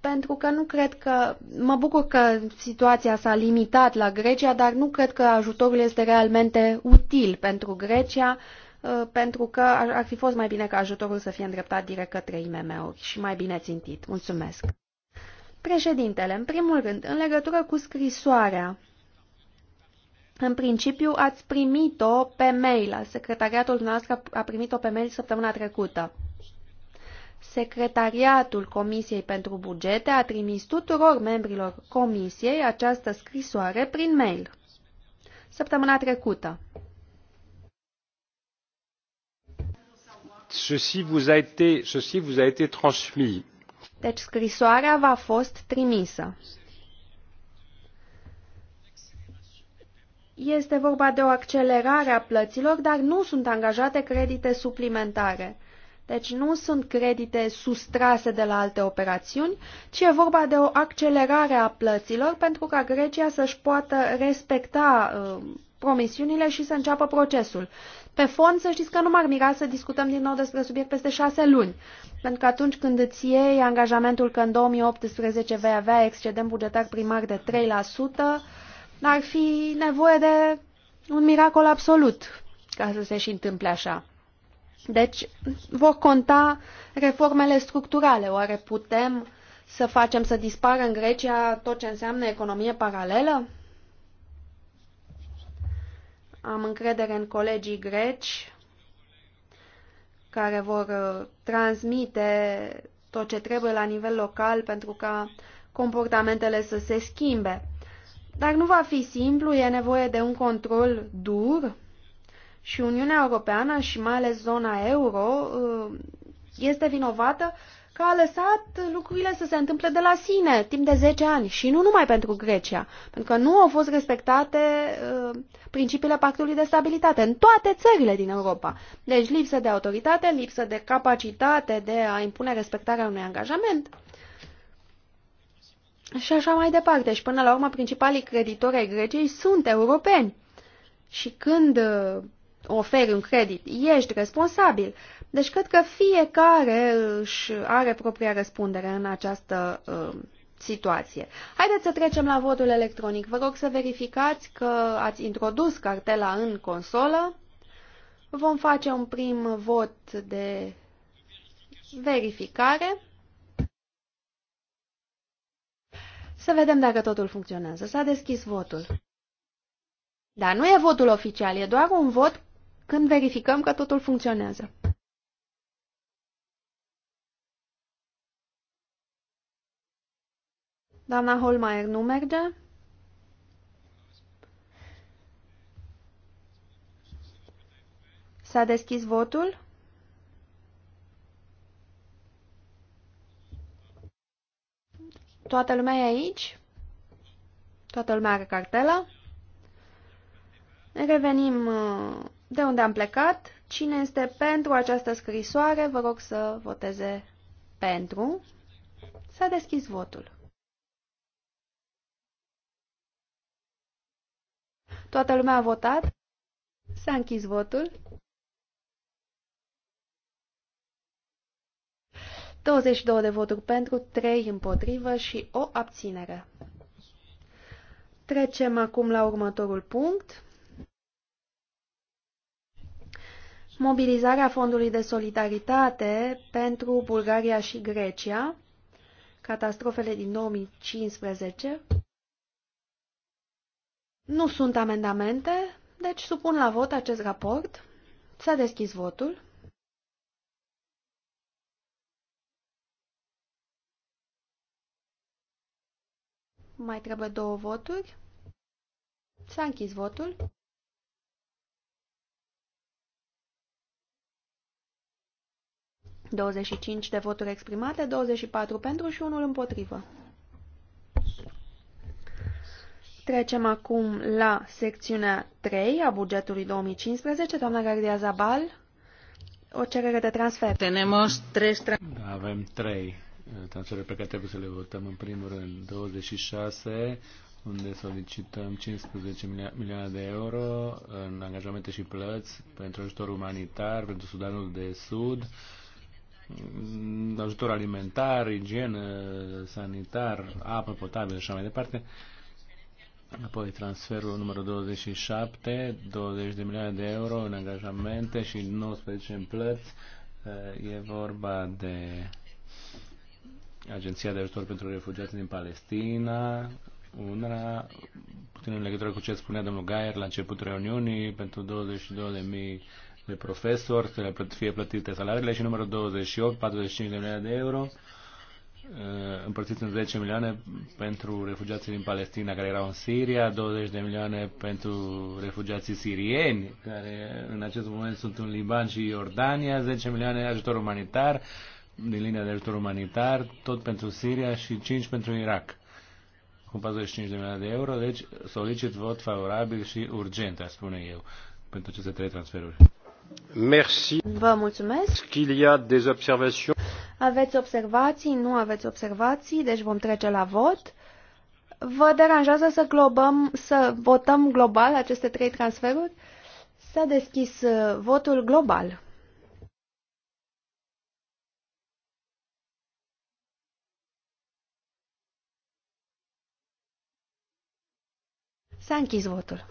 pentru că nu cred că, mă bucur că situația s-a limitat la Grecia, dar nu cred că ajutorul este realmente util pentru Grecia Uh, pentru că ar fi fost mai bine ca ajutorul să fie îndreptat direct către IMM-uri și mai bine țintit. Mulțumesc! Președintele, în primul rând, în legătură cu scrisoarea, în principiu ați primit-o pe mail, secretariatul dumneavoastră a primit-o pe mail săptămâna trecută. Secretariatul Comisiei pentru Bugete a trimis tuturor membrilor Comisiei această scrisoare prin mail. Săptămâna trecută. Ceci vous a été, transmis. Deci scrisoarea v-a fost trimisă. Este vorba de o accelerare a plăților, dar nu sunt angajate credite suplimentare. Deci nu sunt credite sustrase de la alte operațiuni, ci e vorba de o accelerare a plăților pentru ca Grecia să-și poată respecta uh, promisiunile și să înceapă procesul. Pe fond, să știți că nu m-ar mira să discutăm din nou despre subiect peste șase luni, pentru că atunci când îți iei angajamentul că în 2018 vei avea excedent bugetar primar de 3%, ar fi nevoie de un miracol absolut ca să se și întâmple așa. Deci vor conta reformele structurale. Oare putem să facem să dispară în Grecia tot ce înseamnă economie paralelă? Am încredere în colegii greci care vor uh, transmite tot ce trebuie la nivel local pentru ca comportamentele să se schimbe. Dar nu va fi simplu, e nevoie de un control dur și Uniunea Europeană și mai ales zona euro uh, este vinovată că a lăsat lucrurile să se întâmple de la sine timp de 10 ani și nu numai pentru Grecia, pentru că nu au fost respectate uh, principiile pactului de stabilitate în toate țările din Europa. Deci lipsă de autoritate, lipsă de capacitate de a impune respectarea unui angajament. Și așa mai departe. Și până la urmă, principalii creditori ai Greciei sunt europeni. Și când uh, oferi un credit, ești responsabil. Deci cred că fiecare își are propria răspundere în această uh, situație. Haideți să trecem la votul electronic. Vă rog să verificați că ați introdus cartela în consolă. Vom face un prim vot de verificare. Să vedem dacă totul funcționează. S-a deschis votul. Dar nu e votul oficial, e doar un vot când verificăm că totul funcționează. Dana, Holmeier nu merge? S-a deschis votul? Toată lumea e aici? Toată lumea are cartela? Ne Revenim uh, de unde am plecat. Cine este pentru această scrisoare, vă rog să voteze pentru. S-a deschis votul. Toată lumea a votat? S-a închis votul. 22 de voturi pentru, 3 împotrivă și o abținere. Trecem acum la următorul punct. Mobilizarea Fondului de Solidaritate pentru Bulgaria și Grecia, catastrofele din 2015. Nu sunt amendamente, deci supun la vot acest raport. S-a deschis votul. Mai trebuie două voturi. S-a închis votul. Douăzeci și cinci de voturi exprimate, douăzeci și patru pentru și unul împotrivă. Trecem acum la secțiunea 3 a bugetului 2015. Doamna Gardia Zabal, o cerere de transfer. Tenemos tres tra da, avem trei eh, transferuri pe care trebuie să le votăm. În primul rând, 26, unde solicităm 15 milioane de euro în angajamente și plăți pentru ajutor umanitar pentru Sudanul de Sud, mm, ajutor alimentar, igienă, sanitar, apă potabilă și așa mai departe. Apoi transferul numărul 27, 20 de milioane de euro în angajamente și 19 în plăți. Eh, e vorba de Agenția de Ajutor pentru Refugiați din Palestina, UNRWA, puțin în legătură cu ce spunea domnul Gaier la începutul reuniunii, pentru 22.000 de profesori să fie plătite salariile și numărul 28, 45 de milioane de euro Uh, împărțiți în 10 milioane pentru refugiații din Palestina care erau în Siria, 20 de milioane pentru refugiații sirieni care în acest moment sunt în Liban și Iordania, 10 milioane ajutor umanitar din linia de ajutor umanitar, tot pentru Siria și 5 pentru Irak cu 45 de milioane de euro, deci solicit vot favorabil și urgent, a spune eu, pentru aceste trei transferuri. Merci. Vă mulțumesc. Qu'il y a des observations? Aveți observații? Nu aveți observații, deci vom trece la vot. Vă deranjează să, globăm, să votăm global aceste trei transferuri? S-a deschis uh, votul global. S-a închis votul.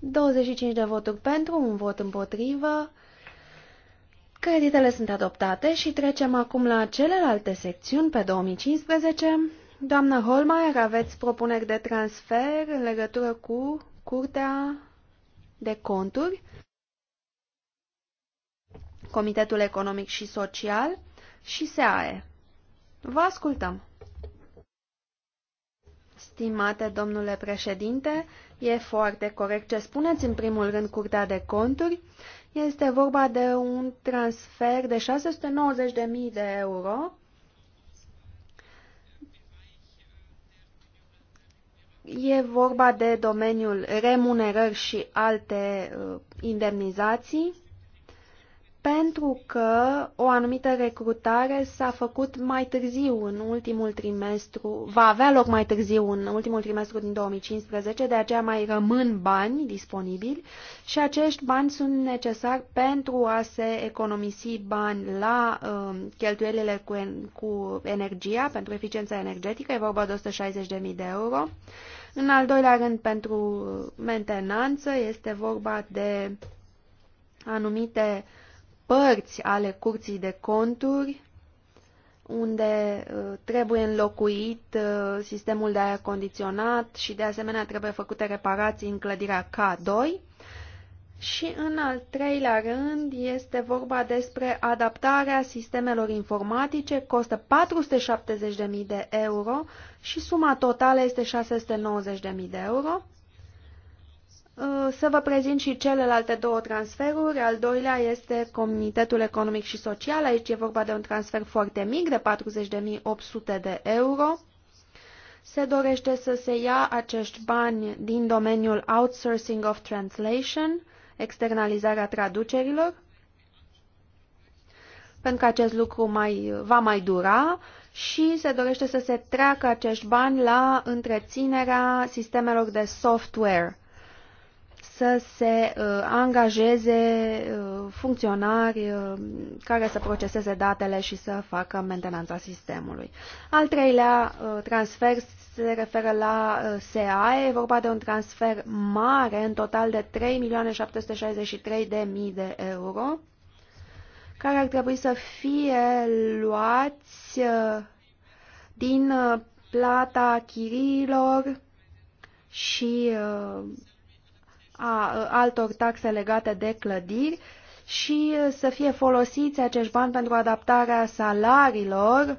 25 de voturi pentru, un vot împotrivă. Creditele sunt adoptate și trecem acum la celelalte secțiuni pe 2015. Doamnă Holmeier, aveți propuneri de transfer în legătură cu Curtea de Conturi, Comitetul Economic și Social și SAE. Vă ascultăm! Stimate domnule președinte, e foarte corect ce spuneți. În primul rând, Curtea de Conturi. Este vorba de un transfer de 690.000 de euro E vorba de domeniul remunerări și alte uh, indemnizații pentru că o anumită recrutare s-a făcut mai târziu, în ultimul trimestru, va avea loc mai târziu, în ultimul trimestru din 2015, de aceea mai rămân bani disponibili și acești bani sunt necesari pentru a se economisi bani la uh, cheltuielile cu, en cu energia, pentru eficiența energetică, e vorba de 160.000 de euro. În al doilea rând, pentru uh, mentenanță, este vorba de anumite uh, părți ale curții de conturi unde uh, trebuie înlocuit uh, sistemul de aer condiționat și de asemenea trebuie făcute reparații în clădirea K2. Și în al treilea rând este vorba despre adaptarea sistemelor informatice, costă 470.000 de euro și suma totală este 690.000 de euro. Uh, să vă prezint și celelalte două transferuri. Al doilea este Comitetul Economic și Social. Aici e vorba de un transfer foarte mic, de 40.800 de euro. Se dorește să se ia acești bani din domeniul Outsourcing of Translation, externalizarea traducerilor, pentru că acest lucru mai, va mai dura și se dorește să se treacă acești bani la întreținerea sistemelor de software să se uh, angajeze uh, funcționari uh, care să proceseze datele și să facă mentenanța sistemului. Al treilea transfer se referă la SEA, e vorba de un transfer mare, în total de 3.763.000 de euro, care ar trebui să fie luați din plata chirilor și a altor taxe legate de clădiri și uh, să fie folosiți acești bani pentru adaptarea salariilor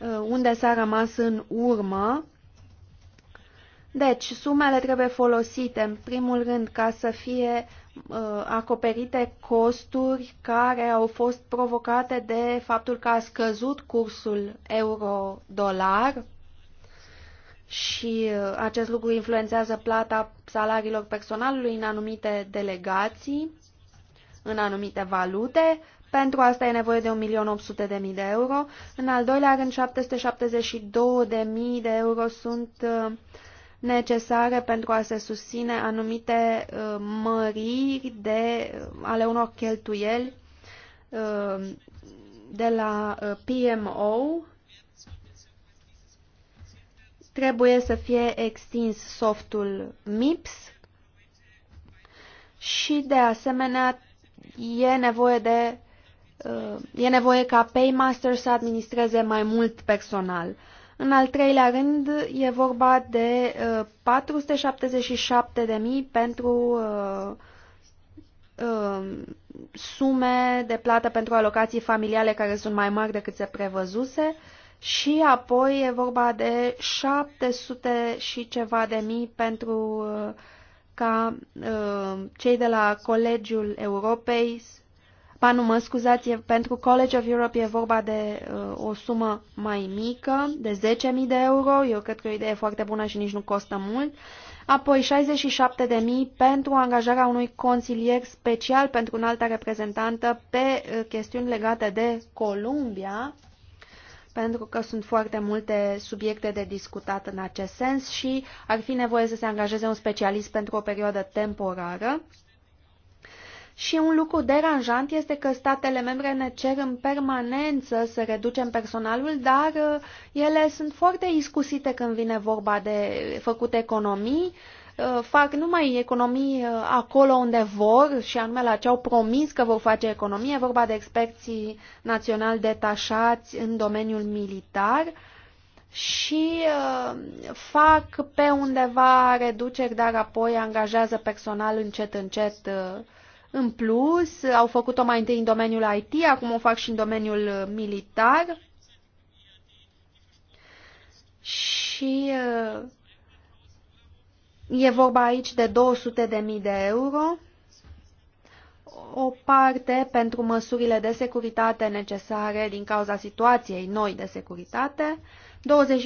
uh, unde s-a rămas în urmă. Deci, sumele trebuie folosite, în primul rând, ca să fie uh, acoperite costuri care au fost provocate de faptul că a scăzut cursul euro-dolar și uh, acest lucru influențează plata salariilor personalului în anumite delegații, în anumite valute. Pentru asta e nevoie de 1.800.000 de euro. În al doilea rând, 772.000 de euro sunt uh, necesare pentru a se susține anumite uh, măriri de, ale unor cheltuieli de la PMO, Trebuie să fie extins softul MIPS și, de asemenea, e nevoie de uh, e nevoie ca Paymaster să administreze mai mult personal. În al treilea rând, e vorba de 477.000 uh, pentru uh, sume de plată pentru alocații familiale care sunt mai mari decât se prevăzuse și apoi e vorba de 700 și ceva de mii pentru uh, ca uh, cei de la Colegiul Europei, ba nu mă scuzați, pentru College of Europe e vorba de uh, o sumă mai mică, de 10.000 de euro, eu cred că e o idee foarte bună și nici nu costă mult. Apoi 67.000 pentru angajarea unui consilier special pentru un altă reprezentantă pe chestiuni legate de Columbia, pentru că sunt foarte multe subiecte de discutat în acest sens și ar fi nevoie să se angajeze un specialist pentru o perioadă temporară. Și un lucru deranjant este că statele membre ne cer în permanență să reducem personalul, dar uh, ele sunt foarte iscusite când vine vorba de făcut economii Uh, fac numai economii uh, acolo unde vor și anume la ce au promis că vor face economie. vorba de experții naționali detașați în domeniul militar și uh, fac pe undeva reduceri, dar apoi angajează personal încet, încet în plus. Au făcut-o mai întâi în domeniul IT, acum o fac și în domeniul militar. Și E vorba aici de 200.000 de euro, o parte pentru măsurile de securitate necesare din cauza situației noi de securitate,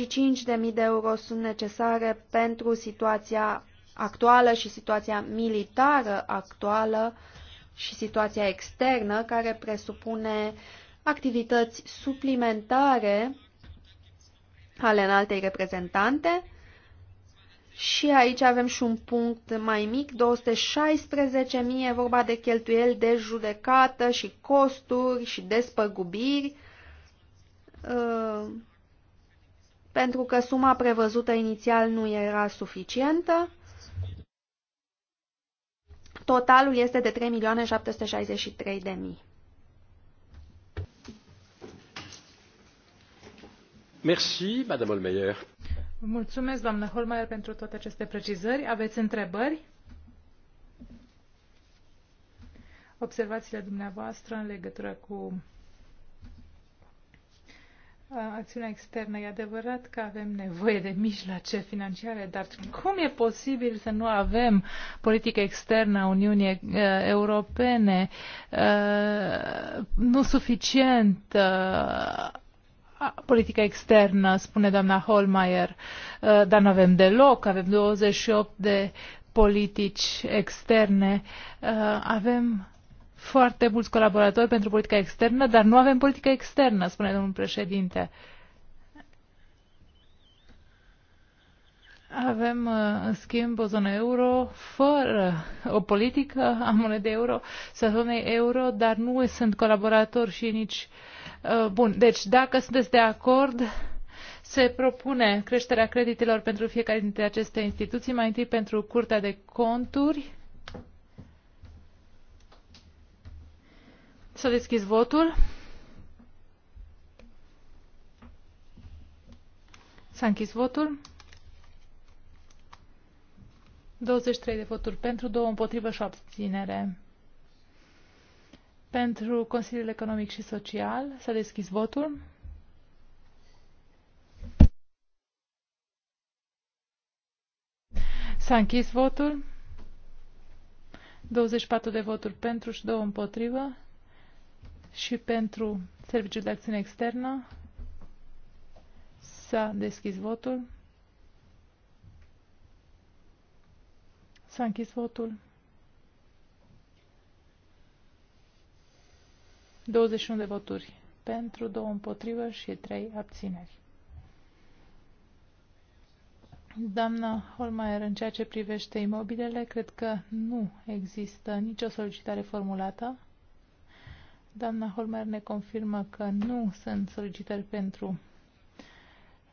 25.000 de euro sunt necesare pentru situația actuală și situația militară actuală și situația externă, care presupune activități suplimentare ale înaltei reprezentante și aici avem și un punct mai mic, 216.000, vorba de cheltuieli de judecată și costuri și despăgubiri, uh, pentru că suma prevăzută inițial nu era suficientă. Totalul este de 3.763.000. Merci, Madame Olmeyer. Mulțumesc, doamnă Holmeier, pentru toate aceste precizări. Aveți întrebări? Observațiile dumneavoastră în legătură cu uh, acțiunea externă. E adevărat că avem nevoie de mijloace financiare, dar cum e posibil să nu avem politică externă a Uniunii uh, Europene uh, nu suficient politică externă, spune doamna Holmeier, uh, dar nu avem deloc, avem 28 de politici externe, uh, avem foarte mulți colaboratori pentru politica externă, dar nu avem politică externă, spune domnul președinte. Avem, uh, în schimb, o zonă euro fără o politică a monedei euro sau zonei euro, dar nu sunt colaboratori și nici. Uh, bun, deci dacă sunteți de acord, se propune creșterea creditelor pentru fiecare dintre aceste instituții, mai întâi pentru Curtea de Conturi. Să deschis votul. S-a închis votul. 23 de voturi pentru, 2 împotrivă și abținere. Pentru Consiliul Economic și Social s-a deschis votul. S-a închis votul. 24 de voturi pentru și 2 împotrivă. Și pentru Serviciul de Acțiune Externă s-a deschis votul. S-a închis votul. 21 de voturi pentru, 2 împotrivă și 3 abțineri. Doamna Holmeier, în ceea ce privește imobilele, cred că nu există nicio solicitare formulată. Doamna Holmeier ne confirmă că nu sunt solicitări pentru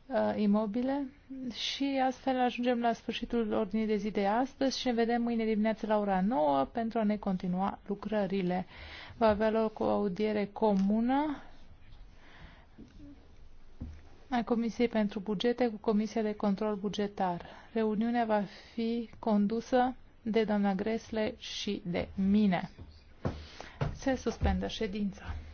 uh, imobile și astfel ajungem la sfârșitul ordinii de zi de astăzi și ne vedem mâine dimineață la ora 9 pentru a ne continua lucrările. Va avea loc o audiere comună a Comisiei pentru Bugete cu Comisia de Control Bugetar. Reuniunea va fi condusă de doamna Gresle și de mine. Se suspendă ședința.